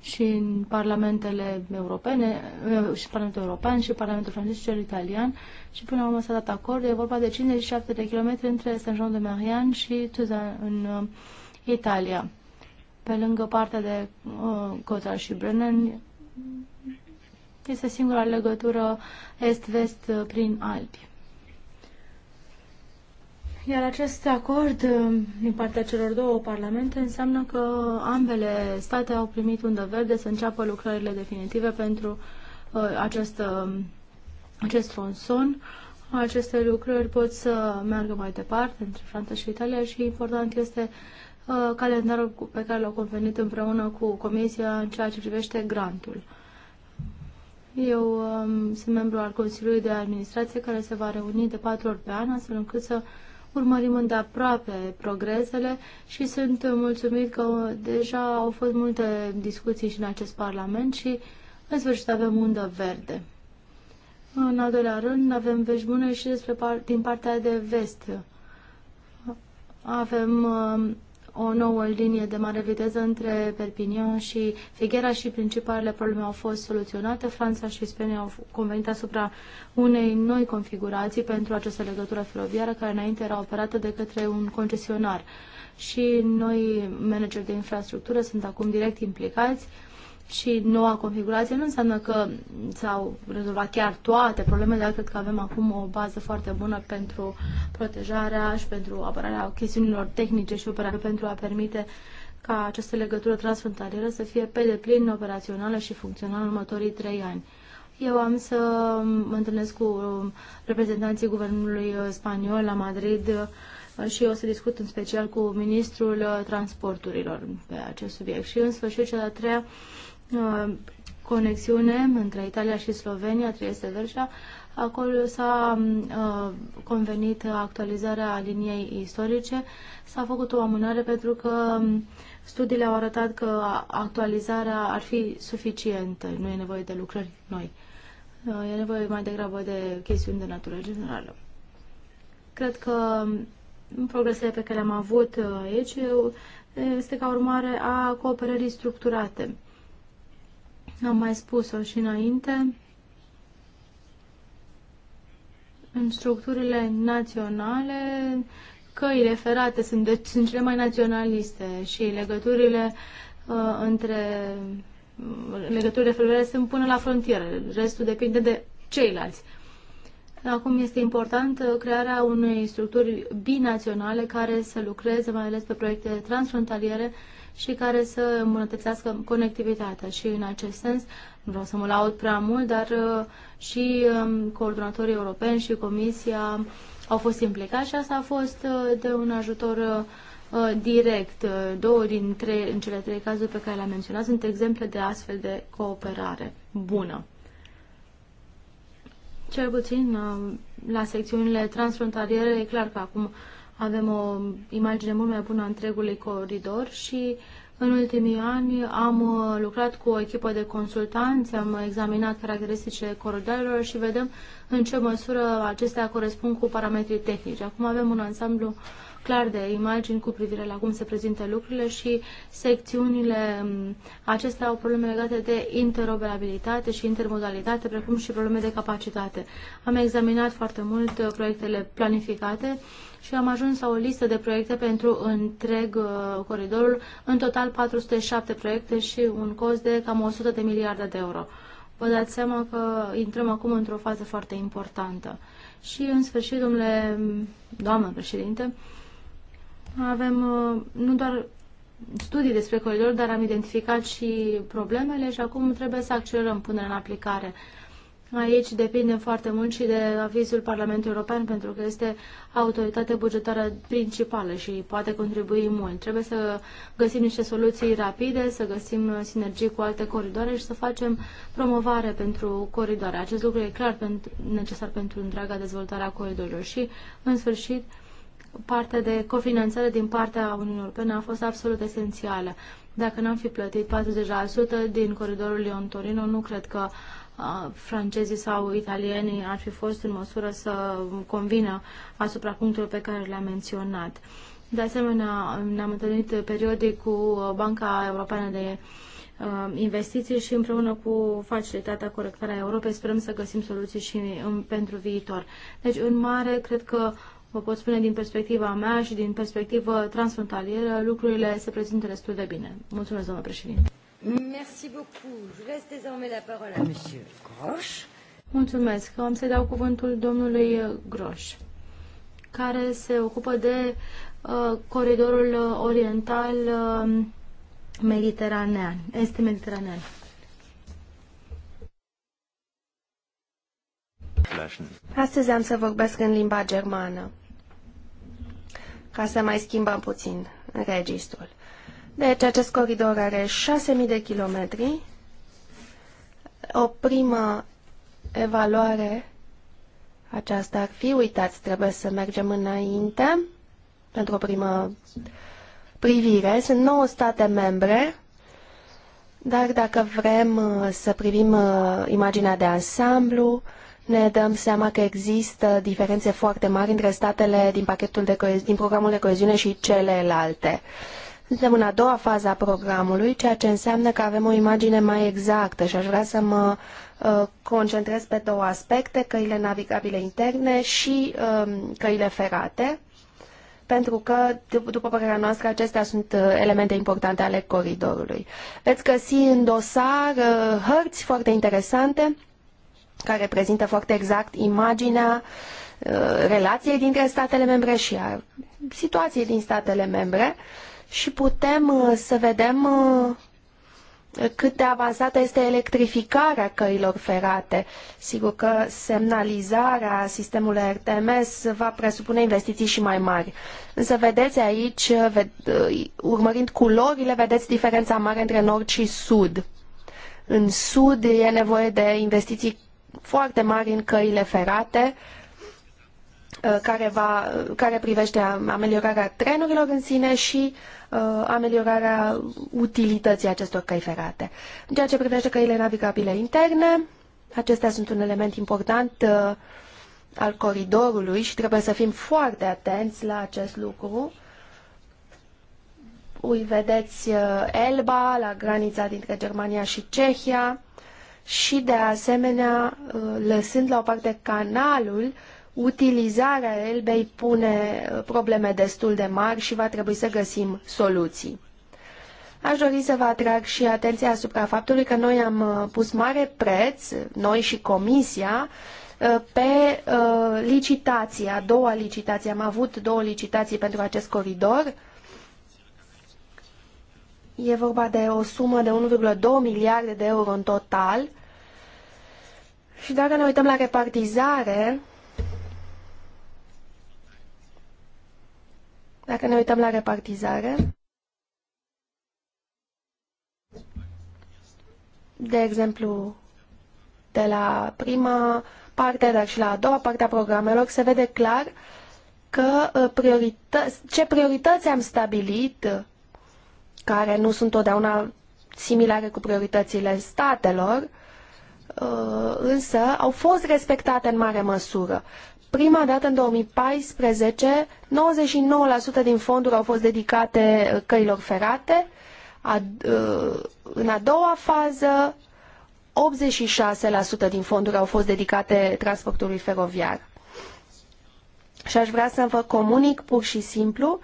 și în parlamentele europene, eh, și Parlamentul European, și Parlamentul francez și cel italian și până la urmă s-a dat acord. E vorba de 57 de kilometri între saint jean de Marian și Tuzan în uh, Italia. Pe lângă partea de uh, eh, Cozar și Brennan este singura legătură est-vest prin Alpi. Iar acest acord uh, din partea celor două parlamente înseamnă că ambele state au primit undă verde să înceapă lucrările definitive pentru uh, acest, uh, acest tronson. Aceste lucrări pot să meargă mai departe între Franța și Italia și important este uh, calendarul pe care l-au convenit împreună cu Comisia în ceea ce privește grantul. Eu um, sunt membru al Consiliului de Administrație care se va reuni de patru ori pe an, astfel încât să uh, urmărim îndeaproape progresele și sunt mulțumit că deja au fost multe discuții și în acest Parlament și în sfârșit avem undă verde. În al doilea rând, avem vești bune și despre par- din partea de vest. Avem uh, o nouă linie de mare viteză între Perpignan și Figuera și principalele probleme au fost soluționate. Franța și Spania au convenit asupra unei noi configurații pentru această legătură feroviară care înainte era operată de către un concesionar. Și noi manageri de infrastructură sunt acum direct implicați și noua configurație nu înseamnă că s-au rezolvat chiar toate problemele, dar cred că avem acum o bază foarte bună pentru protejarea și pentru apărarea chestiunilor tehnice și operare pentru a permite ca această legătură transfrontalieră să fie pe deplin operațională și funcțională în următorii trei ani. Eu am să mă întâlnesc cu reprezentanții guvernului spaniol la Madrid uh, și o să discut în special cu ministrul uh, transporturilor pe acest subiect. Și în sfârșit, cea de-a treia Uh, conexiune între Italia și Slovenia, Trieste Verșa. Acolo s-a uh, convenit actualizarea liniei istorice. S-a făcut o amânare pentru că um, studiile au arătat că actualizarea ar fi suficientă, nu e nevoie de lucrări noi. Uh, e nevoie mai degrabă de chestiuni de natură generală. Cred că um, progresele pe care le-am avut aici este ca urmare a cooperării structurate am mai spus-o și înainte, în structurile naționale, căile ferate sunt, de, sunt cele mai naționaliste și legăturile uh, între uh, legăturile ferate sunt până la frontieră, restul depinde de ceilalți. Acum este important uh, crearea unei structuri binaționale care să lucreze mai ales pe proiecte transfrontaliere și care să îmbunătățească conectivitatea. Și în acest sens, nu vreau să mă laud prea mult, dar uh, și um, coordonatorii europeni și Comisia au fost implicați și asta a fost uh, de un ajutor uh, direct. Două din trei, în cele trei cazuri pe care le-am menționat sunt exemple de astfel de cooperare bună. Cel puțin la secțiunile transfrontaliere e clar că acum uh, avem o imagine mult mai bună a întregului coridor și în ultimii ani am uh, lucrat cu o echipă de consultanți, am examinat caracteristicile coridorilor și vedem în ce măsură acestea corespund cu parametrii tehnici. Acum avem un ansamblu clar de imagini cu privire la cum se prezintă lucrurile și secțiunile mm, acestea au probleme legate de interoperabilitate și intermodalitate, precum și probleme de capacitate. Am examinat foarte mult uh, proiectele planificate și am ajuns la o listă de proiecte pentru întreg uh, coridorul, în total 407 proiecte și un cost de cam 100 de miliarde de euro vă dați seama că intrăm acum într-o fază foarte importantă. Și, în sfârșit, domnule, doamnă președinte, avem uh, nu doar studii despre coridor, dar am identificat și problemele și acum trebuie să accelerăm punerea în aplicare Aici depinde foarte mult și de avizul Parlamentului European, pentru că este autoritatea bugetară principală și poate contribui mult. Trebuie să găsim niște soluții rapide, să găsim sinergii cu alte coridoare și să facem promovare pentru coridoare. Acest lucru e clar pentru, necesar pentru întreaga dezvoltare a coridorilor și, în sfârșit, partea de cofinanțare din partea Uniunii Europene a fost absolut esențială. Dacă n-am fi plătit 40% din coridorul Lyon-Torino, nu cred că francezii sau italienii ar fi fost în măsură să convină asupra punctelor pe care le-am menționat. De asemenea, ne-am întâlnit periodic cu Banca Europeană de investiții și împreună cu facilitatea corectarea Europei sperăm să găsim soluții și în, pentru viitor. Deci, în mare, cred că vă pot spune din perspectiva mea și din perspectivă transfrontalieră, lucrurile se prezintă destul de bine. Mulțumesc, domnule președinte. Merci beaucoup. Je laisse désormais la parole à Monsieur Grosch. Mulțumesc. Am să dau cuvântul domnului uh, Groș, care se ocupă de uh, coridorul uh, oriental uh, mediteranean, este mediteranean. Astăzi am să vorbesc în limba germană, ca să mai schimbăm puțin registrul. Deci acest coridor are 6.000 de kilometri. O primă evaluare aceasta ar fi, uitați, trebuie să mergem înainte pentru o primă privire. Sunt 9 state membre, dar dacă vrem uh, să privim uh, imaginea de ansamblu, ne dăm seama că există diferențe foarte mari între statele din, pachetul de coezi- din programul de coeziune și celelalte. Uh, suntem în a doua fază a programului, ceea ce înseamnă că avem o imagine mai exactă și aș vrea să mă uh, concentrez pe două aspecte, căile navigabile interne și um, căile ferate, pentru că, după părerea noastră, acestea sunt uh, elemente importante ale coridorului. Veți găsi în dosar uh, hărți foarte interesante care prezintă foarte exact imaginea relației dintre statele membre și a situației din statele membre și putem uh, să vedem uh, cât de avansată este electrificarea căilor ferate. Sigur că semnalizarea sistemului RTMS va presupune investiții și mai mari. Însă vedeți aici, uh, urmărind culorile, vedeți diferența mare între nord și sud. În sud e nevoie de investiții foarte mari în căile ferate, uh, Uh, care, va, care privește ameliorarea trenurilor în sine și uh, ameliorarea utilității acestor căi ferate. În ceea ce privește căile navigabile interne, acestea sunt un element important uh, al coridorului și trebuie să fim foarte atenți la acest lucru. Îi vedeți uh, Elba la granița dintre Germania și Cehia și de asemenea, uh, lăsând la o parte canalul, utilizarea elbei pune probleme destul de mari și va trebui să găsim soluții. Aș dori să vă atrag și atenția asupra faptului că noi am uh, pus mare preț, noi și Comisia, uh, pe uh, licitație, a doua licitație. Am avut două licitații pentru acest coridor. E vorba de o sumă de 1,2 miliarde de euro în total. Și dacă ne uităm la repartizare, Dacă ne uităm la repartizare, de exemplu, de la prima parte, dar și la a doua parte a programelor, se vede clar că ă, priorități, ce priorități am stabilit, care nu sunt totdeauna similare cu prioritățile statelor, ă, însă au fost respectate în mare măsură. Prima dată, în 2014, 99% din fonduri au fost dedicate uh, căilor ferate. A, uh, în a doua fază, 86% din fonduri au fost dedicate transportului feroviar. Și aș vrea să vă comunic pur și simplu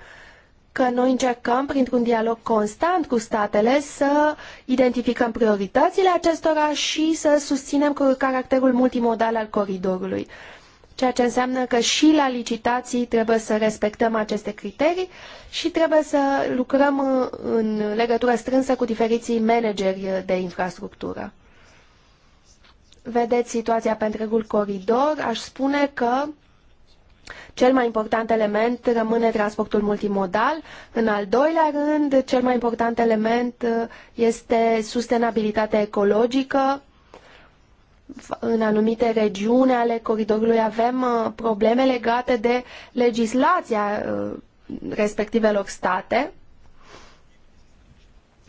că noi încercăm, printr-un dialog constant cu statele, să identificăm prioritățile acestora și să susținem caracterul multimodal al coridorului. Uh, ceea ce înseamnă că și la licitații trebuie să respectăm aceste criterii și trebuie să lucrăm în legătură strânsă cu diferiții manageri de infrastructură. Vedeți situația pe întregul coridor, aș spune că cel mai important element rămâne transportul multimodal. În al doilea rând, cel mai important element este sustenabilitatea ecologică, în anumite regiuni ale coridorului avem uh, probleme legate de legislația uh, respectivelor state.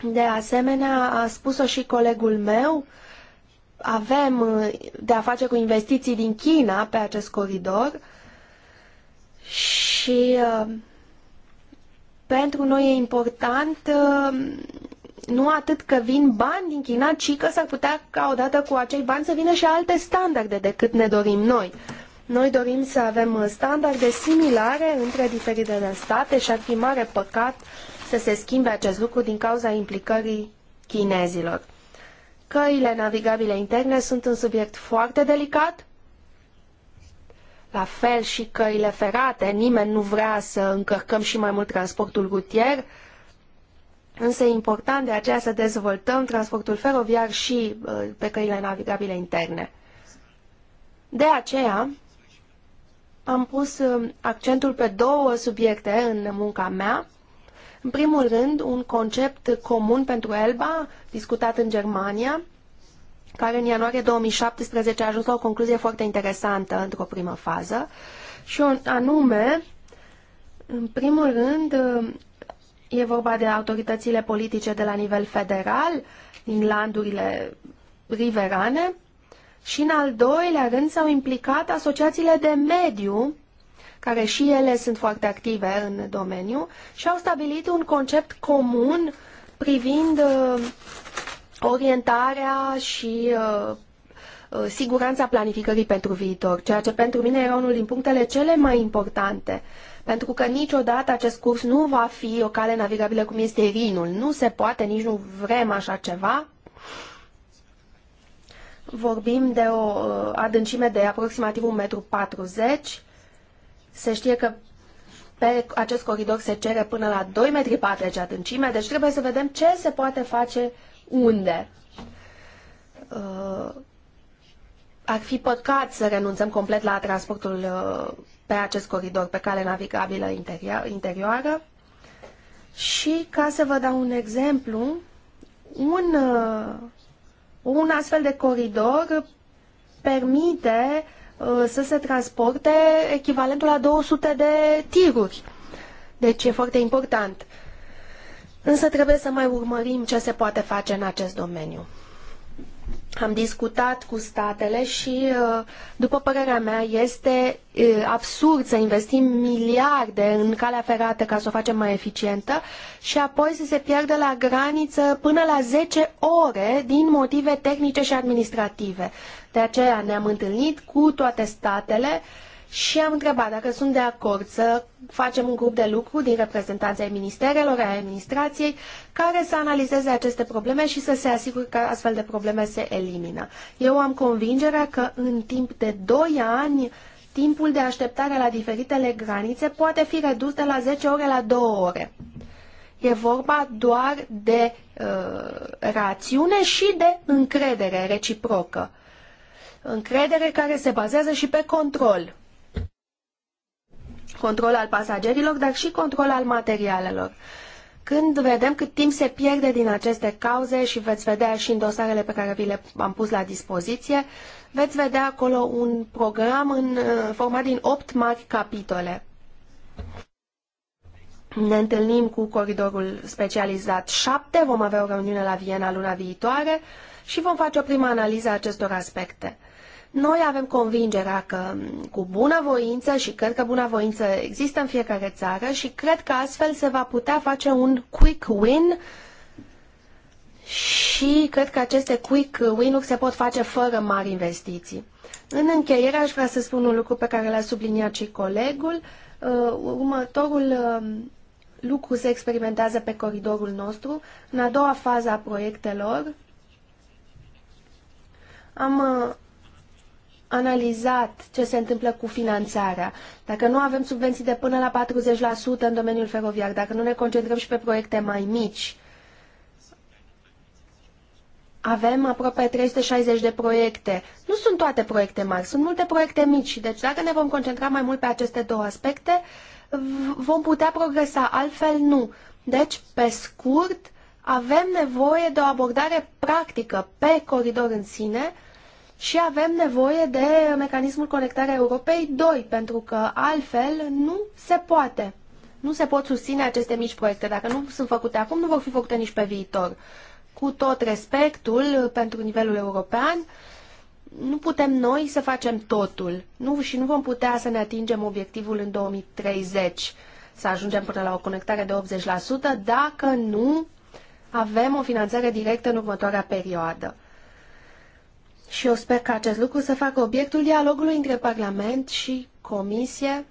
De asemenea, a spus-o și colegul meu, avem uh, de a face cu investiții din China pe acest coridor și pentru noi e important nu atât că vin bani din China, ci că s-ar putea ca odată cu acei bani să vină și alte standarde decât ne dorim noi. Noi dorim să avem standarde similare între diferitele state și ar fi mare păcat să se schimbe acest lucru din cauza implicării chinezilor. Căile navigabile interne sunt un subiect foarte delicat, la fel și căile ferate, nimeni nu vrea să încărcăm și mai mult transportul rutier, Însă e important de aceea să dezvoltăm transportul feroviar și uh, pe căile navigabile interne. De aceea am pus uh, accentul pe două subiecte în munca mea. În primul rând, un concept comun pentru ELBA, discutat în Germania, care în ianuarie 2017 a ajuns la o concluzie foarte interesantă într-o primă fază, și anume, în primul rând, uh, E vorba de autoritățile politice de la nivel federal, din landurile riverane. Și în al doilea rând s-au implicat asociațiile de mediu, care și ele sunt foarte active în domeniu, și au stabilit un concept comun privind uh, orientarea și uh, uh siguranța planificării pentru viitor, ceea ce pentru mine era unul din punctele cele mai importante. Uh, pentru că niciodată acest curs nu va fi o cale navigabilă cum este Rinul. Nu se poate, nici nu vrem așa ceva. Vorbim de o uh, adâncime de aproximativ 1,40 m. Se știe că pe acest coridor se cere până la 2,40 m adâncime, deci trebuie să vedem ce se poate face unde. Uh, ar fi păcat să renunțăm complet la transportul uh, pe acest coridor pe cale navigabilă interioară. Și ca să vă dau un exemplu, un, uh, un astfel de coridor permite uh, să se transporte echivalentul la 200 de tiruri. Deci e foarte important. Însă trebuie să mai urmărim ce se poate face în acest domeniu. Am discutat cu statele și, uh, după părerea mea, este uh, absurd să investim miliarde în calea ferată ca să o facem mai eficientă și apoi să se pierde la graniță până la zece ore din motive tehnice și administrative. De aceea ne-am întâlnit cu toate statele uh, și am întrebat dacă sunt de acord să facem un grup de lucru din reprezentanții ministerelor, a administrației, care să analizeze aceste probleme și să se asigure că astfel de probleme se elimină. Eu am convingerea că în timp de 2 ani timpul de așteptare la diferitele granițe poate fi redus de la 10 ore la 2 ore. E vorba doar de uh, rațiune și de încredere reciprocă. Încredere care se bazează și pe control control al pasagerilor, dar și control al materialelor. Când vedem cât timp se pierde din aceste cauze și veți vedea și în dosarele pe care vi le am pus la dispoziție, veți vedea acolo un program în, uh, format din 8 mari capitole. Ne întâlnim cu coridorul specializat 7, vom avea o reuniune la Viena luna viitoare și vom face o primă analiză a acestor aspecte. Noi avem convingerea că mm, cu bunăvoință și cred că bunăvoință există în fiecare țară și cred că astfel se va putea face un quick win și cred că aceste quick win-uri se pot face fără mari investiții. În încheiere aș vrea să spun un lucru pe care l-a subliniat și colegul. Uh, următorul um, lucru se experimentează pe coridorul nostru. În a doua fază a proiectelor am uh, analizat ce se întâmplă cu finanțarea. Dacă nu avem subvenții de până la 40% în domeniul feroviar, dacă nu ne concentrăm și pe proiecte mai mici, avem aproape 360 de proiecte. Nu sunt toate proiecte mari, sunt multe proiecte mici. Deci dacă ne vom concentra mai mult pe aceste două aspecte, vom putea progresa, altfel nu. Deci, pe scurt, avem nevoie de o abordare practică pe coridor în sine, și avem nevoie de mecanismul conectarea Europei 2, pentru că altfel nu se poate. Nu se pot susține aceste mici proiecte. Dacă nu sunt făcute acum, nu vor fi făcute nici pe viitor. Cu tot respectul pentru nivelul european, nu putem noi să facem totul nu, și nu vom putea să ne atingem obiectivul în 2030, să ajungem până la o conectare de 80%, dacă nu avem o finanțare directă în următoarea perioadă. Și eu sper că acest lucru să facă obiectul dialogului între Parlament și Comisie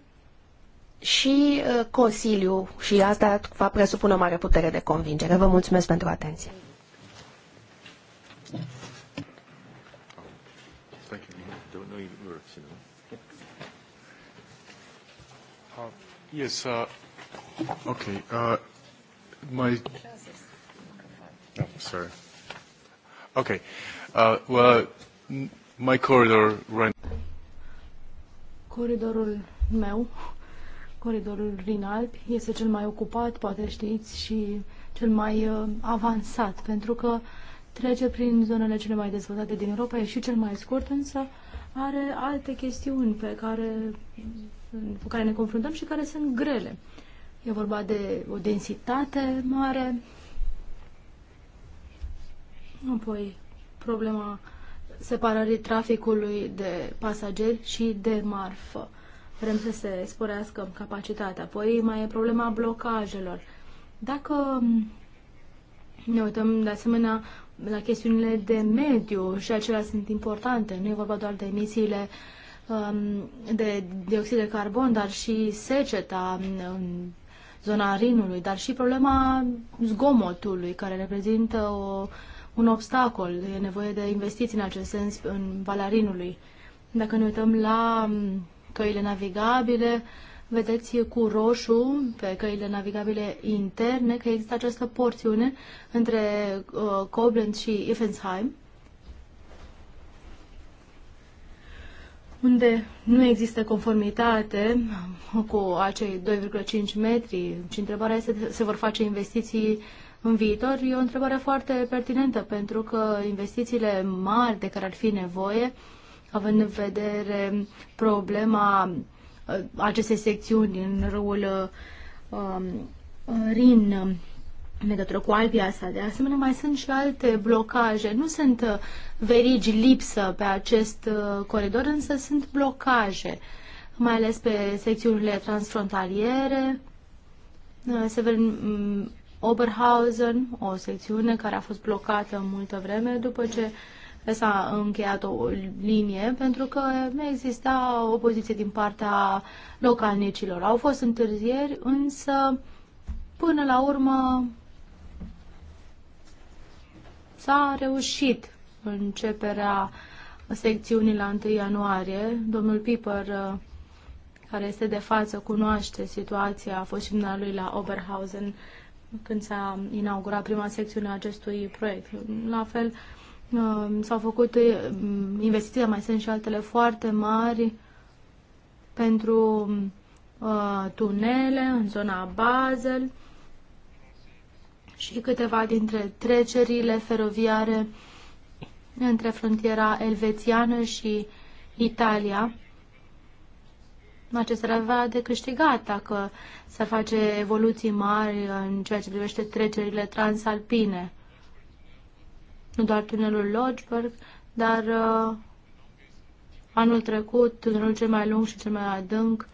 și uh, Consiliu. Și asta va presupune o mare putere de convingere. Vă mulțumesc pentru atenție. Uh, yes, uh, okay. Uh, my. Oh, sorry. Okay. Uh, well, My corridor right. Coridorul meu, coridorul Rin este cel mai ocupat, poate știți, și cel mai uh, avansat, pentru că trece prin zonele cele mai dezvoltate din Europa, e și cel mai scurt, însă are alte chestiuni pe care, cu care ne confruntăm și care sunt grele. E vorba de o densitate mare, apoi problema uh, separării traficului de pasageri și de marfă. Vrem să se sporească capacitatea. Apoi mai e problema blocajelor. Dacă ne uităm de asemenea la chestiunile de mediu și acelea sunt importante, nu e vorba doar de emisiile um, de dioxid de carbon, dar și seceta um, în zona Rinului, dar și problema zgomotului, care reprezintă o un obstacol. E nevoie de investiții în acest sens în balarinului. Dacă ne uităm la mm, căile navigabile, vedeți cu roșu pe căile navigabile interne că există această porțiune între uh, Koblenz și Effensheim, unde nu există conformitate cu acei 2,5 metri. Și întrebarea este, se vor face investiții în viitor e o întrebare foarte pertinentă, pentru că investițiile mari de care ar fi nevoie, având în vedere problema uh, acestei secțiuni în râul um, Rin, în legătură cu Albia sa. De asemenea, mai sunt și alte blocaje. Nu sunt uh, verigi lipsă pe acest uh, coridor, însă sunt blocaje, mai ales pe secțiunile transfrontaliere. Se vede Oberhausen, o secțiune care a fost blocată multă vreme după ce s-a încheiat o linie pentru că nu exista opoziție din partea localnicilor. Au fost întârzieri, însă până la urmă s-a reușit începerea secțiunii la 1 ianuarie. Domnul Piper, care este de față, cunoaște situația, a fost și lui la Oberhausen când s-a inaugurat prima secțiune a acestui proiect. La fel, um, s-au făcut um, investiții, mai sunt și altele foarte mari pentru um, uh, tunele în zona Basel și câteva dintre trecerile feroviare între frontiera elvețiană și Italia acesta avea de câștigat dacă s-ar face evoluții mari în ceea ce privește trecerile transalpine. Nu doar tunelul Lodgeberg, dar uh, anul trecut tunelul cel mai lung și cel mai adânc,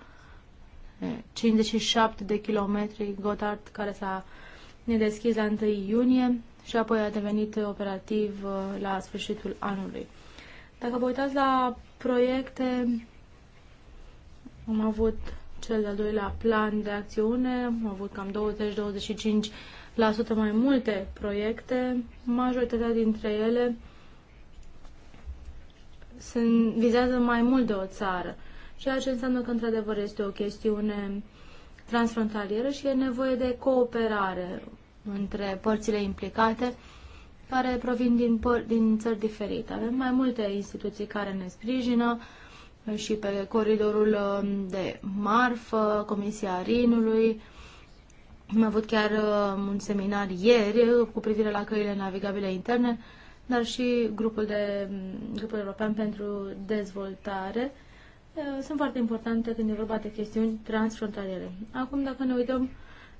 57 de kilometri, Gotthard, care s-a deschis la 1 iunie și apoi a devenit operativ uh, la sfârșitul anului. Dacă vă uitați la proiecte am avut cel de-al doilea plan de acțiune, am avut cam 20-25% mai multe proiecte, majoritatea dintre ele sunt, vizează mai mult de o țară, ceea ce înseamnă că într-adevăr este o chestiune transfrontalieră și e nevoie de cooperare între părțile implicate care provin din, păr- din țări diferite. Avem mai multe instituții care ne sprijină, uh, și pe coridorul um, de marfă, Comisia Rinului. Am avut chiar um, un seminar ieri uh, cu privire la căile navigabile interne, dar și grupul, de, um, grupul european pentru dezvoltare. Uh, sunt foarte importante când e vorba de chestiuni transfrontaliere. Acum, dacă ne uităm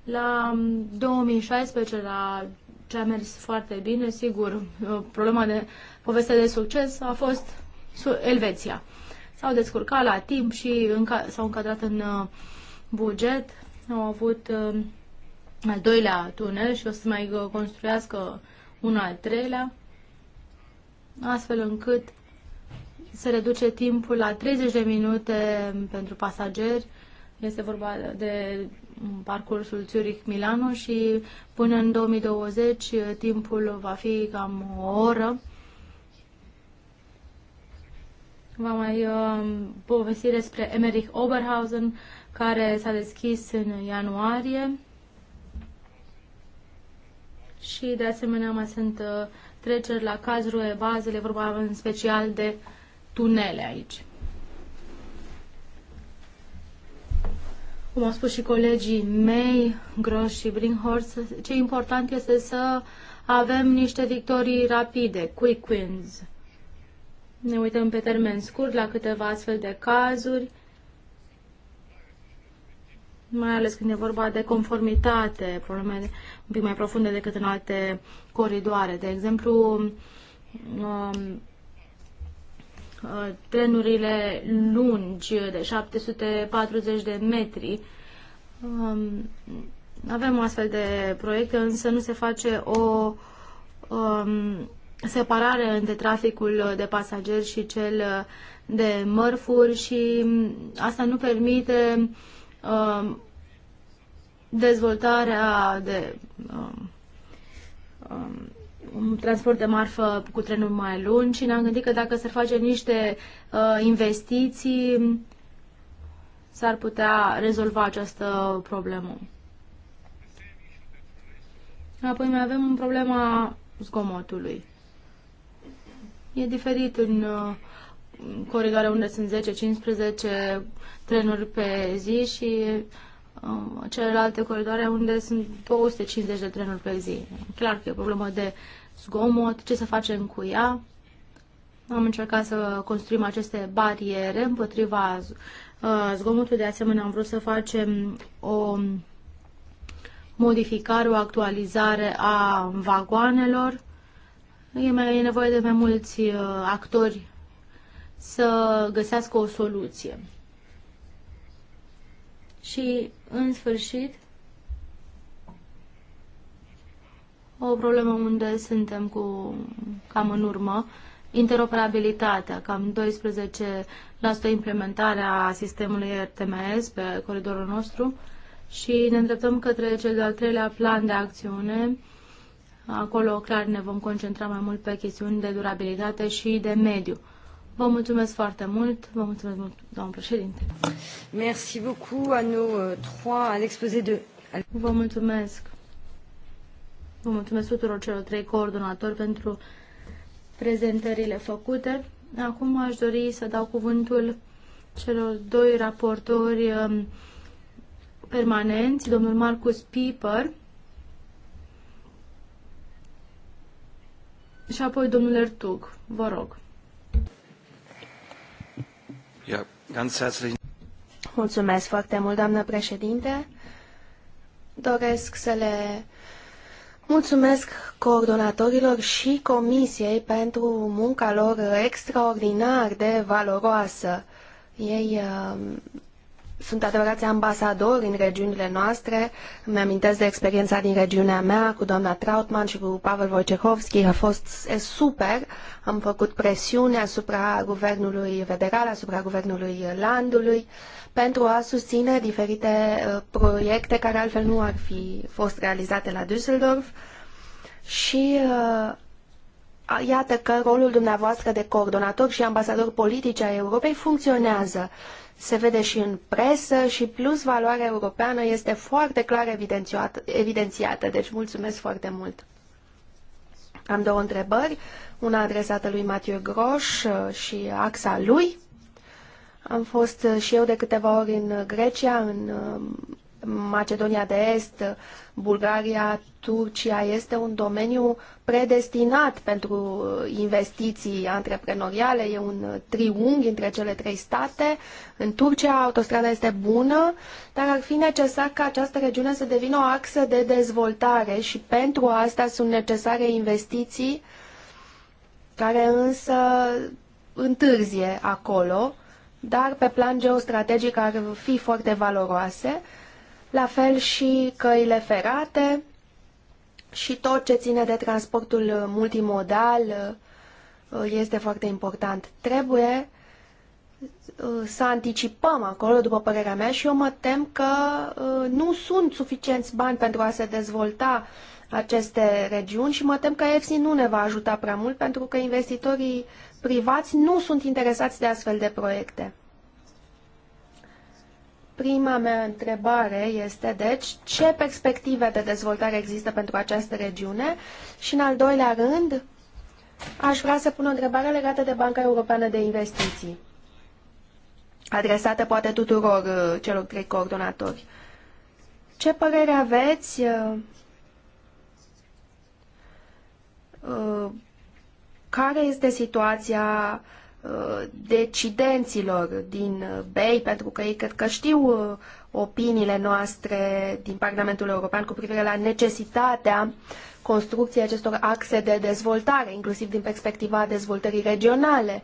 la 2016, la ce a mers foarte bine, sigur, uh, problema de poveste de succes a fost Elveția s-au descurcat la timp și înca- s-au încadrat în uh, buget. Au avut uh, al doilea tunel și o să mai uh, construiască un al treilea, astfel încât se reduce timpul la 30 de minute pentru pasageri. Este vorba de parcursul Zurich-Milano și până în 2020 timpul va fi cam o oră Va mai uh, povesti despre Emerich Oberhausen, care s-a deschis în ianuarie. Și, de asemenea, mai sunt uh, treceri la cazuri, bazele, vorba în special de tunele aici. cum au spus și colegii mei, Gros și Brinkhorst, ce important este să avem niște victorii rapide, quick wins. Ne uităm pe termen scurt la câteva astfel de cazuri, mai ales când e vorba de conformitate, probleme un pic mai profunde decât în alte coridoare. De exemplu, um, uh, trenurile lungi de 740 de metri. Um, avem astfel de proiecte, însă nu se face o um, separare între traficul de pasageri și cel de mărfuri și asta nu permite um, dezvoltarea de um, um, un transport de marfă cu trenuri mai lungi și ne-am gândit că dacă se face niște uh, investiții, s-ar putea rezolva această problemă. Apoi mai avem problema zgomotului. E diferit în uh, Coregarea unde sunt 10-15 trenuri pe zi și uh, celelalte coridoare unde sunt 250 de trenuri pe zi. Clar că e o problemă de zgomot, ce să facem cu ea. Am încercat să construim aceste bariere împotriva uh, zgomotului. De asemenea, am vrut să facem o modificare, o actualizare a vagoanelor E, mai, e nevoie de mai mulți uh, actori să găsească o soluție. Și, în sfârșit, o problemă unde suntem cu cam în urmă, interoperabilitatea, cam 12% implementarea sistemului RTMS pe coridorul nostru și ne îndreptăm către cel de-al treilea plan de acțiune Acolo, clar, ne vom concentra mai mult pe chestiuni de durabilitate și de mediu. Vă mulțumesc foarte mult. Vă mulțumesc mult, doamnă președinte. Merci beaucoup à nos euh, trois, à l'exposé de... Vă mulțumesc. Vă mulțumesc tuturor celor trei coordonatori pentru prezentările făcute. Acum aș dori să dau cuvântul celor doi raportori um, permanenți, domnul Marcus Piper, Și apoi domnul Ertug, vă rog. Mulțumesc foarte mult, doamnă președinte. Doresc să le mulțumesc coordonatorilor și comisiei pentru munca lor extraordinar de valoroasă. Ei uh, sunt adevărați ambasadori în regiunile noastre. Îmi amintesc de experiența din regiunea mea cu doamna Trautmann și cu Pavel Wojciechowski. A fost super. Am făcut presiune asupra guvernului federal, asupra guvernului landului pentru a susține diferite uh, proiecte care altfel nu ar fi fost realizate la Düsseldorf. Și uh, iată că rolul dumneavoastră de coordonator și ambasador politic a Europei funcționează. Se vede și în presă și plus valoarea europeană este foarte clar evidențiată, deci mulțumesc foarte mult. Am două întrebări, una adresată lui Mathieu Groș uh, și axa lui. Am fost uh, și eu de câteva ori în Grecia, în uh, Macedonia de Est, Bulgaria, Turcia este un domeniu predestinat pentru investiții antreprenoriale, e un triunghi între cele trei state. În Turcia autostrada este bună, dar ar fi necesar ca această regiune să devină o axă de dezvoltare și pentru asta sunt necesare investiții care însă întârzie acolo, dar pe plan geostrategic ar fi foarte valoroase la fel și căile ferate și tot ce ține de transportul multimodal uh, este foarte important. Trebuie uh, să anticipăm acolo, după părerea mea, și eu mă tem că uh, nu sunt suficienți bani pentru a se dezvolta aceste regiuni și mă tem că EFSI nu ne va ajuta prea mult pentru că investitorii privați nu sunt interesați de astfel de proiecte. Prima mea întrebare este, deci, ce perspective de dezvoltare există pentru această regiune? Și, în al doilea rând, aș vrea să pun o întrebare legată de Banca Europeană de Investiții, adresată poate tuturor uh, celor trei coordonatori. Ce părere aveți uh, uh, care este situația uh, Uh, decidenților din uh, BEI, pentru că ei cred că știu uh, opiniile noastre din Parlamentul European cu privire la necesitatea construcției acestor axe de dezvoltare, inclusiv din perspectiva dezvoltării regionale.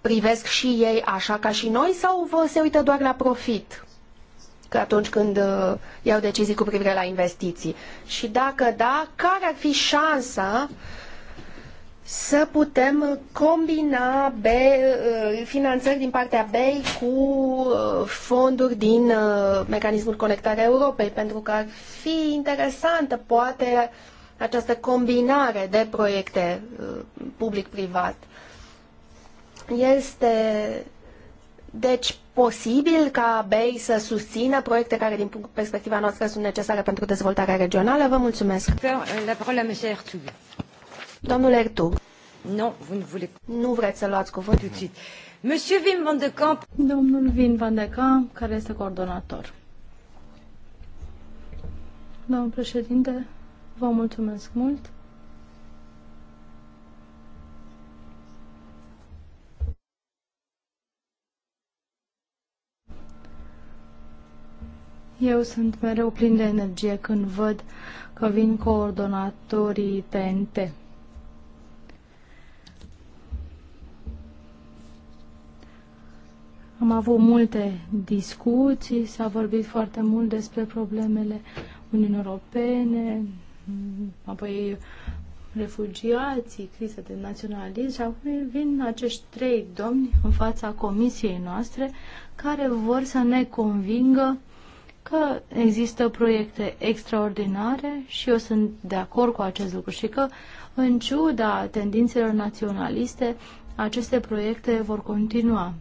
Privesc și ei așa ca și noi sau vă se uită doar la profit? Că atunci când iau decizii cu privire la investiții. Și dacă da, care ar fi șansa uh, să putem combina B, uh, finanțări din partea BEI cu uh, fonduri din uh, mecanismul conectarea Europei, pentru că ar fi interesantă, poate, această combinare de proiecte public-privat. Este, deci, posibil ca BEI să susțină proiecte care, din perspectiva noastră, sunt necesare pentru dezvoltarea regională? Vă mulțumesc! La parole, Domnule Ertug. Non, vous ne voulez... Nu vreți să luați cuvântul. Monsieur Vin van de Camp. Domnul Vin van de Camp, care este coordonator. Domnul președinte, vă mulțumesc mult. Eu sunt mereu plin de energie când văd că vin coordonatorii TNT. Am avut multe discuții, s-a vorbit foarte mult despre problemele Uniunii Europene, apoi refugiații, criza de naționalism și acum vin acești trei domni în fața comisiei noastre care vor să ne convingă că există proiecte extraordinare și eu sunt de acord cu acest lucru și că, în ciuda tendințelor naționaliste, aceste proiecte vor continua.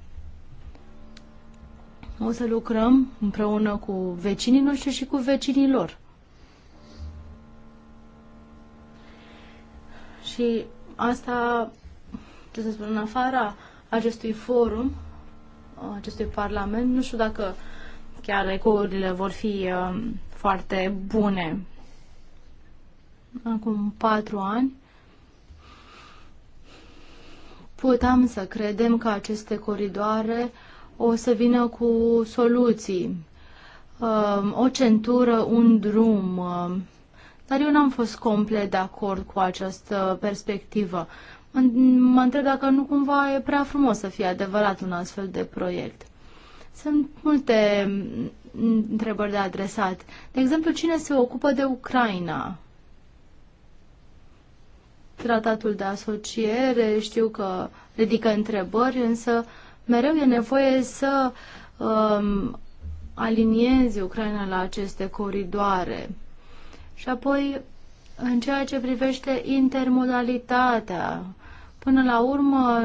O să lucrăm împreună cu vecinii noștri și cu vecinii lor. Și asta, ce să spun, în afara acestui forum, acestui parlament, nu știu dacă chiar ecourile vor fi um, foarte bune. Acum patru ani puteam să credem că aceste coridoare uh, o să vină cu soluții, um, o centură, un drum. Um, dar eu n-am fost complet de acord cu această perspectivă. Mă întreb dacă nu cumva e prea frumos să fie adevărat un astfel de proiect. Sunt multe întrebări de adresat. De exemplu, cine se ocupă de Ucraina? Tratatul de asociere, știu că ridică întrebări, însă uh, mereu e nevoie să um, aliniezi Ucraina la aceste coridoare. Și apoi, în ceea ce privește intermodalitatea, până la urmă,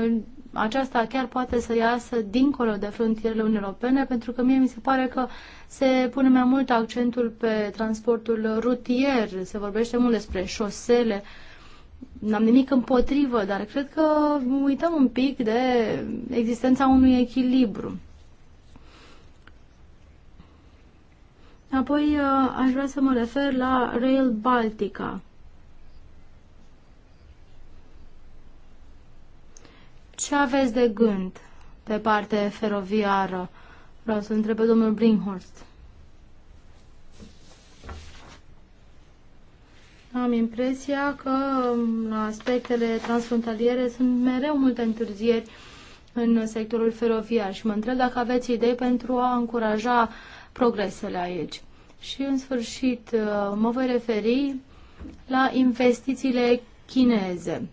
aceasta chiar poate să iasă dincolo de frontierele Uniunii Europene, pentru că mie mi se pare că se pune mai mult accentul pe transportul rutier, se vorbește mult despre șosele, uh, N-am nimic împotrivă, dar cred că uităm un pic de existența unui echilibru. Apoi uh, aș vrea să mă refer la Rail Baltica. Ce aveți de gând pe parte feroviară? Vreau să întreb pe domnul Brinkhorst. Am impresia că um, aspectele transfrontaliere sunt mereu multe întârzieri în sectorul feroviar și mă întreb dacă aveți idei pentru a încuraja progresele aici. Și în sfârșit uh, mă voi referi la investițiile chineze.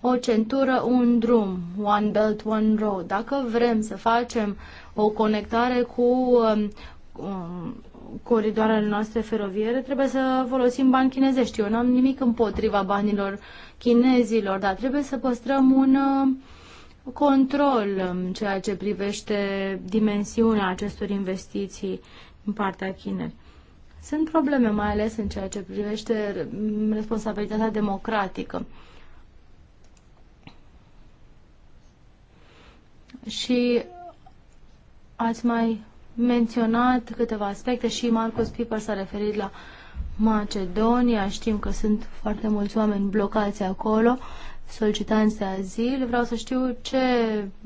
O centură, un drum, One Belt, One Road. Dacă vrem să facem o conectare cu um, um coridoarele noastre feroviere, trebuie să folosim bani chinezești. Eu nu am nimic împotriva banilor chinezilor, dar trebuie să păstrăm un uh, control în ceea ce privește dimensiunea acestor investiții în partea Chinei. Sunt probleme, mai ales în ceea ce privește responsabilitatea democratică. Și ați mai menționat câteva aspecte și Marcus Piper s-a referit la Macedonia. Știm că sunt foarte mulți oameni blocați acolo, solicitanți de azil. Vreau să știu ce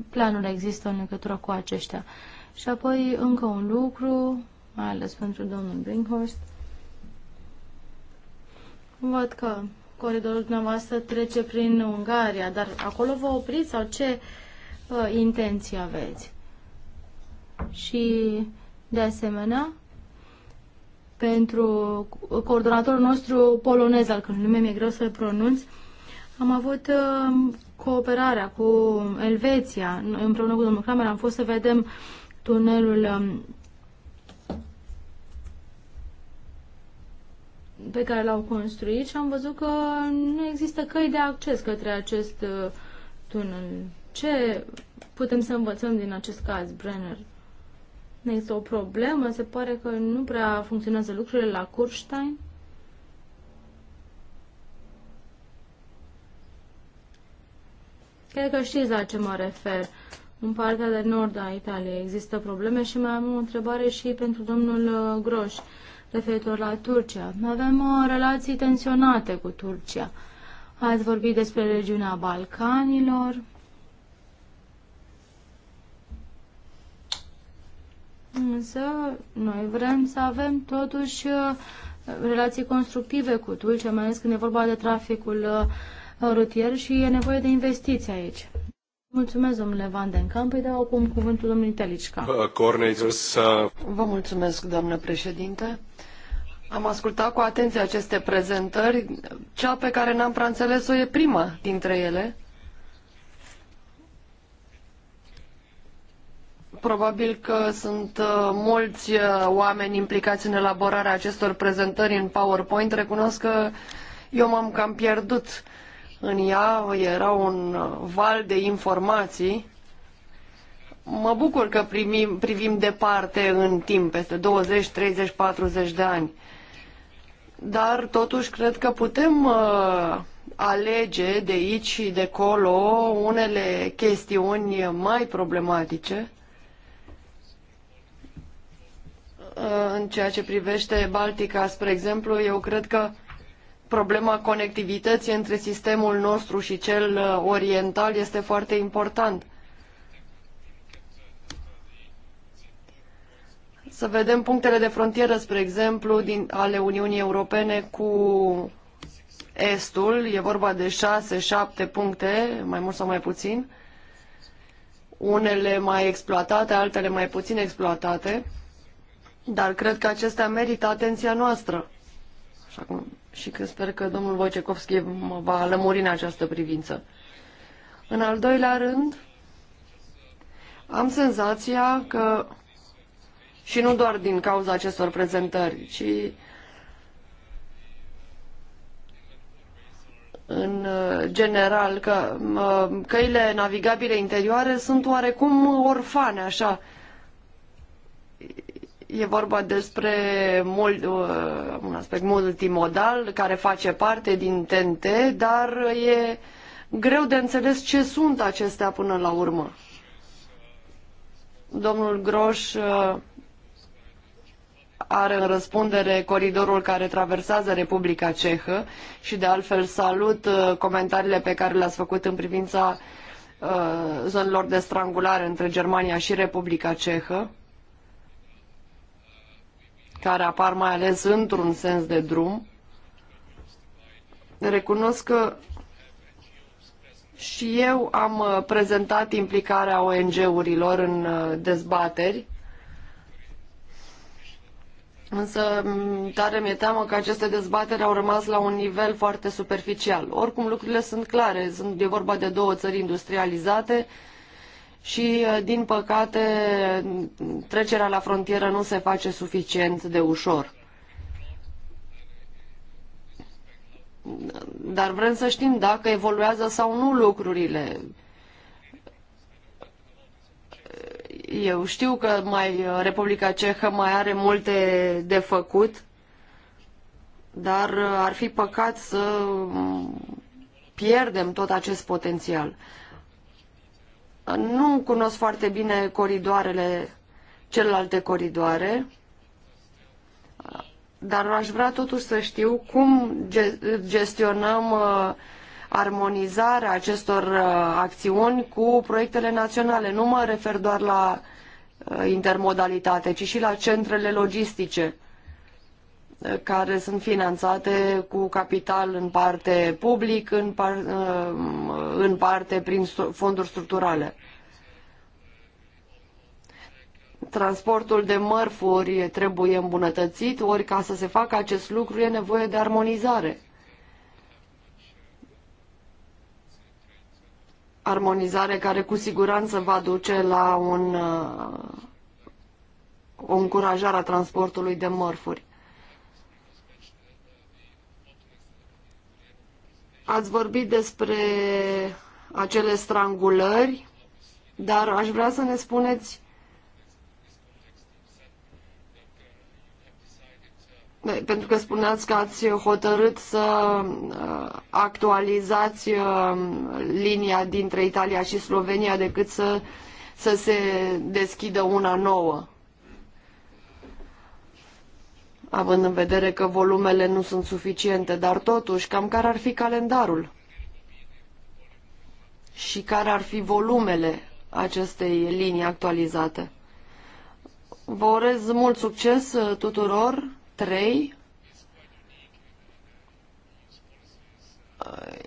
planuri există în legătură cu aceștia. Și apoi încă un lucru, mai ales pentru domnul Brinkhorst. Văd că coridorul dumneavoastră trece prin Ungaria, dar acolo vă opriți sau ce uh, intenții aveți? și, de asemenea, pentru coordonatorul nostru polonez, al cărui nume mi-e greu să-l pronunț, am avut um, cooperarea cu Elveția. Împreună cu domnul Kramer am fost să vedem tunelul um, pe care l-au construit și am văzut că nu există căi de acces către acest uh, tunel. Ce putem să învățăm din acest caz, Brenner? Există o problemă, se pare că nu prea funcționează lucrurile la Kurstein. Cred că știți la ce mă refer. În partea de nord a Italiei există probleme și mai am o întrebare și pentru domnul uh, Groș referitor la Turcia. Avem uh, relații tensionate cu Turcia. Ați vorbit despre regiunea Balcanilor. Însă noi vrem să avem totuși uh, relații constructive cu Tulcea, mai ales când e vorba de traficul uh, rutier și e nevoie de investiții aici. Mulțumesc, domnule Van den Camp. Îi dau acum cuvântul domnului Telicca. Vă mulțumesc, doamnă președinte. Am ascultat cu atenție aceste prezentări. Cea pe care n-am prea înțeles-o e prima dintre ele, Probabil că sunt uh, mulți uh, oameni implicați în elaborarea acestor prezentări în PowerPoint. Recunosc că eu m-am cam pierdut în ea, era un uh, val de informații. Mă bucur că primim, privim departe în timp, peste 20, 30, 40 de ani. Dar totuși cred că putem uh, alege de aici și de acolo unele chestiuni mai problematice Uh, în ceea ce privește Baltica, spre exemplu, eu cred că problema conectivității între sistemul nostru și cel uh, oriental este foarte important. Să vedem punctele de frontieră, spre exemplu, din, ale Uniunii Europene cu Estul. E vorba de șase, 7 puncte, mai mult sau mai puțin. Unele mai exploatate, altele mai puțin exploatate. Dar cred că acestea merită atenția noastră. Așa cum, și că sper că domnul Wojciechowski mă va lămuri în această privință. În al doilea rând, am senzația că, și nu doar din cauza acestor prezentări, ci în general, că căile navigabile interioare sunt oarecum orfane, așa. E vorba despre mult, uh, un aspect multimodal care face parte din TNT, dar e greu de înțeles ce sunt acestea până la urmă. Domnul Groș uh, are în răspundere coridorul care traversează Republica Cehă și de altfel salut uh, comentariile pe care le-ați făcut în privința zonelor de strangulare între Germania și Republica Cehă care apar mai ales într-un sens de drum. Recunosc că și eu am uh, prezentat implicarea ONG-urilor în uh, dezbateri, însă mm, tare mi-e teamă că aceste dezbateri au rămas la un nivel foarte superficial. Oricum lucrurile sunt clare, sunt, e vorba de două țări industrializate, și, uh, din păcate, trecerea la frontieră nu se face suficient de ușor. Dar vrem să știm dacă evoluează sau nu lucrurile. Eu știu că mai uh, Republica Cehă mai are multe de făcut, dar uh, ar fi păcat să mm, pierdem tot acest potențial. Nu cunosc foarte bine coridoarele, celelalte coridoare, dar aș vrea totuși să știu cum gestionăm uh, armonizarea acestor uh, acțiuni cu proiectele naționale. Nu mă refer doar la uh, intermodalitate, ci și la centrele logistice care sunt finanțate cu capital în parte public, în, par, uh, în parte prin fonduri structurale. Transportul de mărfuri trebuie îmbunătățit, ori ca să se facă acest lucru e nevoie de armonizare. Armonizare care cu siguranță va duce la un, uh, o încurajare a transportului de mărfuri. Ați vorbit despre acele strangulări, dar aș vrea să ne spuneți pentru că spuneați că ați hotărât să uh, actualizați uh, linia dintre Italia și Slovenia decât să, să se deschidă una nouă având în vedere că volumele nu sunt suficiente, dar totuși, cam care ar fi calendarul? Și care ar fi volumele acestei linii actualizate? Vă urez mult succes uh, tuturor, trei. Uh,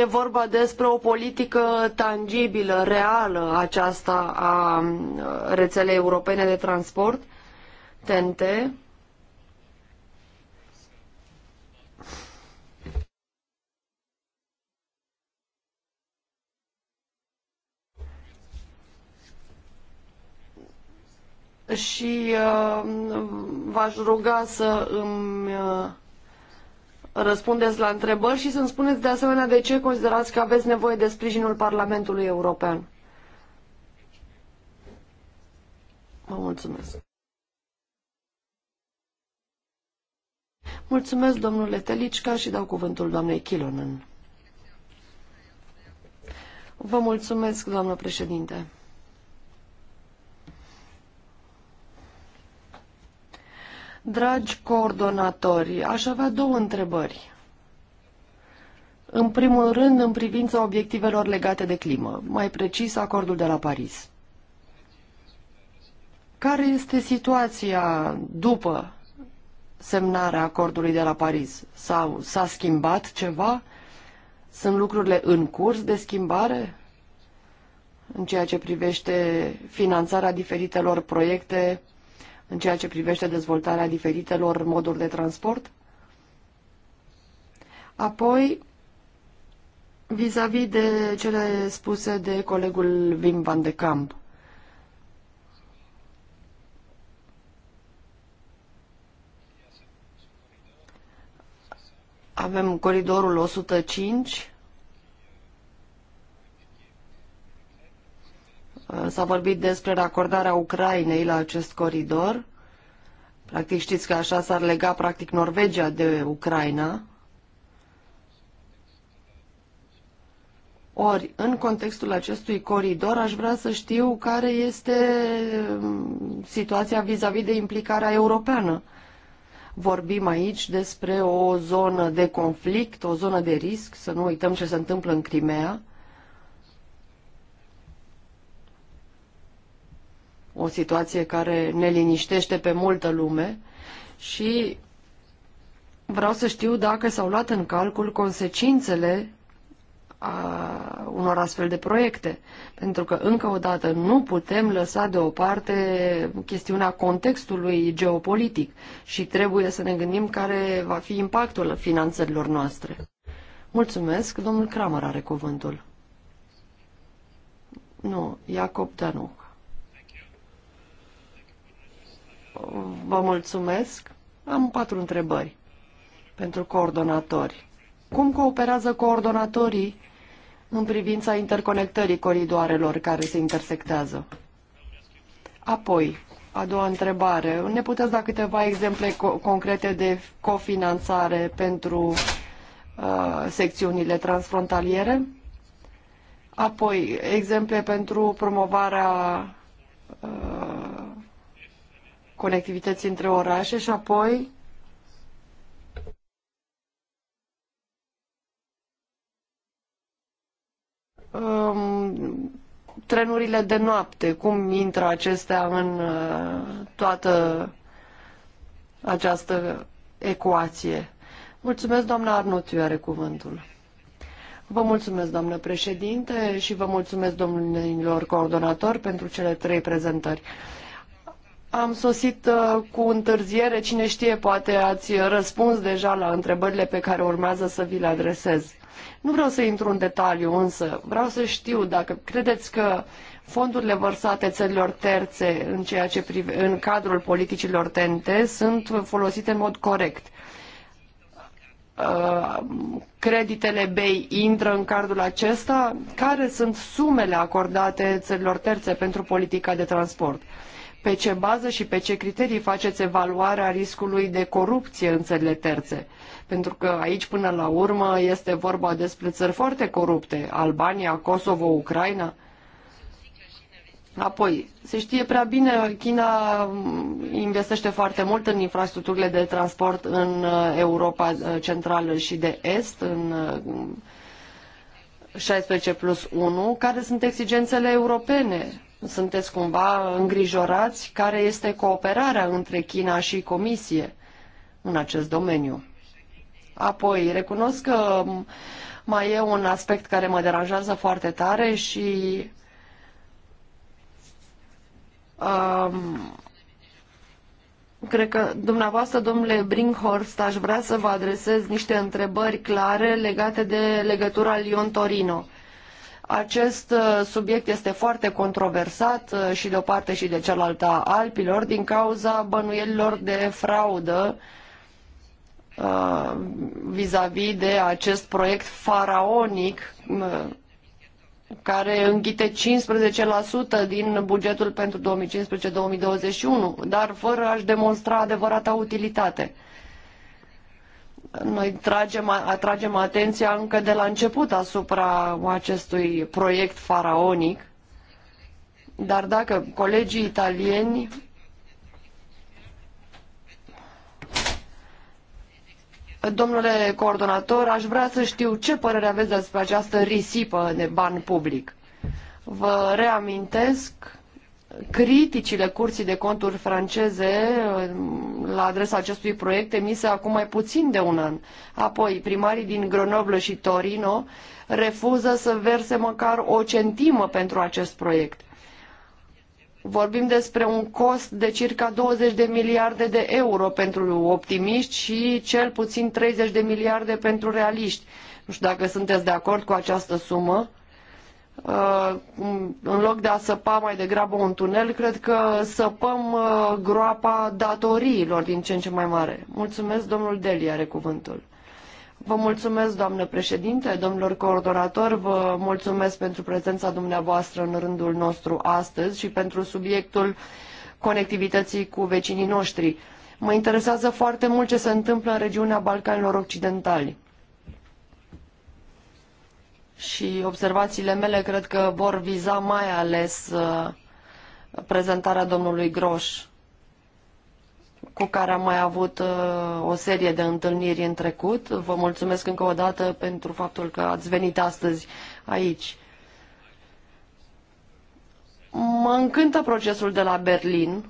e vorba despre o politică tangibilă, reală aceasta a uh, rețelei europene de transport Tente. Și uh, v-aș ruga să îmi uh, răspundeți la întrebări și să-mi spuneți de asemenea de ce considerați că aveți nevoie de sprijinul Parlamentului European. Vă mulțumesc. Mulțumesc, domnule Telicca, și dau cuvântul doamnei Kilonen. Vă mulțumesc, doamnă președinte. Dragi coordonatori, aș avea două întrebări. În primul rând, în privința obiectivelor legate de climă, mai precis acordul de la Paris. Care este situația după semnarea acordului de la Paris? Sau s-a schimbat ceva? Sunt lucrurile în curs de schimbare în ceea ce privește finanțarea diferitelor proiecte, în ceea ce privește dezvoltarea diferitelor moduri de transport? Apoi, vis-a-vis -vis de cele spuse de colegul Wim van de Kamp? Avem coridorul 105. S-a vorbit despre racordarea Ucrainei la acest coridor. Practic știți că așa s-ar lega practic Norvegia de Ucraina. Ori, în contextul acestui coridor, aș vrea să știu care este mm, situația vis-a-vis -vis de implicarea europeană Vorbim aici despre o zonă de conflict, o zonă de risc, să nu uităm ce se întâmplă în Crimea. O situație care ne liniștește pe multă lume și vreau să știu dacă s-au luat în calcul consecințele a unor astfel de proiecte. Pentru că, încă o dată, nu putem lăsa deoparte chestiunea contextului geopolitic și trebuie să ne gândim care va fi impactul finanțărilor noastre. Mulțumesc. Domnul Kramer are cuvântul. Nu, Iacob Danuc. Vă mulțumesc. Am patru întrebări pentru coordonatori. Cum cooperează coordonatorii în privința interconectării coridoarelor care se intersectează. Apoi, a doua întrebare. Ne puteți da câteva exemple co concrete de cofinanțare pentru uh, secțiunile transfrontaliere? Apoi, exemple pentru promovarea uh, conectivității între orașe și apoi um, trenurile de noapte, cum intră acestea în uh, toată această ecuație. Mulțumesc, doamna Arnotiu are cuvântul. Vă mulțumesc, doamnă președinte, și vă mulțumesc domnilor coordonatori pentru cele trei prezentări. Am sosit uh, cu întârziere, cine știe, poate ați răspuns deja la întrebările pe care urmează să vi le adresez. Nu vreau să intru în detaliu, însă vreau să știu dacă credeți că fondurile vărsate țărilor terțe în, ceea ce prive, în cadrul politicilor TNT sunt folosite în mod corect. Uh, creditele BEI intră în cardul acesta? Care sunt sumele acordate țărilor terțe pentru politica de transport? Pe ce bază și pe ce criterii faceți evaluarea riscului de corupție în țările terțe? pentru că aici până la urmă este vorba despre țări foarte corupte, Albania, Kosovo, Ucraina. Apoi, se știe prea bine, China investește foarte mult în infrastructurile de transport în uh, Europa uh, Centrală și de Est, în 16 uh, plus 1, care sunt exigențele europene. Sunteți cumva îngrijorați care este cooperarea între China și Comisie în acest domeniu. Apoi, recunosc că mai e un aspect care mă deranjează foarte tare și um, cred că dumneavoastră, domnule Brinkhorst, aș vrea să vă adresez niște întrebări clare legate de legătura Lyon-Torino. Acest uh, subiect este foarte controversat uh, și de o parte și de cealaltă a Alpilor din cauza bănuielilor de fraudă uh, Uh, vis-a-vis de acest proiect faraonic uh, care înghite 15% din bugetul pentru 2015-2021, dar fără a-și demonstra adevărata utilitate. Noi tragem, atragem atenția încă de la început asupra acestui proiect faraonic, dar dacă colegii italieni Domnule coordonator, aș vrea să știu ce părere aveți despre această risipă de bani public. Vă reamintesc criticile curții de conturi franceze la adresa acestui proiect emise acum mai puțin de un an. Apoi, primarii din Grenoble și Torino refuză să verse măcar o centimă pentru acest proiect. Vorbim despre un cost de circa 20 de miliarde de euro pentru optimiști și cel puțin 30 de miliarde pentru realiști. Nu știu dacă sunteți de acord cu această sumă. Uh, în loc de a săpa mai degrabă un tunel, cred că săpăm uh, groapa datoriilor din ce în ce mai mare. Mulțumesc, domnul Deli are cuvântul. Vă mulțumesc, doamnă președinte, domnilor coordonatori, vă mulțumesc pentru prezența dumneavoastră în rândul nostru astăzi și pentru subiectul conectivității cu vecinii noștri. Mă interesează foarte mult ce se întâmplă în regiunea Balcanilor Occidentali. Și observațiile mele cred că vor viza mai ales uh, prezentarea domnului Groș cu care am mai avut uh, o serie de întâlniri în trecut. Vă mulțumesc încă o dată pentru faptul că ați venit astăzi aici. Mă încântă procesul de la Berlin.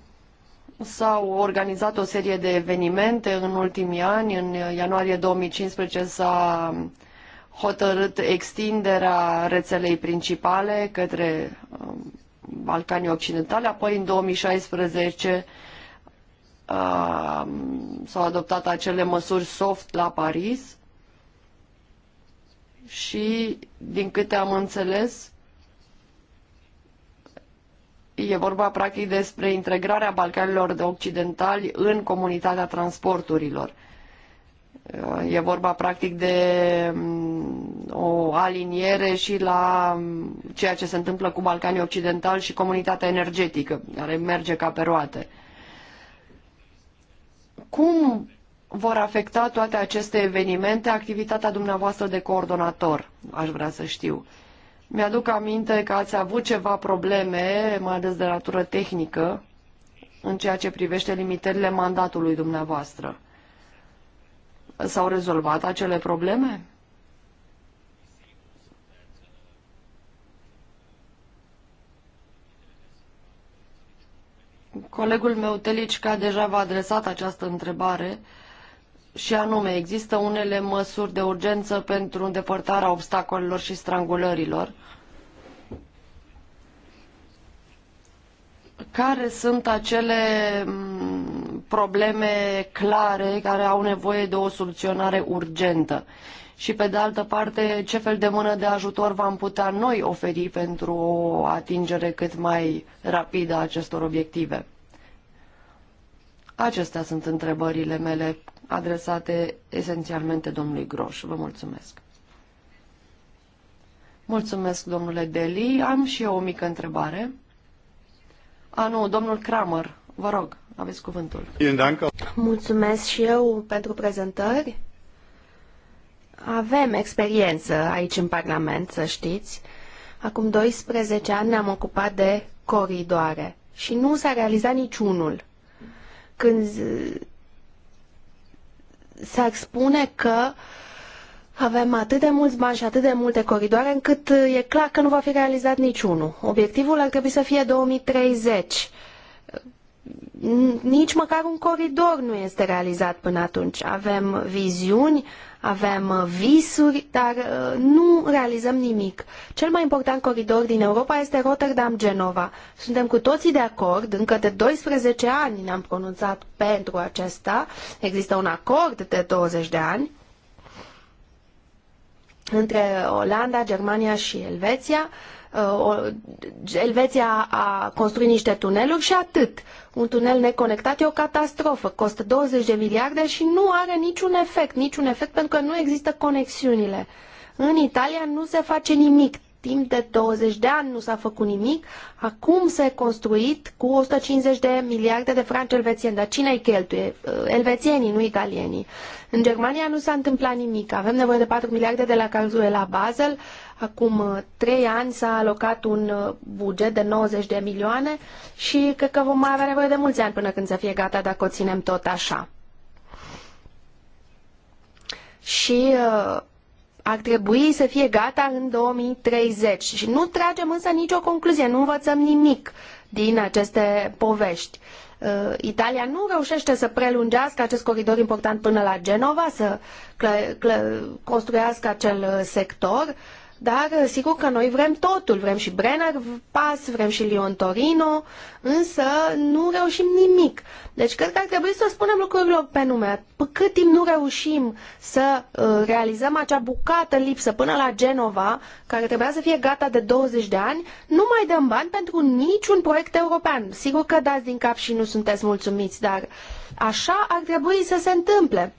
S-au organizat o serie de evenimente în ultimii ani. În ianuarie 2015 s-a hotărât extinderea rețelei principale către um, Balcanii Occidentale, apoi în 2016 s-au adoptat acele măsuri soft la Paris și, din câte am înțeles, e vorba practic despre integrarea Balcanilor de Occidentali în comunitatea transporturilor. E vorba practic de mm, o aliniere și la mm, ceea ce se întâmplă cu Balcanii Occidentali și comunitatea energetică, care merge ca pe roate. Cum vor afecta toate aceste evenimente activitatea dumneavoastră de coordonator? Aș vrea să știu. Mi-aduc aminte că ați avut ceva probleme, mai ales de natură tehnică, în ceea ce privește limitările mandatului dumneavoastră. S-au rezolvat acele probleme? Colegul meu, Telicca, deja v-a adresat această întrebare și anume, există unele măsuri de urgență pentru îndepărtarea obstacolelor și strangulărilor. Care sunt acele probleme clare care au nevoie de o soluționare urgentă? și, pe de altă parte, ce fel de mână de ajutor v-am putea noi oferi pentru o atingere cât mai rapidă a acestor obiective. Acestea sunt întrebările mele adresate esențialmente domnului Groș. Vă mulțumesc. Mulțumesc, domnule Deli. Am și eu o mică întrebare. A, nu, domnul Kramer, vă rog, aveți cuvântul. Mulțumesc și eu pentru prezentări. Avem experiență aici în Parlament, să știți. Acum 12 ani ne-am ocupat de coridoare și nu s-a realizat niciunul. Când s-ar spune că avem atât de mulți bani și atât de multe coridoare încât e clar că nu va fi realizat niciunul. Obiectivul ar trebui să fie 2030. Nici măcar un coridor nu este realizat până atunci. Avem viziuni, avem uh, visuri, dar uh, nu realizăm nimic. Cel mai important coridor din Europa este Rotterdam-Genova. Suntem cu toții de acord, încă de 12 ani ne-am pronunțat pentru acesta, există un acord de 20 de ani între Olanda, Germania și Elveția, uh, Elveția a construit niște tuneluri și atât. Un tunel neconectat e o catastrofă, costă 20 de miliarde și nu are niciun efect, niciun efect pentru că nu există conexiunile. În Italia nu se face nimic. Timp de 20 de ani nu s-a făcut nimic. Acum s-a construit cu 150 de miliarde de franci elvețieni. Dar cine îi cheltuie? Uh, elvețienii, nu italienii. În Germania nu s-a întâmplat nimic. Avem nevoie de 4 miliarde de la Karlsruhe la Basel Acum uh, trei ani s-a alocat un uh, buget de 90 de milioane și cred că vom mai avea nevoie de mulți ani până când să fie gata dacă o ținem tot așa. Și uh, ar trebui să fie gata în 2030. Și nu tragem însă nicio concluzie, nu învățăm nimic din aceste povești. Italia nu reușește să prelungească acest coridor important până la Genova, să construiască acel sector. Dar uh, sigur că noi vrem totul, vrem și Brenner Pass, vrem și Lyon Torino, însă nu reușim nimic. Deci cred că ar trebui să spunem lucrurilor pe nume. Cât timp nu reușim să uh, realizăm acea bucată lipsă până la Genova, care trebuia să fie gata de 20 de ani, nu mai dăm bani pentru niciun proiect european. Sigur că dați din cap și nu sunteți mulțumiți, dar așa ar trebui să se întâmple.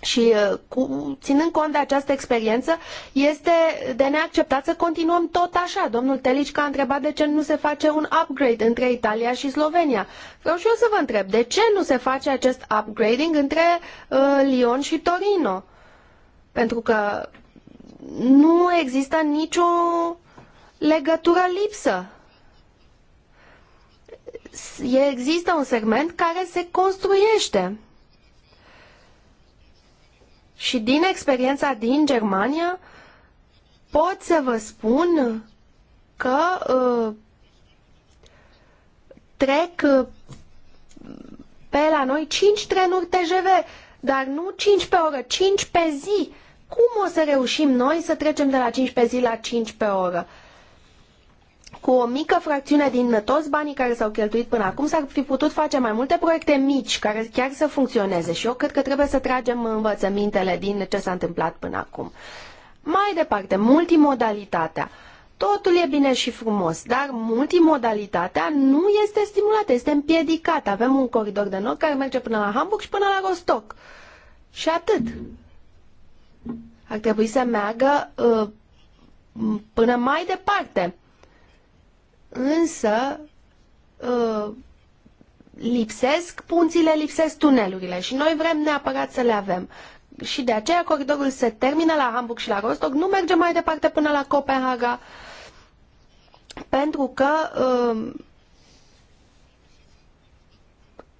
Și uh, cu, ținând cont de această experiență, este de neacceptat să continuăm tot așa. Domnul Telici a întrebat de ce nu se face un upgrade între Italia și Slovenia. Vreau și eu să vă întreb, de ce nu se face acest upgrading între uh, Lyon și Torino? Pentru că nu există nicio legătură lipsă există un segment care se construiește. Și din experiența din Germania pot să vă spun că uh, trec uh, pe la noi 5 trenuri TGV, dar nu 5 pe oră, 5 pe zi. Cum o să reușim noi să trecem de la 5 pe zi la 5 pe oră? Uh, cu o mică fracțiune din toți banii care s-au cheltuit până acum s-ar fi putut face mai multe proiecte mici care chiar să funcționeze și eu cred că trebuie să tragem învățămintele din ce s-a întâmplat până acum. Mai departe, multimodalitatea. Totul e bine și frumos, dar multimodalitatea nu este stimulată, este împiedicată. Avem un coridor de nord care merge până la Hamburg și până la Rostock. Și atât. Ar trebui să meargă uh, până mai departe însă uh, lipsesc punțile, lipsesc tunelurile și noi vrem neapărat să le avem. Și de aceea coridorul se termină la Hamburg și la Rostock, nu merge mai departe până la Copenhaga, pentru că uh,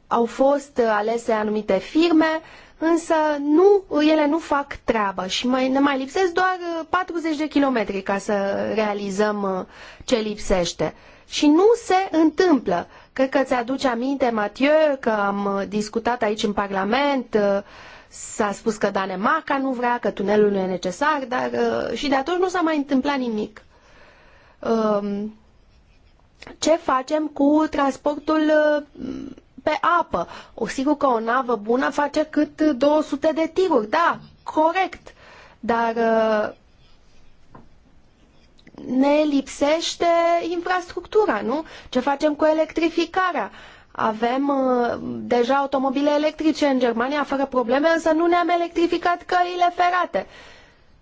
au fost alese anumite firme uh, însă nu, ele nu fac treabă și mai, ne mai lipsesc doar 40 uh, de kilometri ca să realizăm uh, ce lipsește. Și nu se întâmplă. Cred că ți-aduce aminte, Mathieu, că am uh, discutat aici în Parlament, s-a spus că Danemarca nu vrea, că tunelul nu e necesar, dar și de atunci nu s-a mai întâmplat nimic. Um, ce facem cu transportul pe apă. O, sigur că o navă bună face cât 200 de tiruri, da, corect, dar uh, ne lipsește infrastructura, nu? Ce facem cu electrificarea? Avem uh, deja automobile electrice în Germania fără probleme, însă nu ne-am electrificat căile ferate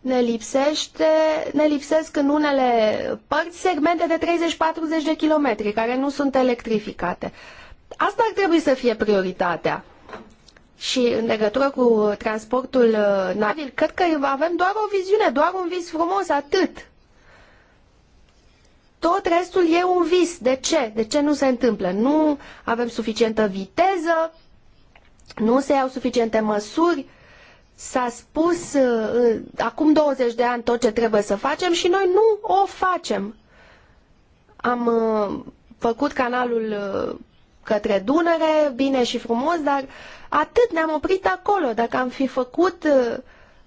ne, lipsește, ne lipsesc în unele părți segmente de 30-40 de kilometri care nu sunt electrificate. Asta ar trebui să fie prioritatea. Și în legătură cu transportul uh, navil, cred că avem doar o viziune, doar un vis frumos, atât. Tot restul e un vis. De ce? De ce nu se întâmplă? Nu avem suficientă viteză, nu se iau suficiente măsuri, s-a spus uh, acum 20 de ani tot ce trebuie să facem și noi nu o facem. Am uh, făcut canalul uh, către Dunăre, bine și frumos, dar atât ne-am oprit acolo. Dacă am fi făcut uh,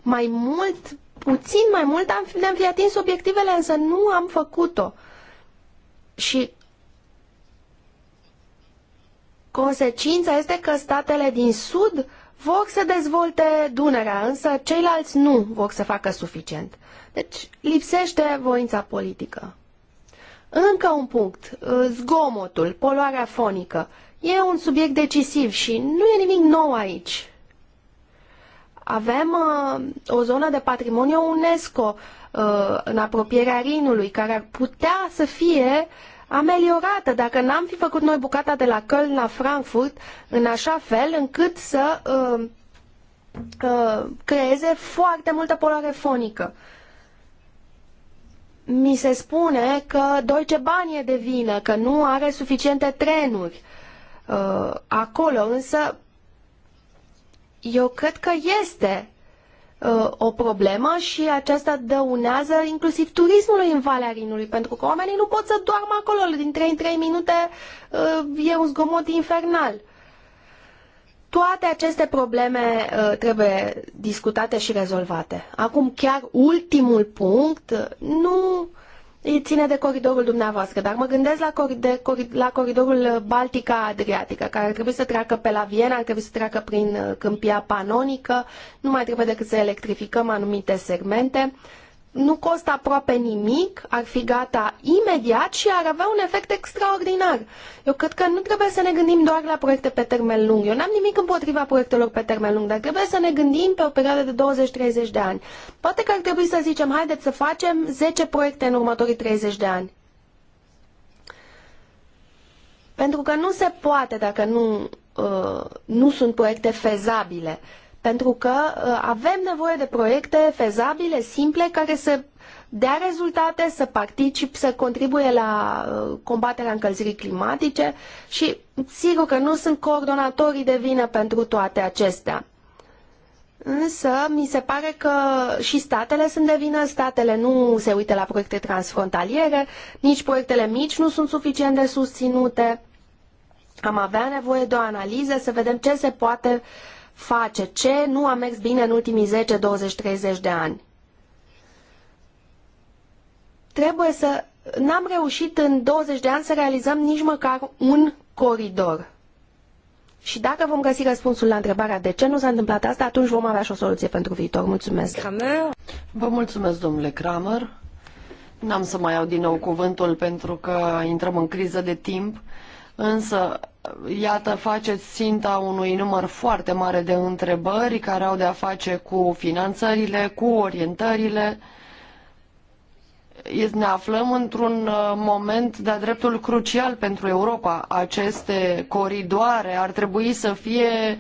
mai mult, puțin mai mult, am, ne-am fi atins obiectivele, însă nu am făcut-o. Și consecința este că statele din sud vor să dezvolte Dunărea, însă ceilalți nu vor să facă suficient. Deci lipsește voința politică. Încă un punct, uh, zgomotul, poluarea fonică. E un subiect decisiv și nu e nimic nou aici. Avem uh, o zonă de patrimoniu UNESCO uh, în apropierea Rinului, care ar putea să fie ameliorată dacă n-am fi făcut noi bucata de la Köln la Frankfurt în așa fel încât să uh, uh creeze foarte multă poluare fonică. Uh, mi se spune că Deutsche Bahn e de vină, că nu are suficiente trenuri uh, acolo, însă eu cred că este uh, o problemă și aceasta dăunează inclusiv turismului în Valea Rinului, pentru că oamenii nu pot să doarmă acolo, din 3 în 3 minute uh, e un zgomot infernal. Toate aceste probleme uh, trebuie discutate și rezolvate. Acum, chiar ultimul punct, uh, nu ține de coridorul dumneavoastră, dar mă gândesc la, cor- de, la coridorul Baltica-Adriatică, care ar trebui să treacă pe la Viena, ar trebui să treacă prin uh, Câmpia Panonică, nu mai trebuie decât să electrificăm anumite segmente. Uh, nu costă aproape nimic, ar fi gata imediat și ar avea un efect extraordinar. Eu cred că nu trebuie să ne gândim doar la proiecte pe termen lung. Eu n-am nimic împotriva proiectelor pe termen lung, dar trebuie să ne gândim pe o perioadă de 20-30 de ani. Poate că ar trebui să zicem, haideți să facem 10 proiecte în următorii 30 de ani. Pentru că nu se poate dacă nu, uh, nu sunt proiecte fezabile. Uh, pentru că uh, avem nevoie de proiecte fezabile, simple, care să dea rezultate, să particip, să contribuie la uh, combaterea încălzirii climatice și sigur că nu sunt coordonatorii de vină pentru toate acestea. Însă, mi se pare că și statele sunt de vină, statele nu se uită la proiecte transfrontaliere, nici proiectele mici nu sunt suficient de susținute. Am avea nevoie de o analiză să vedem ce se poate uh, face, ce nu a mers bine în ultimii 10, 20, 30 de ani. Trebuie să... N-am reușit în 20 de ani să realizăm nici măcar un coridor. Și dacă vom găsi răspunsul la întrebarea de ce nu s-a întâmplat asta, atunci vom avea și o soluție pentru viitor. Mulțumesc! Kramer. Vă mulțumesc, domnule Kramer. N-am să mai iau din nou cuvântul pentru că intrăm în criză de timp însă iată faceți ținta unui număr foarte mare de întrebări care au de-a face cu finanțările, cu orientările. Ne aflăm într-un uh, moment de-a dreptul crucial pentru Europa. Aceste coridoare ar trebui să fie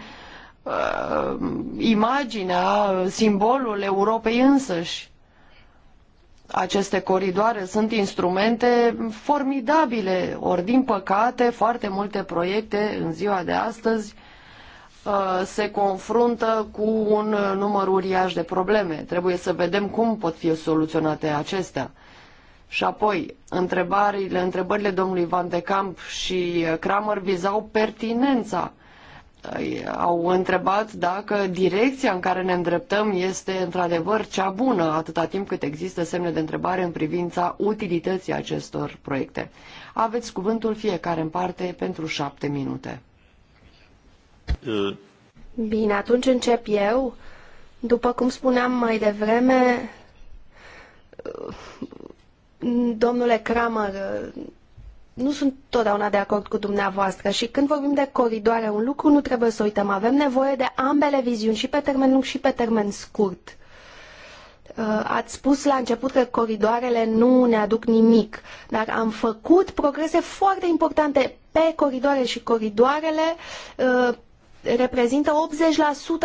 uh, imaginea, simbolul Europei însăși aceste coridoare sunt instrumente formidabile, ori din păcate foarte multe proiecte în ziua de astăzi uh, se confruntă cu un număr uriaș de probleme. Trebuie să vedem cum pot fi soluționate acestea. Și apoi, întrebările, întrebările domnului Van de Camp și uh, Kramer vizau pertinența uh, au întrebat dacă direcția în care ne îndreptăm este într-adevăr cea bună, atâta timp cât există semne de întrebare în privința utilității acestor proiecte. Aveți cuvântul fiecare în parte pentru șapte minute. Bine, atunci încep eu. După cum spuneam mai devreme, domnule Kramer, nu sunt totdeauna de acord cu dumneavoastră și când vorbim de coridoare, un lucru nu trebuie să uităm. Avem nevoie de ambele viziuni, și pe termen lung și pe termen scurt. Uh, ați spus la început că coridoarele nu ne aduc nimic, dar am făcut progrese foarte importante pe coridoare și coridoarele uh, reprezintă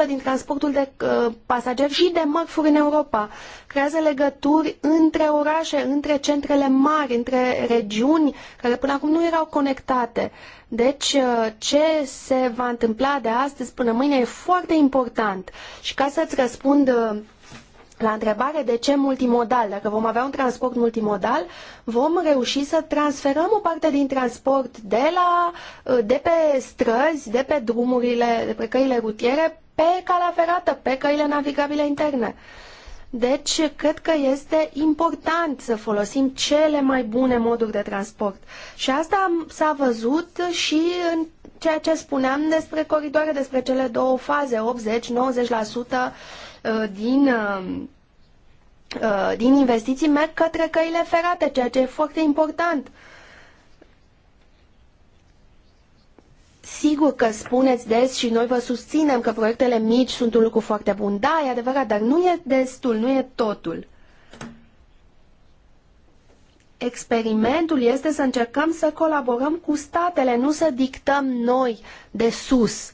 80% din transportul de uh, pasageri și de mărfuri în Europa. Creează legături între orașe, între centrele mari, între regiuni care până acum nu erau conectate. Deci uh, ce se va întâmpla de astăzi până mâine e foarte important. Și ca să-ți răspund uh, la întrebare de ce multimodal, dacă vom avea un transport multimodal, vom reuși să transferăm o parte din transport de, la, de pe străzi, de pe drumurile, de pe căile rutiere, pe calea ferată, pe căile navigabile interne. Deci, cred că este important să folosim cele mai bune moduri de transport. Și asta s-a văzut și în ceea ce spuneam despre coridoare, despre cele două faze, 80-90% Uh, din uh, uh, din investiții merg către căile ferate, ceea ce e foarte important. Sigur că spuneți des și noi vă susținem că proiectele mici sunt un lucru foarte bun. Da, e adevărat, dar nu e destul, nu e totul. Experimentul este să încercăm să colaborăm cu statele, nu să dictăm noi de sus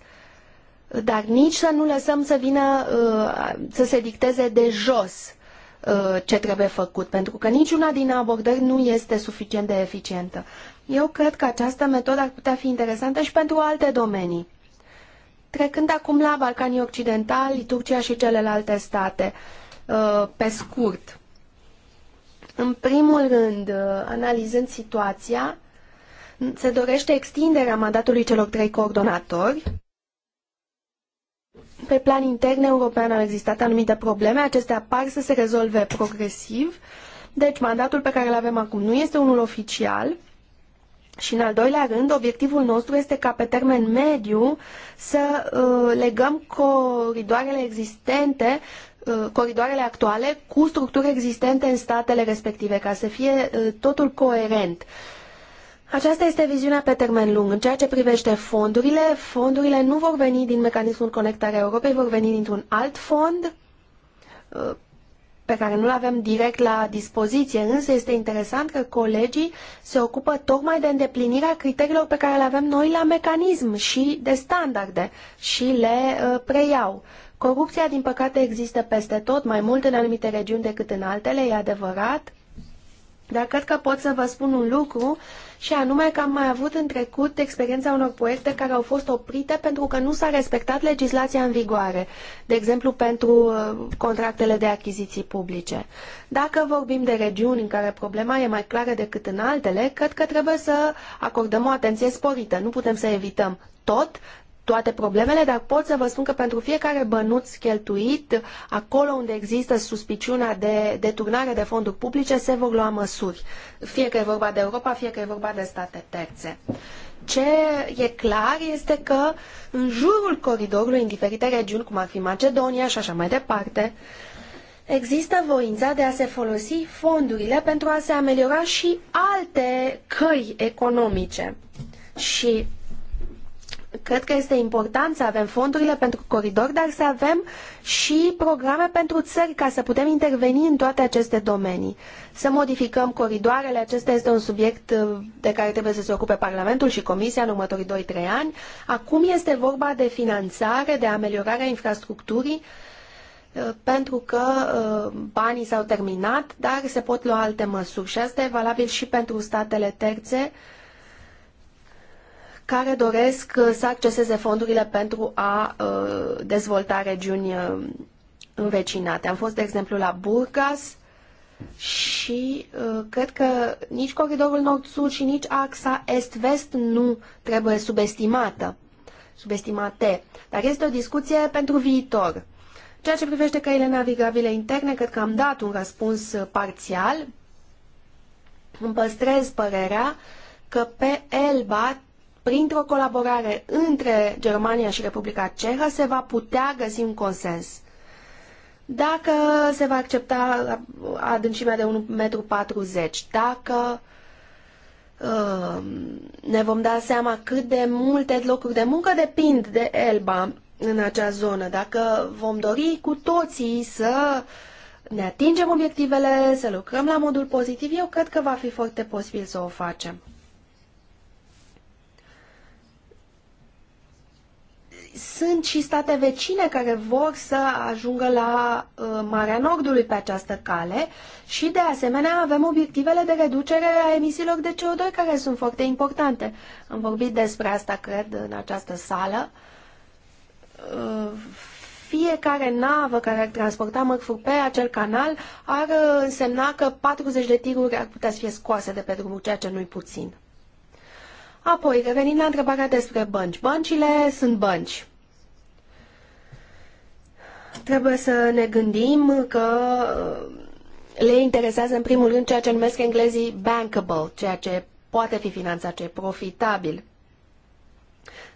dar nici să nu lăsăm să vină, uh, să se dicteze de jos uh, ce trebuie făcut, pentru că niciuna din abordări nu este suficient de eficientă. Eu cred că această metodă ar putea fi interesantă și pentru alte domenii. Trecând acum la Balcanii Occidentali, Turcia și celelalte state, uh, pe scurt, în primul rând, analizând situația, se dorește extinderea mandatului celor trei coordonatori, pe plan intern european au existat anumite probleme, acestea par să se rezolve progresiv, deci mandatul pe care îl avem acum nu este unul oficial, și în al doilea rând, obiectivul nostru este ca pe termen mediu să uh, legăm coridoarele existente, uh, coridoarele actuale cu structuri existente în statele respective, ca să fie uh, totul coerent. Uh, aceasta este viziunea pe termen lung. În ceea ce privește fondurile, fondurile nu vor veni din mecanismul conectarea Europei, vor veni dintr-un alt fond uh, pe care nu-l avem direct la dispoziție, însă este interesant că colegii se ocupă tocmai de îndeplinirea criteriilor pe care le avem noi la mecanism și de standarde și le uh, preiau. Corupția, din păcate, există peste tot, mai mult în anumite regiuni decât în altele, e adevărat, dar cred că pot să vă spun un lucru, și anume că am mai avut în trecut experiența unor proiecte care au fost oprite pentru că nu s-a respectat legislația în vigoare, de exemplu pentru uh, contractele de achiziții publice. Dacă vorbim de regiuni în care problema e mai clară decât în altele, cred că trebuie să acordăm o atenție sporită. Nu putem să evităm tot, toate problemele, dar pot să vă spun că pentru fiecare bănuț cheltuit, acolo unde există suspiciunea de deturnare de fonduri publice, se vor lua măsuri. Fie că e vorba de Europa, fie că e vorba de state terțe. Ce e clar este că în jurul coridorului, în diferite regiuni, cum ar fi Macedonia și așa mai departe, Există voința de a se folosi fondurile pentru a se ameliora și alte căi economice. Și Cred că este important să avem fondurile pentru coridor, dar să avem și programe pentru țări ca să putem interveni în toate aceste domenii. Să modificăm coridoarele, acesta este un subiect uh, de care trebuie să se ocupe Parlamentul și Comisia în următorii doi trei ani. Acum este vorba de finanțare, de ameliorarea infrastructurii, uh, pentru că uh, banii s-au terminat, dar se pot lua alte măsuri și asta e valabil și pentru statele terțe, care doresc uh, să acceseze fondurile pentru a uh, dezvolta regiuni uh, învecinate. Am fost, de exemplu, la Burgas și cred că nici coridorul nord-sud și nici axa est-vest nu trebuie subestimată, subestimate, dar este o discuție pentru viitor. Ceea ce privește căile navigabile interne, cred că am dat un răspuns parțial. Îmi păstrez părerea că pe Elba printr-o colaborare între Germania și Republica Cehă se va putea găsi un consens. Dacă se va accepta adâncimea de 1,40 m, dacă uh, ne vom da seama cât de multe locuri de muncă depind de Elba în acea zonă, dacă vom dori cu toții să ne atingem obiectivele, să lucrăm la modul pozitiv, eu cred că va fi foarte posibil să o facem. sunt și state vecine care vor să ajungă la uh, Marea Nordului pe această cale și, de asemenea, avem obiectivele de reducere a emisiilor de CO2 care sunt foarte importante. Am vorbit despre asta, cred, în această sală. Uh, fiecare navă care ar transporta mărfuri pe acel canal ar uh, însemna că 40 de tiruri ar putea să fie scoase de pe drumul, ceea ce nu-i puțin. Apoi, revenind la întrebarea despre bănci. Băncile sunt bănci. Trebuie să ne gândim că uh, le interesează în primul rând ceea ce numesc englezii bankable, ceea ce poate fi finanțat, ce e profitabil.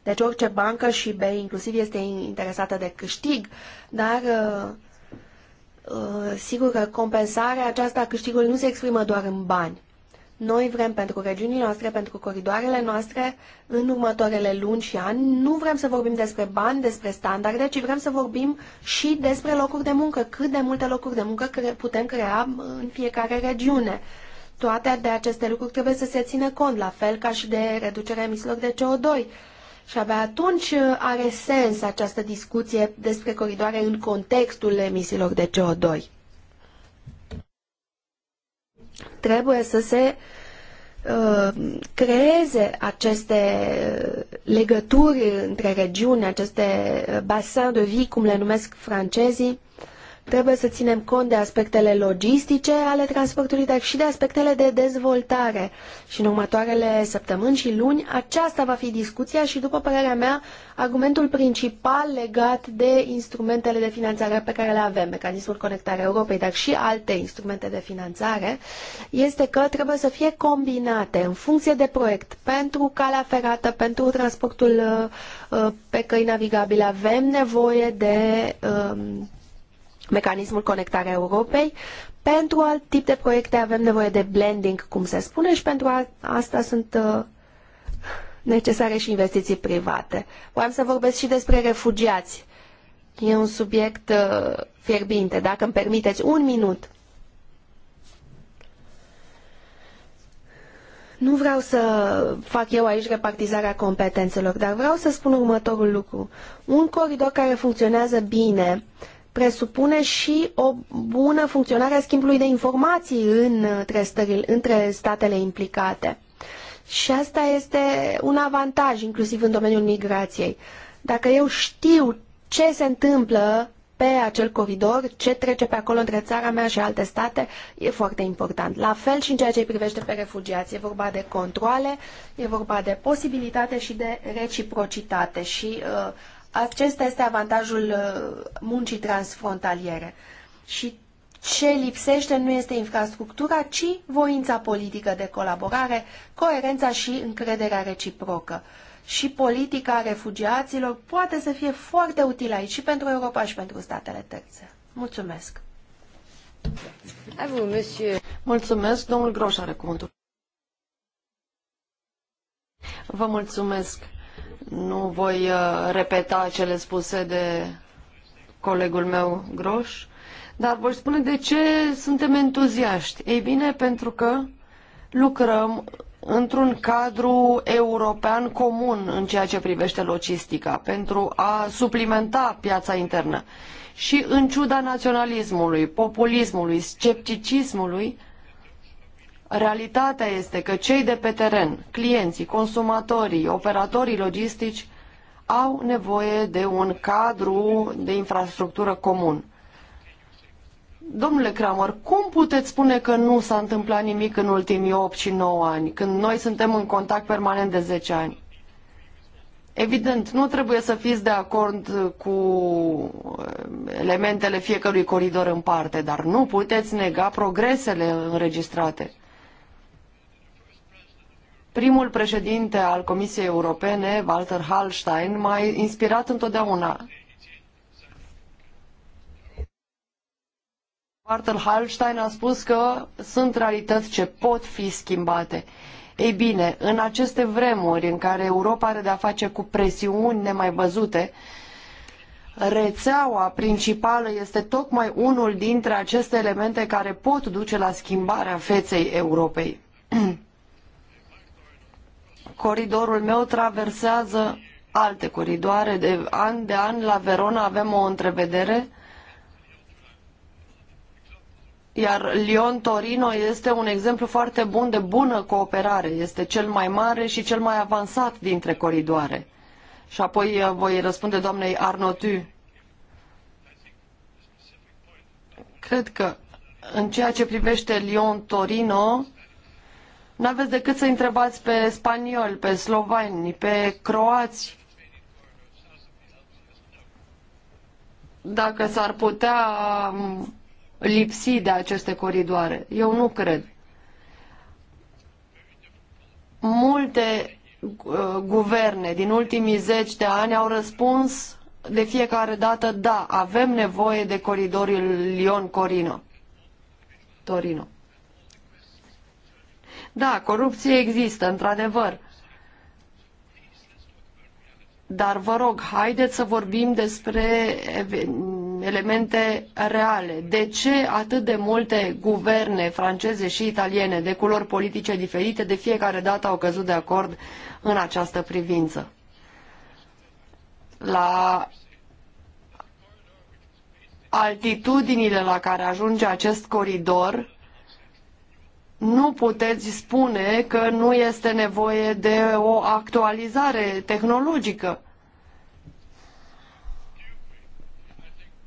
Deci orice bancă și B inclusiv este interesată de câștig, dar uh, uh, sigur că compensarea aceasta a câștigului nu se exprimă doar în bani. Noi vrem pentru regiunile noastre, pentru coridoarele noastre, în următoarele luni și ani, nu vrem să vorbim despre bani, despre standarde, ci vrem să vorbim și despre locuri de muncă, cât de multe locuri de muncă putem crea în fiecare regiune. Toate de aceste lucruri trebuie să se țină cont, la fel ca și de reducerea emisiilor de CO2. Și abia atunci uh, are sens această discuție despre coridoare în contextul emisiilor de CO2. Trebuie să se uh, creeze aceste legături între regiuni, aceste bassin de vie, cum le numesc francezii, Trebuie să ținem cont de aspectele logistice ale transportului, dar și de aspectele de dezvoltare. Și în următoarele săptămâni și luni aceasta va fi discuția și, după părerea mea, argumentul principal legat de instrumentele de finanțare pe care le avem, mecanismul conectarea Europei, dar și alte instrumente de finanțare, este că trebuie să fie combinate în funcție de proiect pentru calea ferată, pentru transportul uh, uh, pe căi navigabile. Avem nevoie de um, mecanismul conectarea Europei. Pentru alt tip de proiecte avem nevoie de blending, cum se spune, și pentru asta sunt uh, necesare și investiții private. Vreau să vorbesc și despre refugiați. E un subiect uh, fierbinte, dacă îmi permiteți. Un minut. Nu vreau să fac eu aici repartizarea competențelor, dar vreau să spun următorul lucru. Un coridor care funcționează bine presupune și o bună funcționare a schimbului de informații între, stările, între statele implicate. Și asta este un avantaj, inclusiv în domeniul migrației. Dacă eu știu ce se întâmplă pe acel coridor, ce trece pe acolo între țara mea și alte state, e foarte important. La fel și în ceea ce îi privește pe refugiați. E vorba de controle, e vorba de posibilitate și de reciprocitate. Și uh, acesta este avantajul uh, muncii transfrontaliere. Și ce lipsește nu este infrastructura, ci voința politică de colaborare, coerența și încrederea reciprocă. Și politica refugiaților poate să fie foarte utilă aici și pentru Europa și pentru statele terțe. Mulțumesc! Mulțumesc, domnul Groș are cuvântul. Vă mulțumesc. Nu voi uh, repeta cele spuse de colegul meu Groș, dar voi spune de ce suntem entuziaști. Ei bine, pentru că lucrăm într-un cadru european comun în ceea ce privește logistica, pentru a suplimenta piața internă. Și în ciuda naționalismului, populismului, scepticismului, Realitatea este că cei de pe teren, clienții, consumatorii, operatorii logistici au nevoie de un cadru de infrastructură comun. Domnule Kramer, cum puteți spune că nu s-a întâmplat nimic în ultimii 8 și 9 ani, când noi suntem în contact permanent de 10 ani? Evident, nu trebuie să fiți de acord cu eh, elementele fiecărui coridor în parte, dar nu puteți nega progresele înregistrate. Primul președinte al Comisiei Europene, Walter Hallstein, m-a inspirat întotdeauna. Walter Hallstein a spus că sunt realități ce pot fi schimbate. Ei bine, în aceste vremuri în care Europa are de-a face cu presiuni nemai văzute, rețeaua principală este tocmai unul dintre aceste elemente care pot duce la schimbarea feței Europei. [CLEARS THROAT] coridorul meu traversează alte coridoare. De an de an la Verona avem o întrevedere iar Lyon-Torino este un exemplu foarte bun de bună cooperare. Este cel mai mare și cel mai avansat dintre coridoare. Și apoi uh, voi răspunde doamnei Arnotu. Cred că în ceea ce privește Lyon-Torino, nu aveți decât să întrebați pe spanioli, pe slovani, pe croați. Dacă s-ar putea um, lipsi de aceste coridoare. Eu nu cred. Multe uh, guverne din ultimii zeci de ani au răspuns de fiecare dată da, avem nevoie de coridorul Lyon-Corino. Torino. Da, corupție există, într-adevăr. Dar vă rog, haideți să vorbim despre elemente reale. De ce atât de multe guverne franceze și italiene de culori politice diferite de fiecare dată au căzut de acord în această privință? La altitudinile la care ajunge acest coridor nu puteți spune că nu este nevoie de o actualizare tehnologică.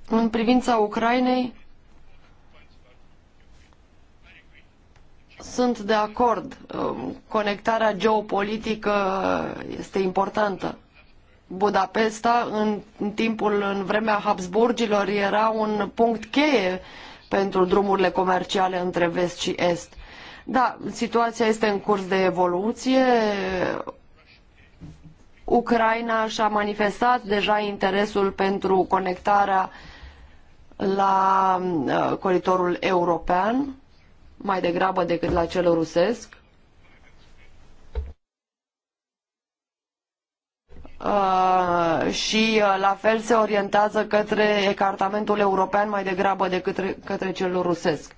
În privința Ucrainei, sunt de acord. Um, conectarea geopolitică este importantă. Budapesta, în, timpul, în vremea Habsburgilor, era un punct cheie pentru drumurile comerciale între vest și est. Da, situația este în curs de evoluție. Ucraina și-a manifestat deja interesul pentru conectarea la uh, coridorul european, mai degrabă decât la cel rusesc. Uh, și uh, la fel se orientează către ecartamentul european mai degrabă decât către cel rusesc.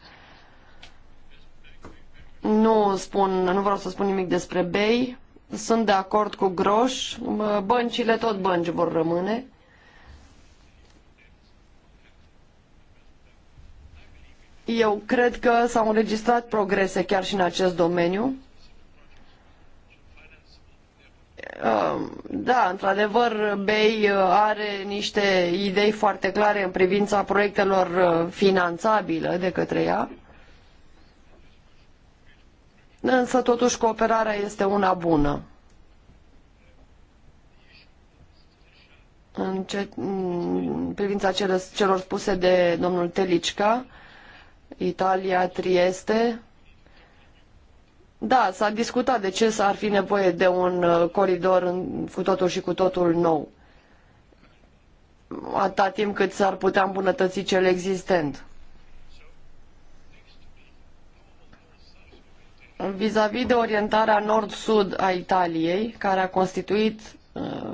Nu spun, nu vreau să spun nimic despre BEI. Sunt de acord cu Groș. Băncile tot bănci vor rămâne. Eu cred că s-au înregistrat progrese chiar și în acest domeniu. Ehm, da, într-adevăr, BEI uh, are niște idei foarte clare în privința proiectelor uh, finanțabile de către ea însă totuși cooperarea este una bună. În, ce, în privința celor, celor spuse de domnul Telicca, Italia, Trieste, da, s-a discutat de ce s-ar fi nevoie de un uh, coridor în, cu totul și cu totul nou atâta timp cât s-ar putea îmbunătăți cel existent. Vis-a-vis de orientarea nord-sud a Italiei, care a constituit uh,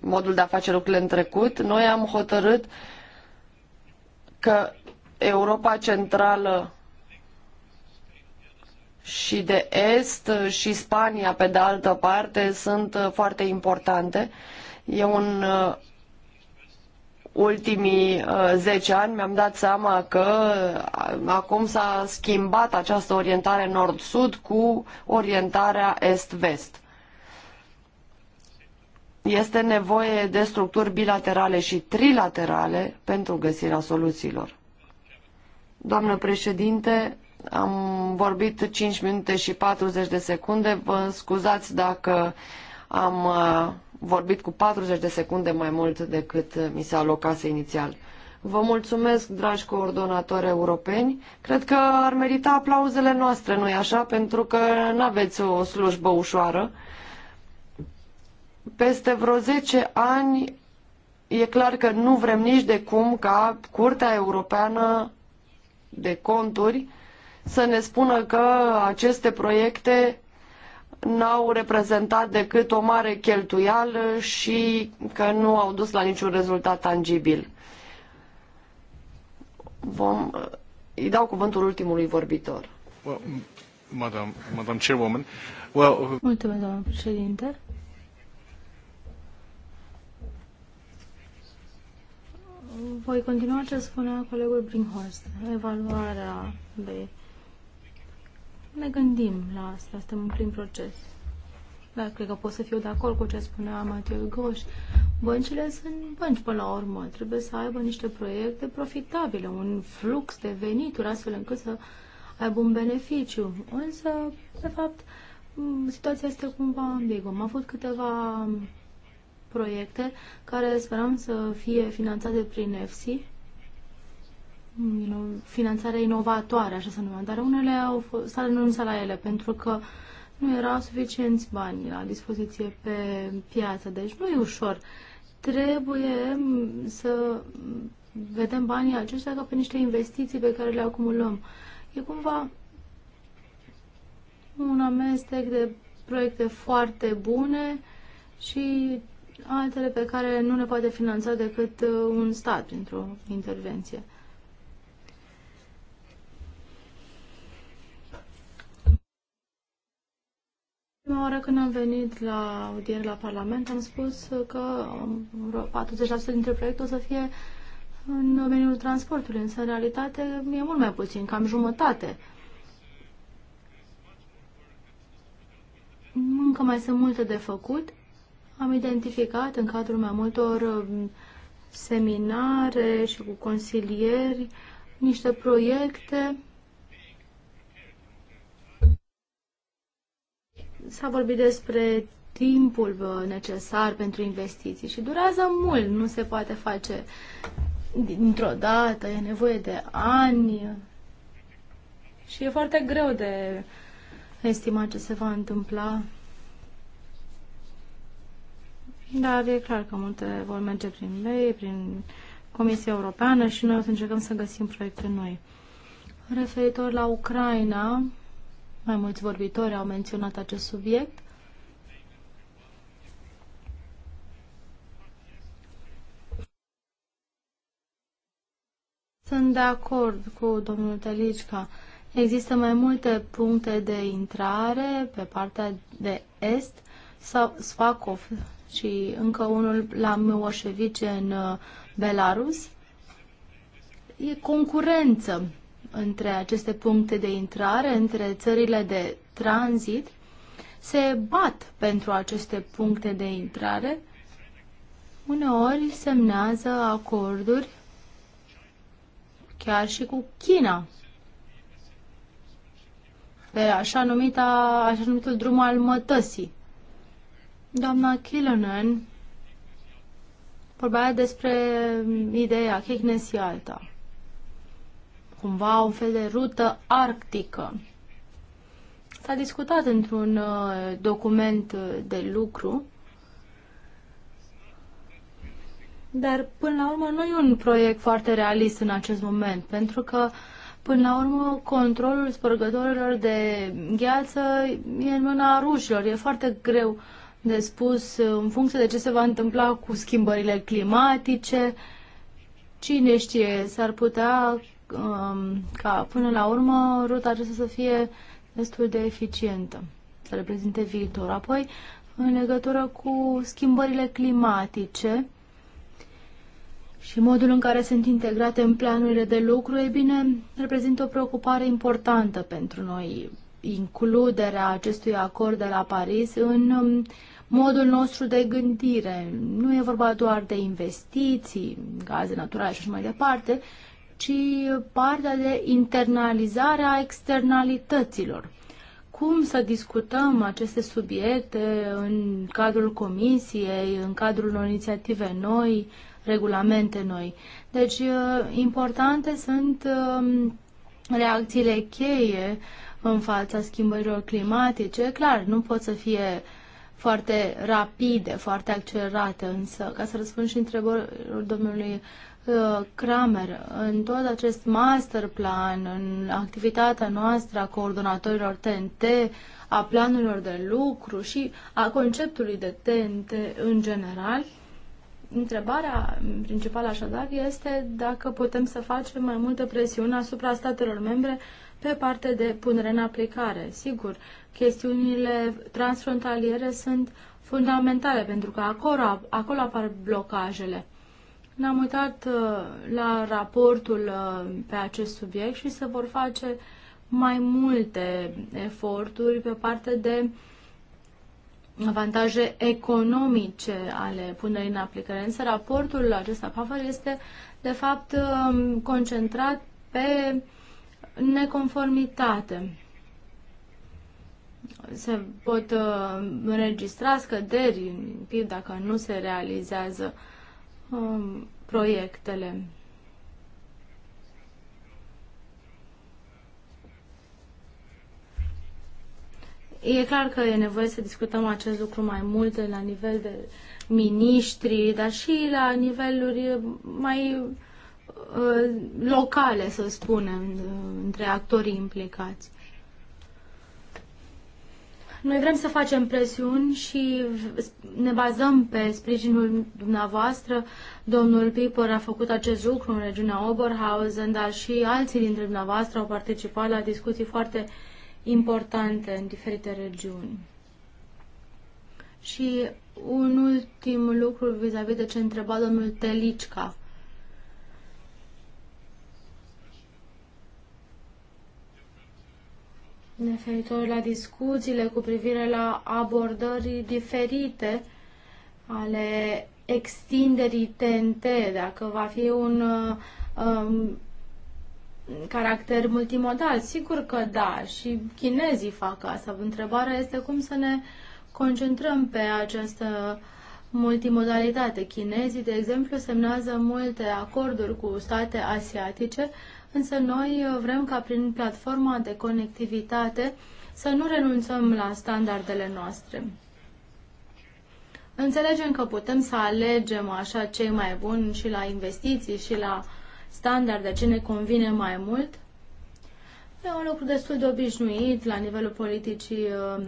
modul de a face lucrurile în trecut, noi am hotărât că Europa Centrală și de Est și Spania, pe de altă parte, sunt uh, foarte importante. E un uh, ultimii uh, zece ani mi-am dat seama că uh, acum s-a schimbat această orientare nord-sud cu orientarea est-vest. Este nevoie de structuri bilaterale și trilaterale pentru găsirea soluțiilor. Doamnă președinte, am vorbit 5 minute și 40 de secunde. Vă scuzați dacă am uh, vorbit cu 40 de secunde mai mult decât mi se alocase inițial. Vă mulțumesc, dragi coordonatori europeni. Cred că ar merita aplauzele noastre, nu-i așa? Pentru că nu aveți o slujbă ușoară. Peste vreo 10 ani e clar că nu vrem nici de cum ca Curtea Europeană de Conturi să ne spună că aceste proiecte n-au reprezentat decât o mare cheltuială și că nu au dus la niciun rezultat tangibil. Vom, îi dau cuvântul ultimului vorbitor. madam, madam Chairwoman. Well, uh, Mulțumesc, doamnă președinte. Voi continua ce spunea colegul Brinkhorst. Evaluarea de ne gândim la asta, suntem în plin proces. Da, cred că pot să fiu de acord cu ce spunea Matei Goș. Băncile sunt bănci până la urmă. Trebuie să aibă niște proiecte profitabile, un flux de venituri, astfel încât să aibă un beneficiu. Însă, de fapt, situația este cumva ambiguă. Am avut câteva proiecte care speram să fie finanțate prin EFSI finanțare inovatoare, așa să numim, dar unele au fost renunțat la ele pentru că nu erau suficienți bani la dispoziție pe piață, deci nu e ușor. Trebuie să vedem banii aceștia ca pe niște investiții pe care le acumulăm. E cumva un amestec de proiecte foarte bune și altele pe care nu le poate finanța decât uh, un stat printr-o intervenție. Prima oară când am venit la audiere la Parlament am spus că 40% um, dintre proiecte o să fie în domeniul transportului, însă în realitate e mult mai puțin, cam jumătate. Încă mai sunt multe de făcut. Am identificat în cadrul mai multor um, seminare și cu consilieri niște proiecte S-a vorbit despre timpul uh, necesar pentru investiții și durează mult, nu se poate face dintr-o dată, e nevoie de ani și e foarte greu de estimat ce se va întâmpla. Dar e clar că multe vor merge prin lei, prin Comisia Europeană și noi o să încercăm să găsim proiecte noi. Referitor la Ucraina, mai mulți vorbitori au menționat acest subiect. Sunt de acord cu domnul Telicca. Există mai multe puncte de intrare pe partea de est sau Svakov și încă unul la Milosevice în uh, Belarus. E concurență între aceste puncte de intrare, între țările de tranzit, se bat pentru aceste puncte de intrare. Uneori semnează acorduri chiar și cu China. Pe așa, numita, așa numitul drum al mătăsii. Doamna Killonen vorbea despre ideea Hickness alta cumva un fel de rută arctică. S-a discutat într-un uh, document uh, de lucru, dar până la urmă nu e un proiect foarte realist în acest moment, pentru că Până la urmă, controlul spărgătorilor de gheață e în mâna rușilor. E foarte greu de spus uh, în funcție de ce se va întâmpla cu schimbările climatice. Cine știe, s-ar putea Um, ca până la urmă ruta aceasta să fie destul de eficientă, să reprezinte viitor. Apoi, în legătură cu schimbările climatice și modul în care sunt integrate în planurile de lucru, e bine, reprezintă o preocupare importantă pentru noi includerea acestui acord de la Paris în um, modul nostru de gândire. Nu e vorba doar de investiții, gaze naturale și așa mai departe, ci partea de internalizare a externalităților. Cum să discutăm aceste subiecte în cadrul comisiei, în cadrul unor inițiative noi, regulamente noi. Deci, uh, importante sunt um, reacțiile cheie în fața schimbărilor climatice. Clar, nu pot să fie foarte rapide, foarte accelerate, însă, ca să răspund și întrebărilor domnului Uh, Kramer, în tot acest master plan, în activitatea noastră a coordonatorilor TNT, a planurilor de lucru și a conceptului de TNT în general, întrebarea principală așadar este dacă putem să facem mai multă presiune asupra statelor membre pe parte de punere în aplicare. Sigur, chestiunile transfrontaliere sunt fundamentale pentru că acolo, acolo apar blocajele. Ne-am uitat uh, la raportul uh, pe acest subiect și se vor face mai multe eforturi pe parte de avantaje economice ale punerii în aplicare. Însă raportul acesta PAFAR este de fapt um, concentrat pe neconformitate. Se pot uh, înregistra scăderi în PIB dacă nu se realizează uh, um, proiectele. E clar că e nevoie să discutăm acest lucru mai mult la nivel de miniștri, dar și la niveluri mai uh, locale, să spunem, între actorii implicați. Noi vrem să facem presiuni și ne bazăm pe sprijinul dumneavoastră. Domnul Piper a făcut acest lucru în regiunea Oberhausen, dar și alții dintre dumneavoastră au participat la discuții foarte importante în diferite regiuni. Și un ultim lucru vis-a-vis -vis de ce întreba domnul Telicca. referitor la discuțiile cu privire la abordări diferite ale extinderii TNT, dacă va fi un um, caracter multimodal. Sigur că da, și chinezii fac asta. Întrebarea este cum să ne concentrăm pe această multimodalitate. Chinezii, de exemplu, semnează multe acorduri cu state asiatice însă noi uh, vrem ca prin platforma de conectivitate să nu renunțăm la standardele noastre. Înțelegem că putem să alegem așa cei mai buni și la investiții și la standarde ce ne convine mai mult. E un lucru destul de obișnuit la nivelul politicii um,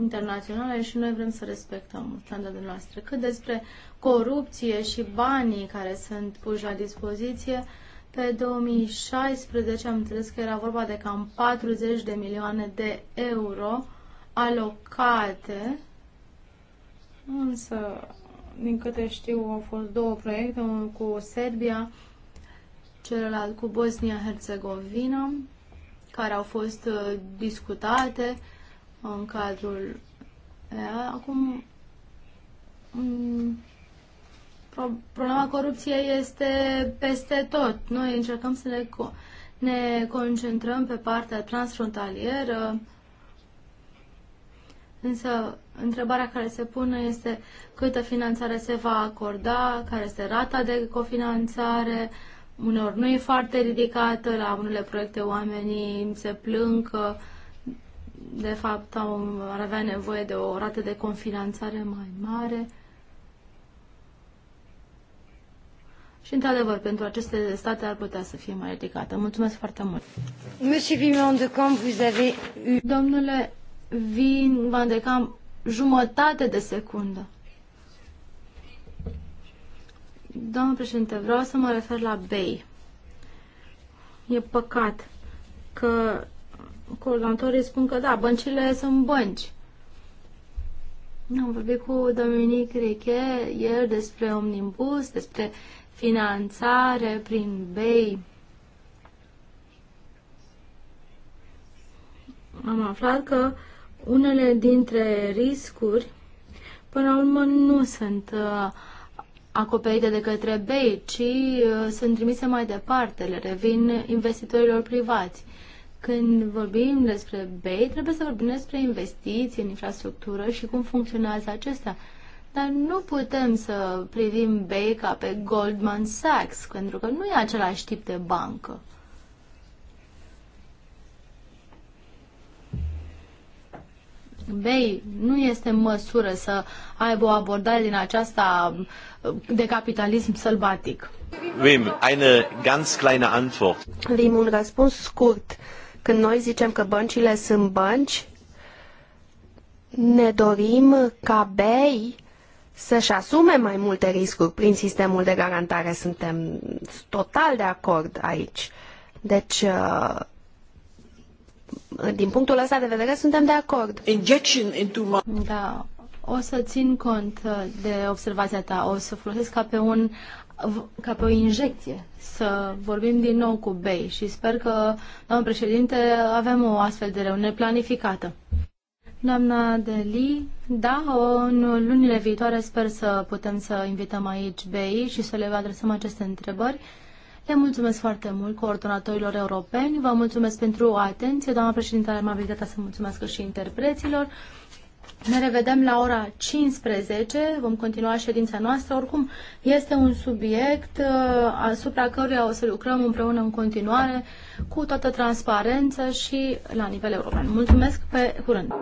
internaționale și noi vrem să respectăm standardele noastre. Cât despre corupție și banii care sunt puși la dispoziție, pe 2016 am înțeles că era vorba de cam 40 de milioane de euro alocate, însă, din câte știu, au fost două proiecte, unul cu Serbia, celălalt cu Bosnia-Herzegovina, care au fost uh, discutate în cadrul Acum, problema corupției este peste tot. Noi încercăm să ne, ne concentrăm pe partea transfrontalieră, însă întrebarea care se pune este câtă finanțare se va acorda, care este rata de cofinanțare, uneori nu e foarte ridicată, la unele proiecte oamenii se plâng că de fapt au, ar avea nevoie de o rată de confinanțare mai mare. și, într-adevăr, pentru aceste state ar putea să fie mai ridicată. Mulțumesc foarte mult. Domnule Vin Van de Cam, jumătate de secundă. Domnul președinte, vreau să mă refer la Bay. E păcat că coordonatorii spun că da, băncile sunt bănci. Am vorbit cu Dominic Riche ieri despre omnibus, despre finanțare prin BEI. Am aflat că unele dintre riscuri, până la urmă, nu sunt uh, acoperite de către BEI, ci uh, sunt trimise mai departe, le revin investitorilor privați. Când vorbim despre BEI, trebuie să vorbim despre investiții în infrastructură și cum funcționează acestea. Dar nu putem să privim BEI ca pe Goldman Sachs, pentru că nu e același tip de bancă. BEI nu este în măsură să aibă o abordare din aceasta de capitalism sălbatic. Vim, eine ganz kleine Antwort. Vim, un răspuns scurt. Când noi zicem că băncile sunt bănci, ne dorim ca BEI să-și asume mai multe riscuri prin sistemul de garantare. Suntem total de acord aici. Deci, uh, din punctul ăsta de vedere, suntem de acord. Injection into my... Da, o să țin cont uh, de observația ta. O să folosesc ca pe un ca pe o injecție să vorbim din nou cu Bei și sper că, domnul președinte, avem o astfel de reuniune planificată. Doamna Deli, da, în lunile viitoare sper să putem să invităm aici BEI și să le adresăm aceste întrebări. Le mulțumesc foarte mult coordonatorilor europeni, vă mulțumesc pentru atenție, doamna președinte am amabilitatea să mulțumesc și interpreților. Ne revedem la ora 15, vom continua ședința noastră. Oricum, este un subiect uh, asupra căruia o să lucrăm împreună în continuare cu toată transparență și la nivel european. Mulțumesc, pe curând!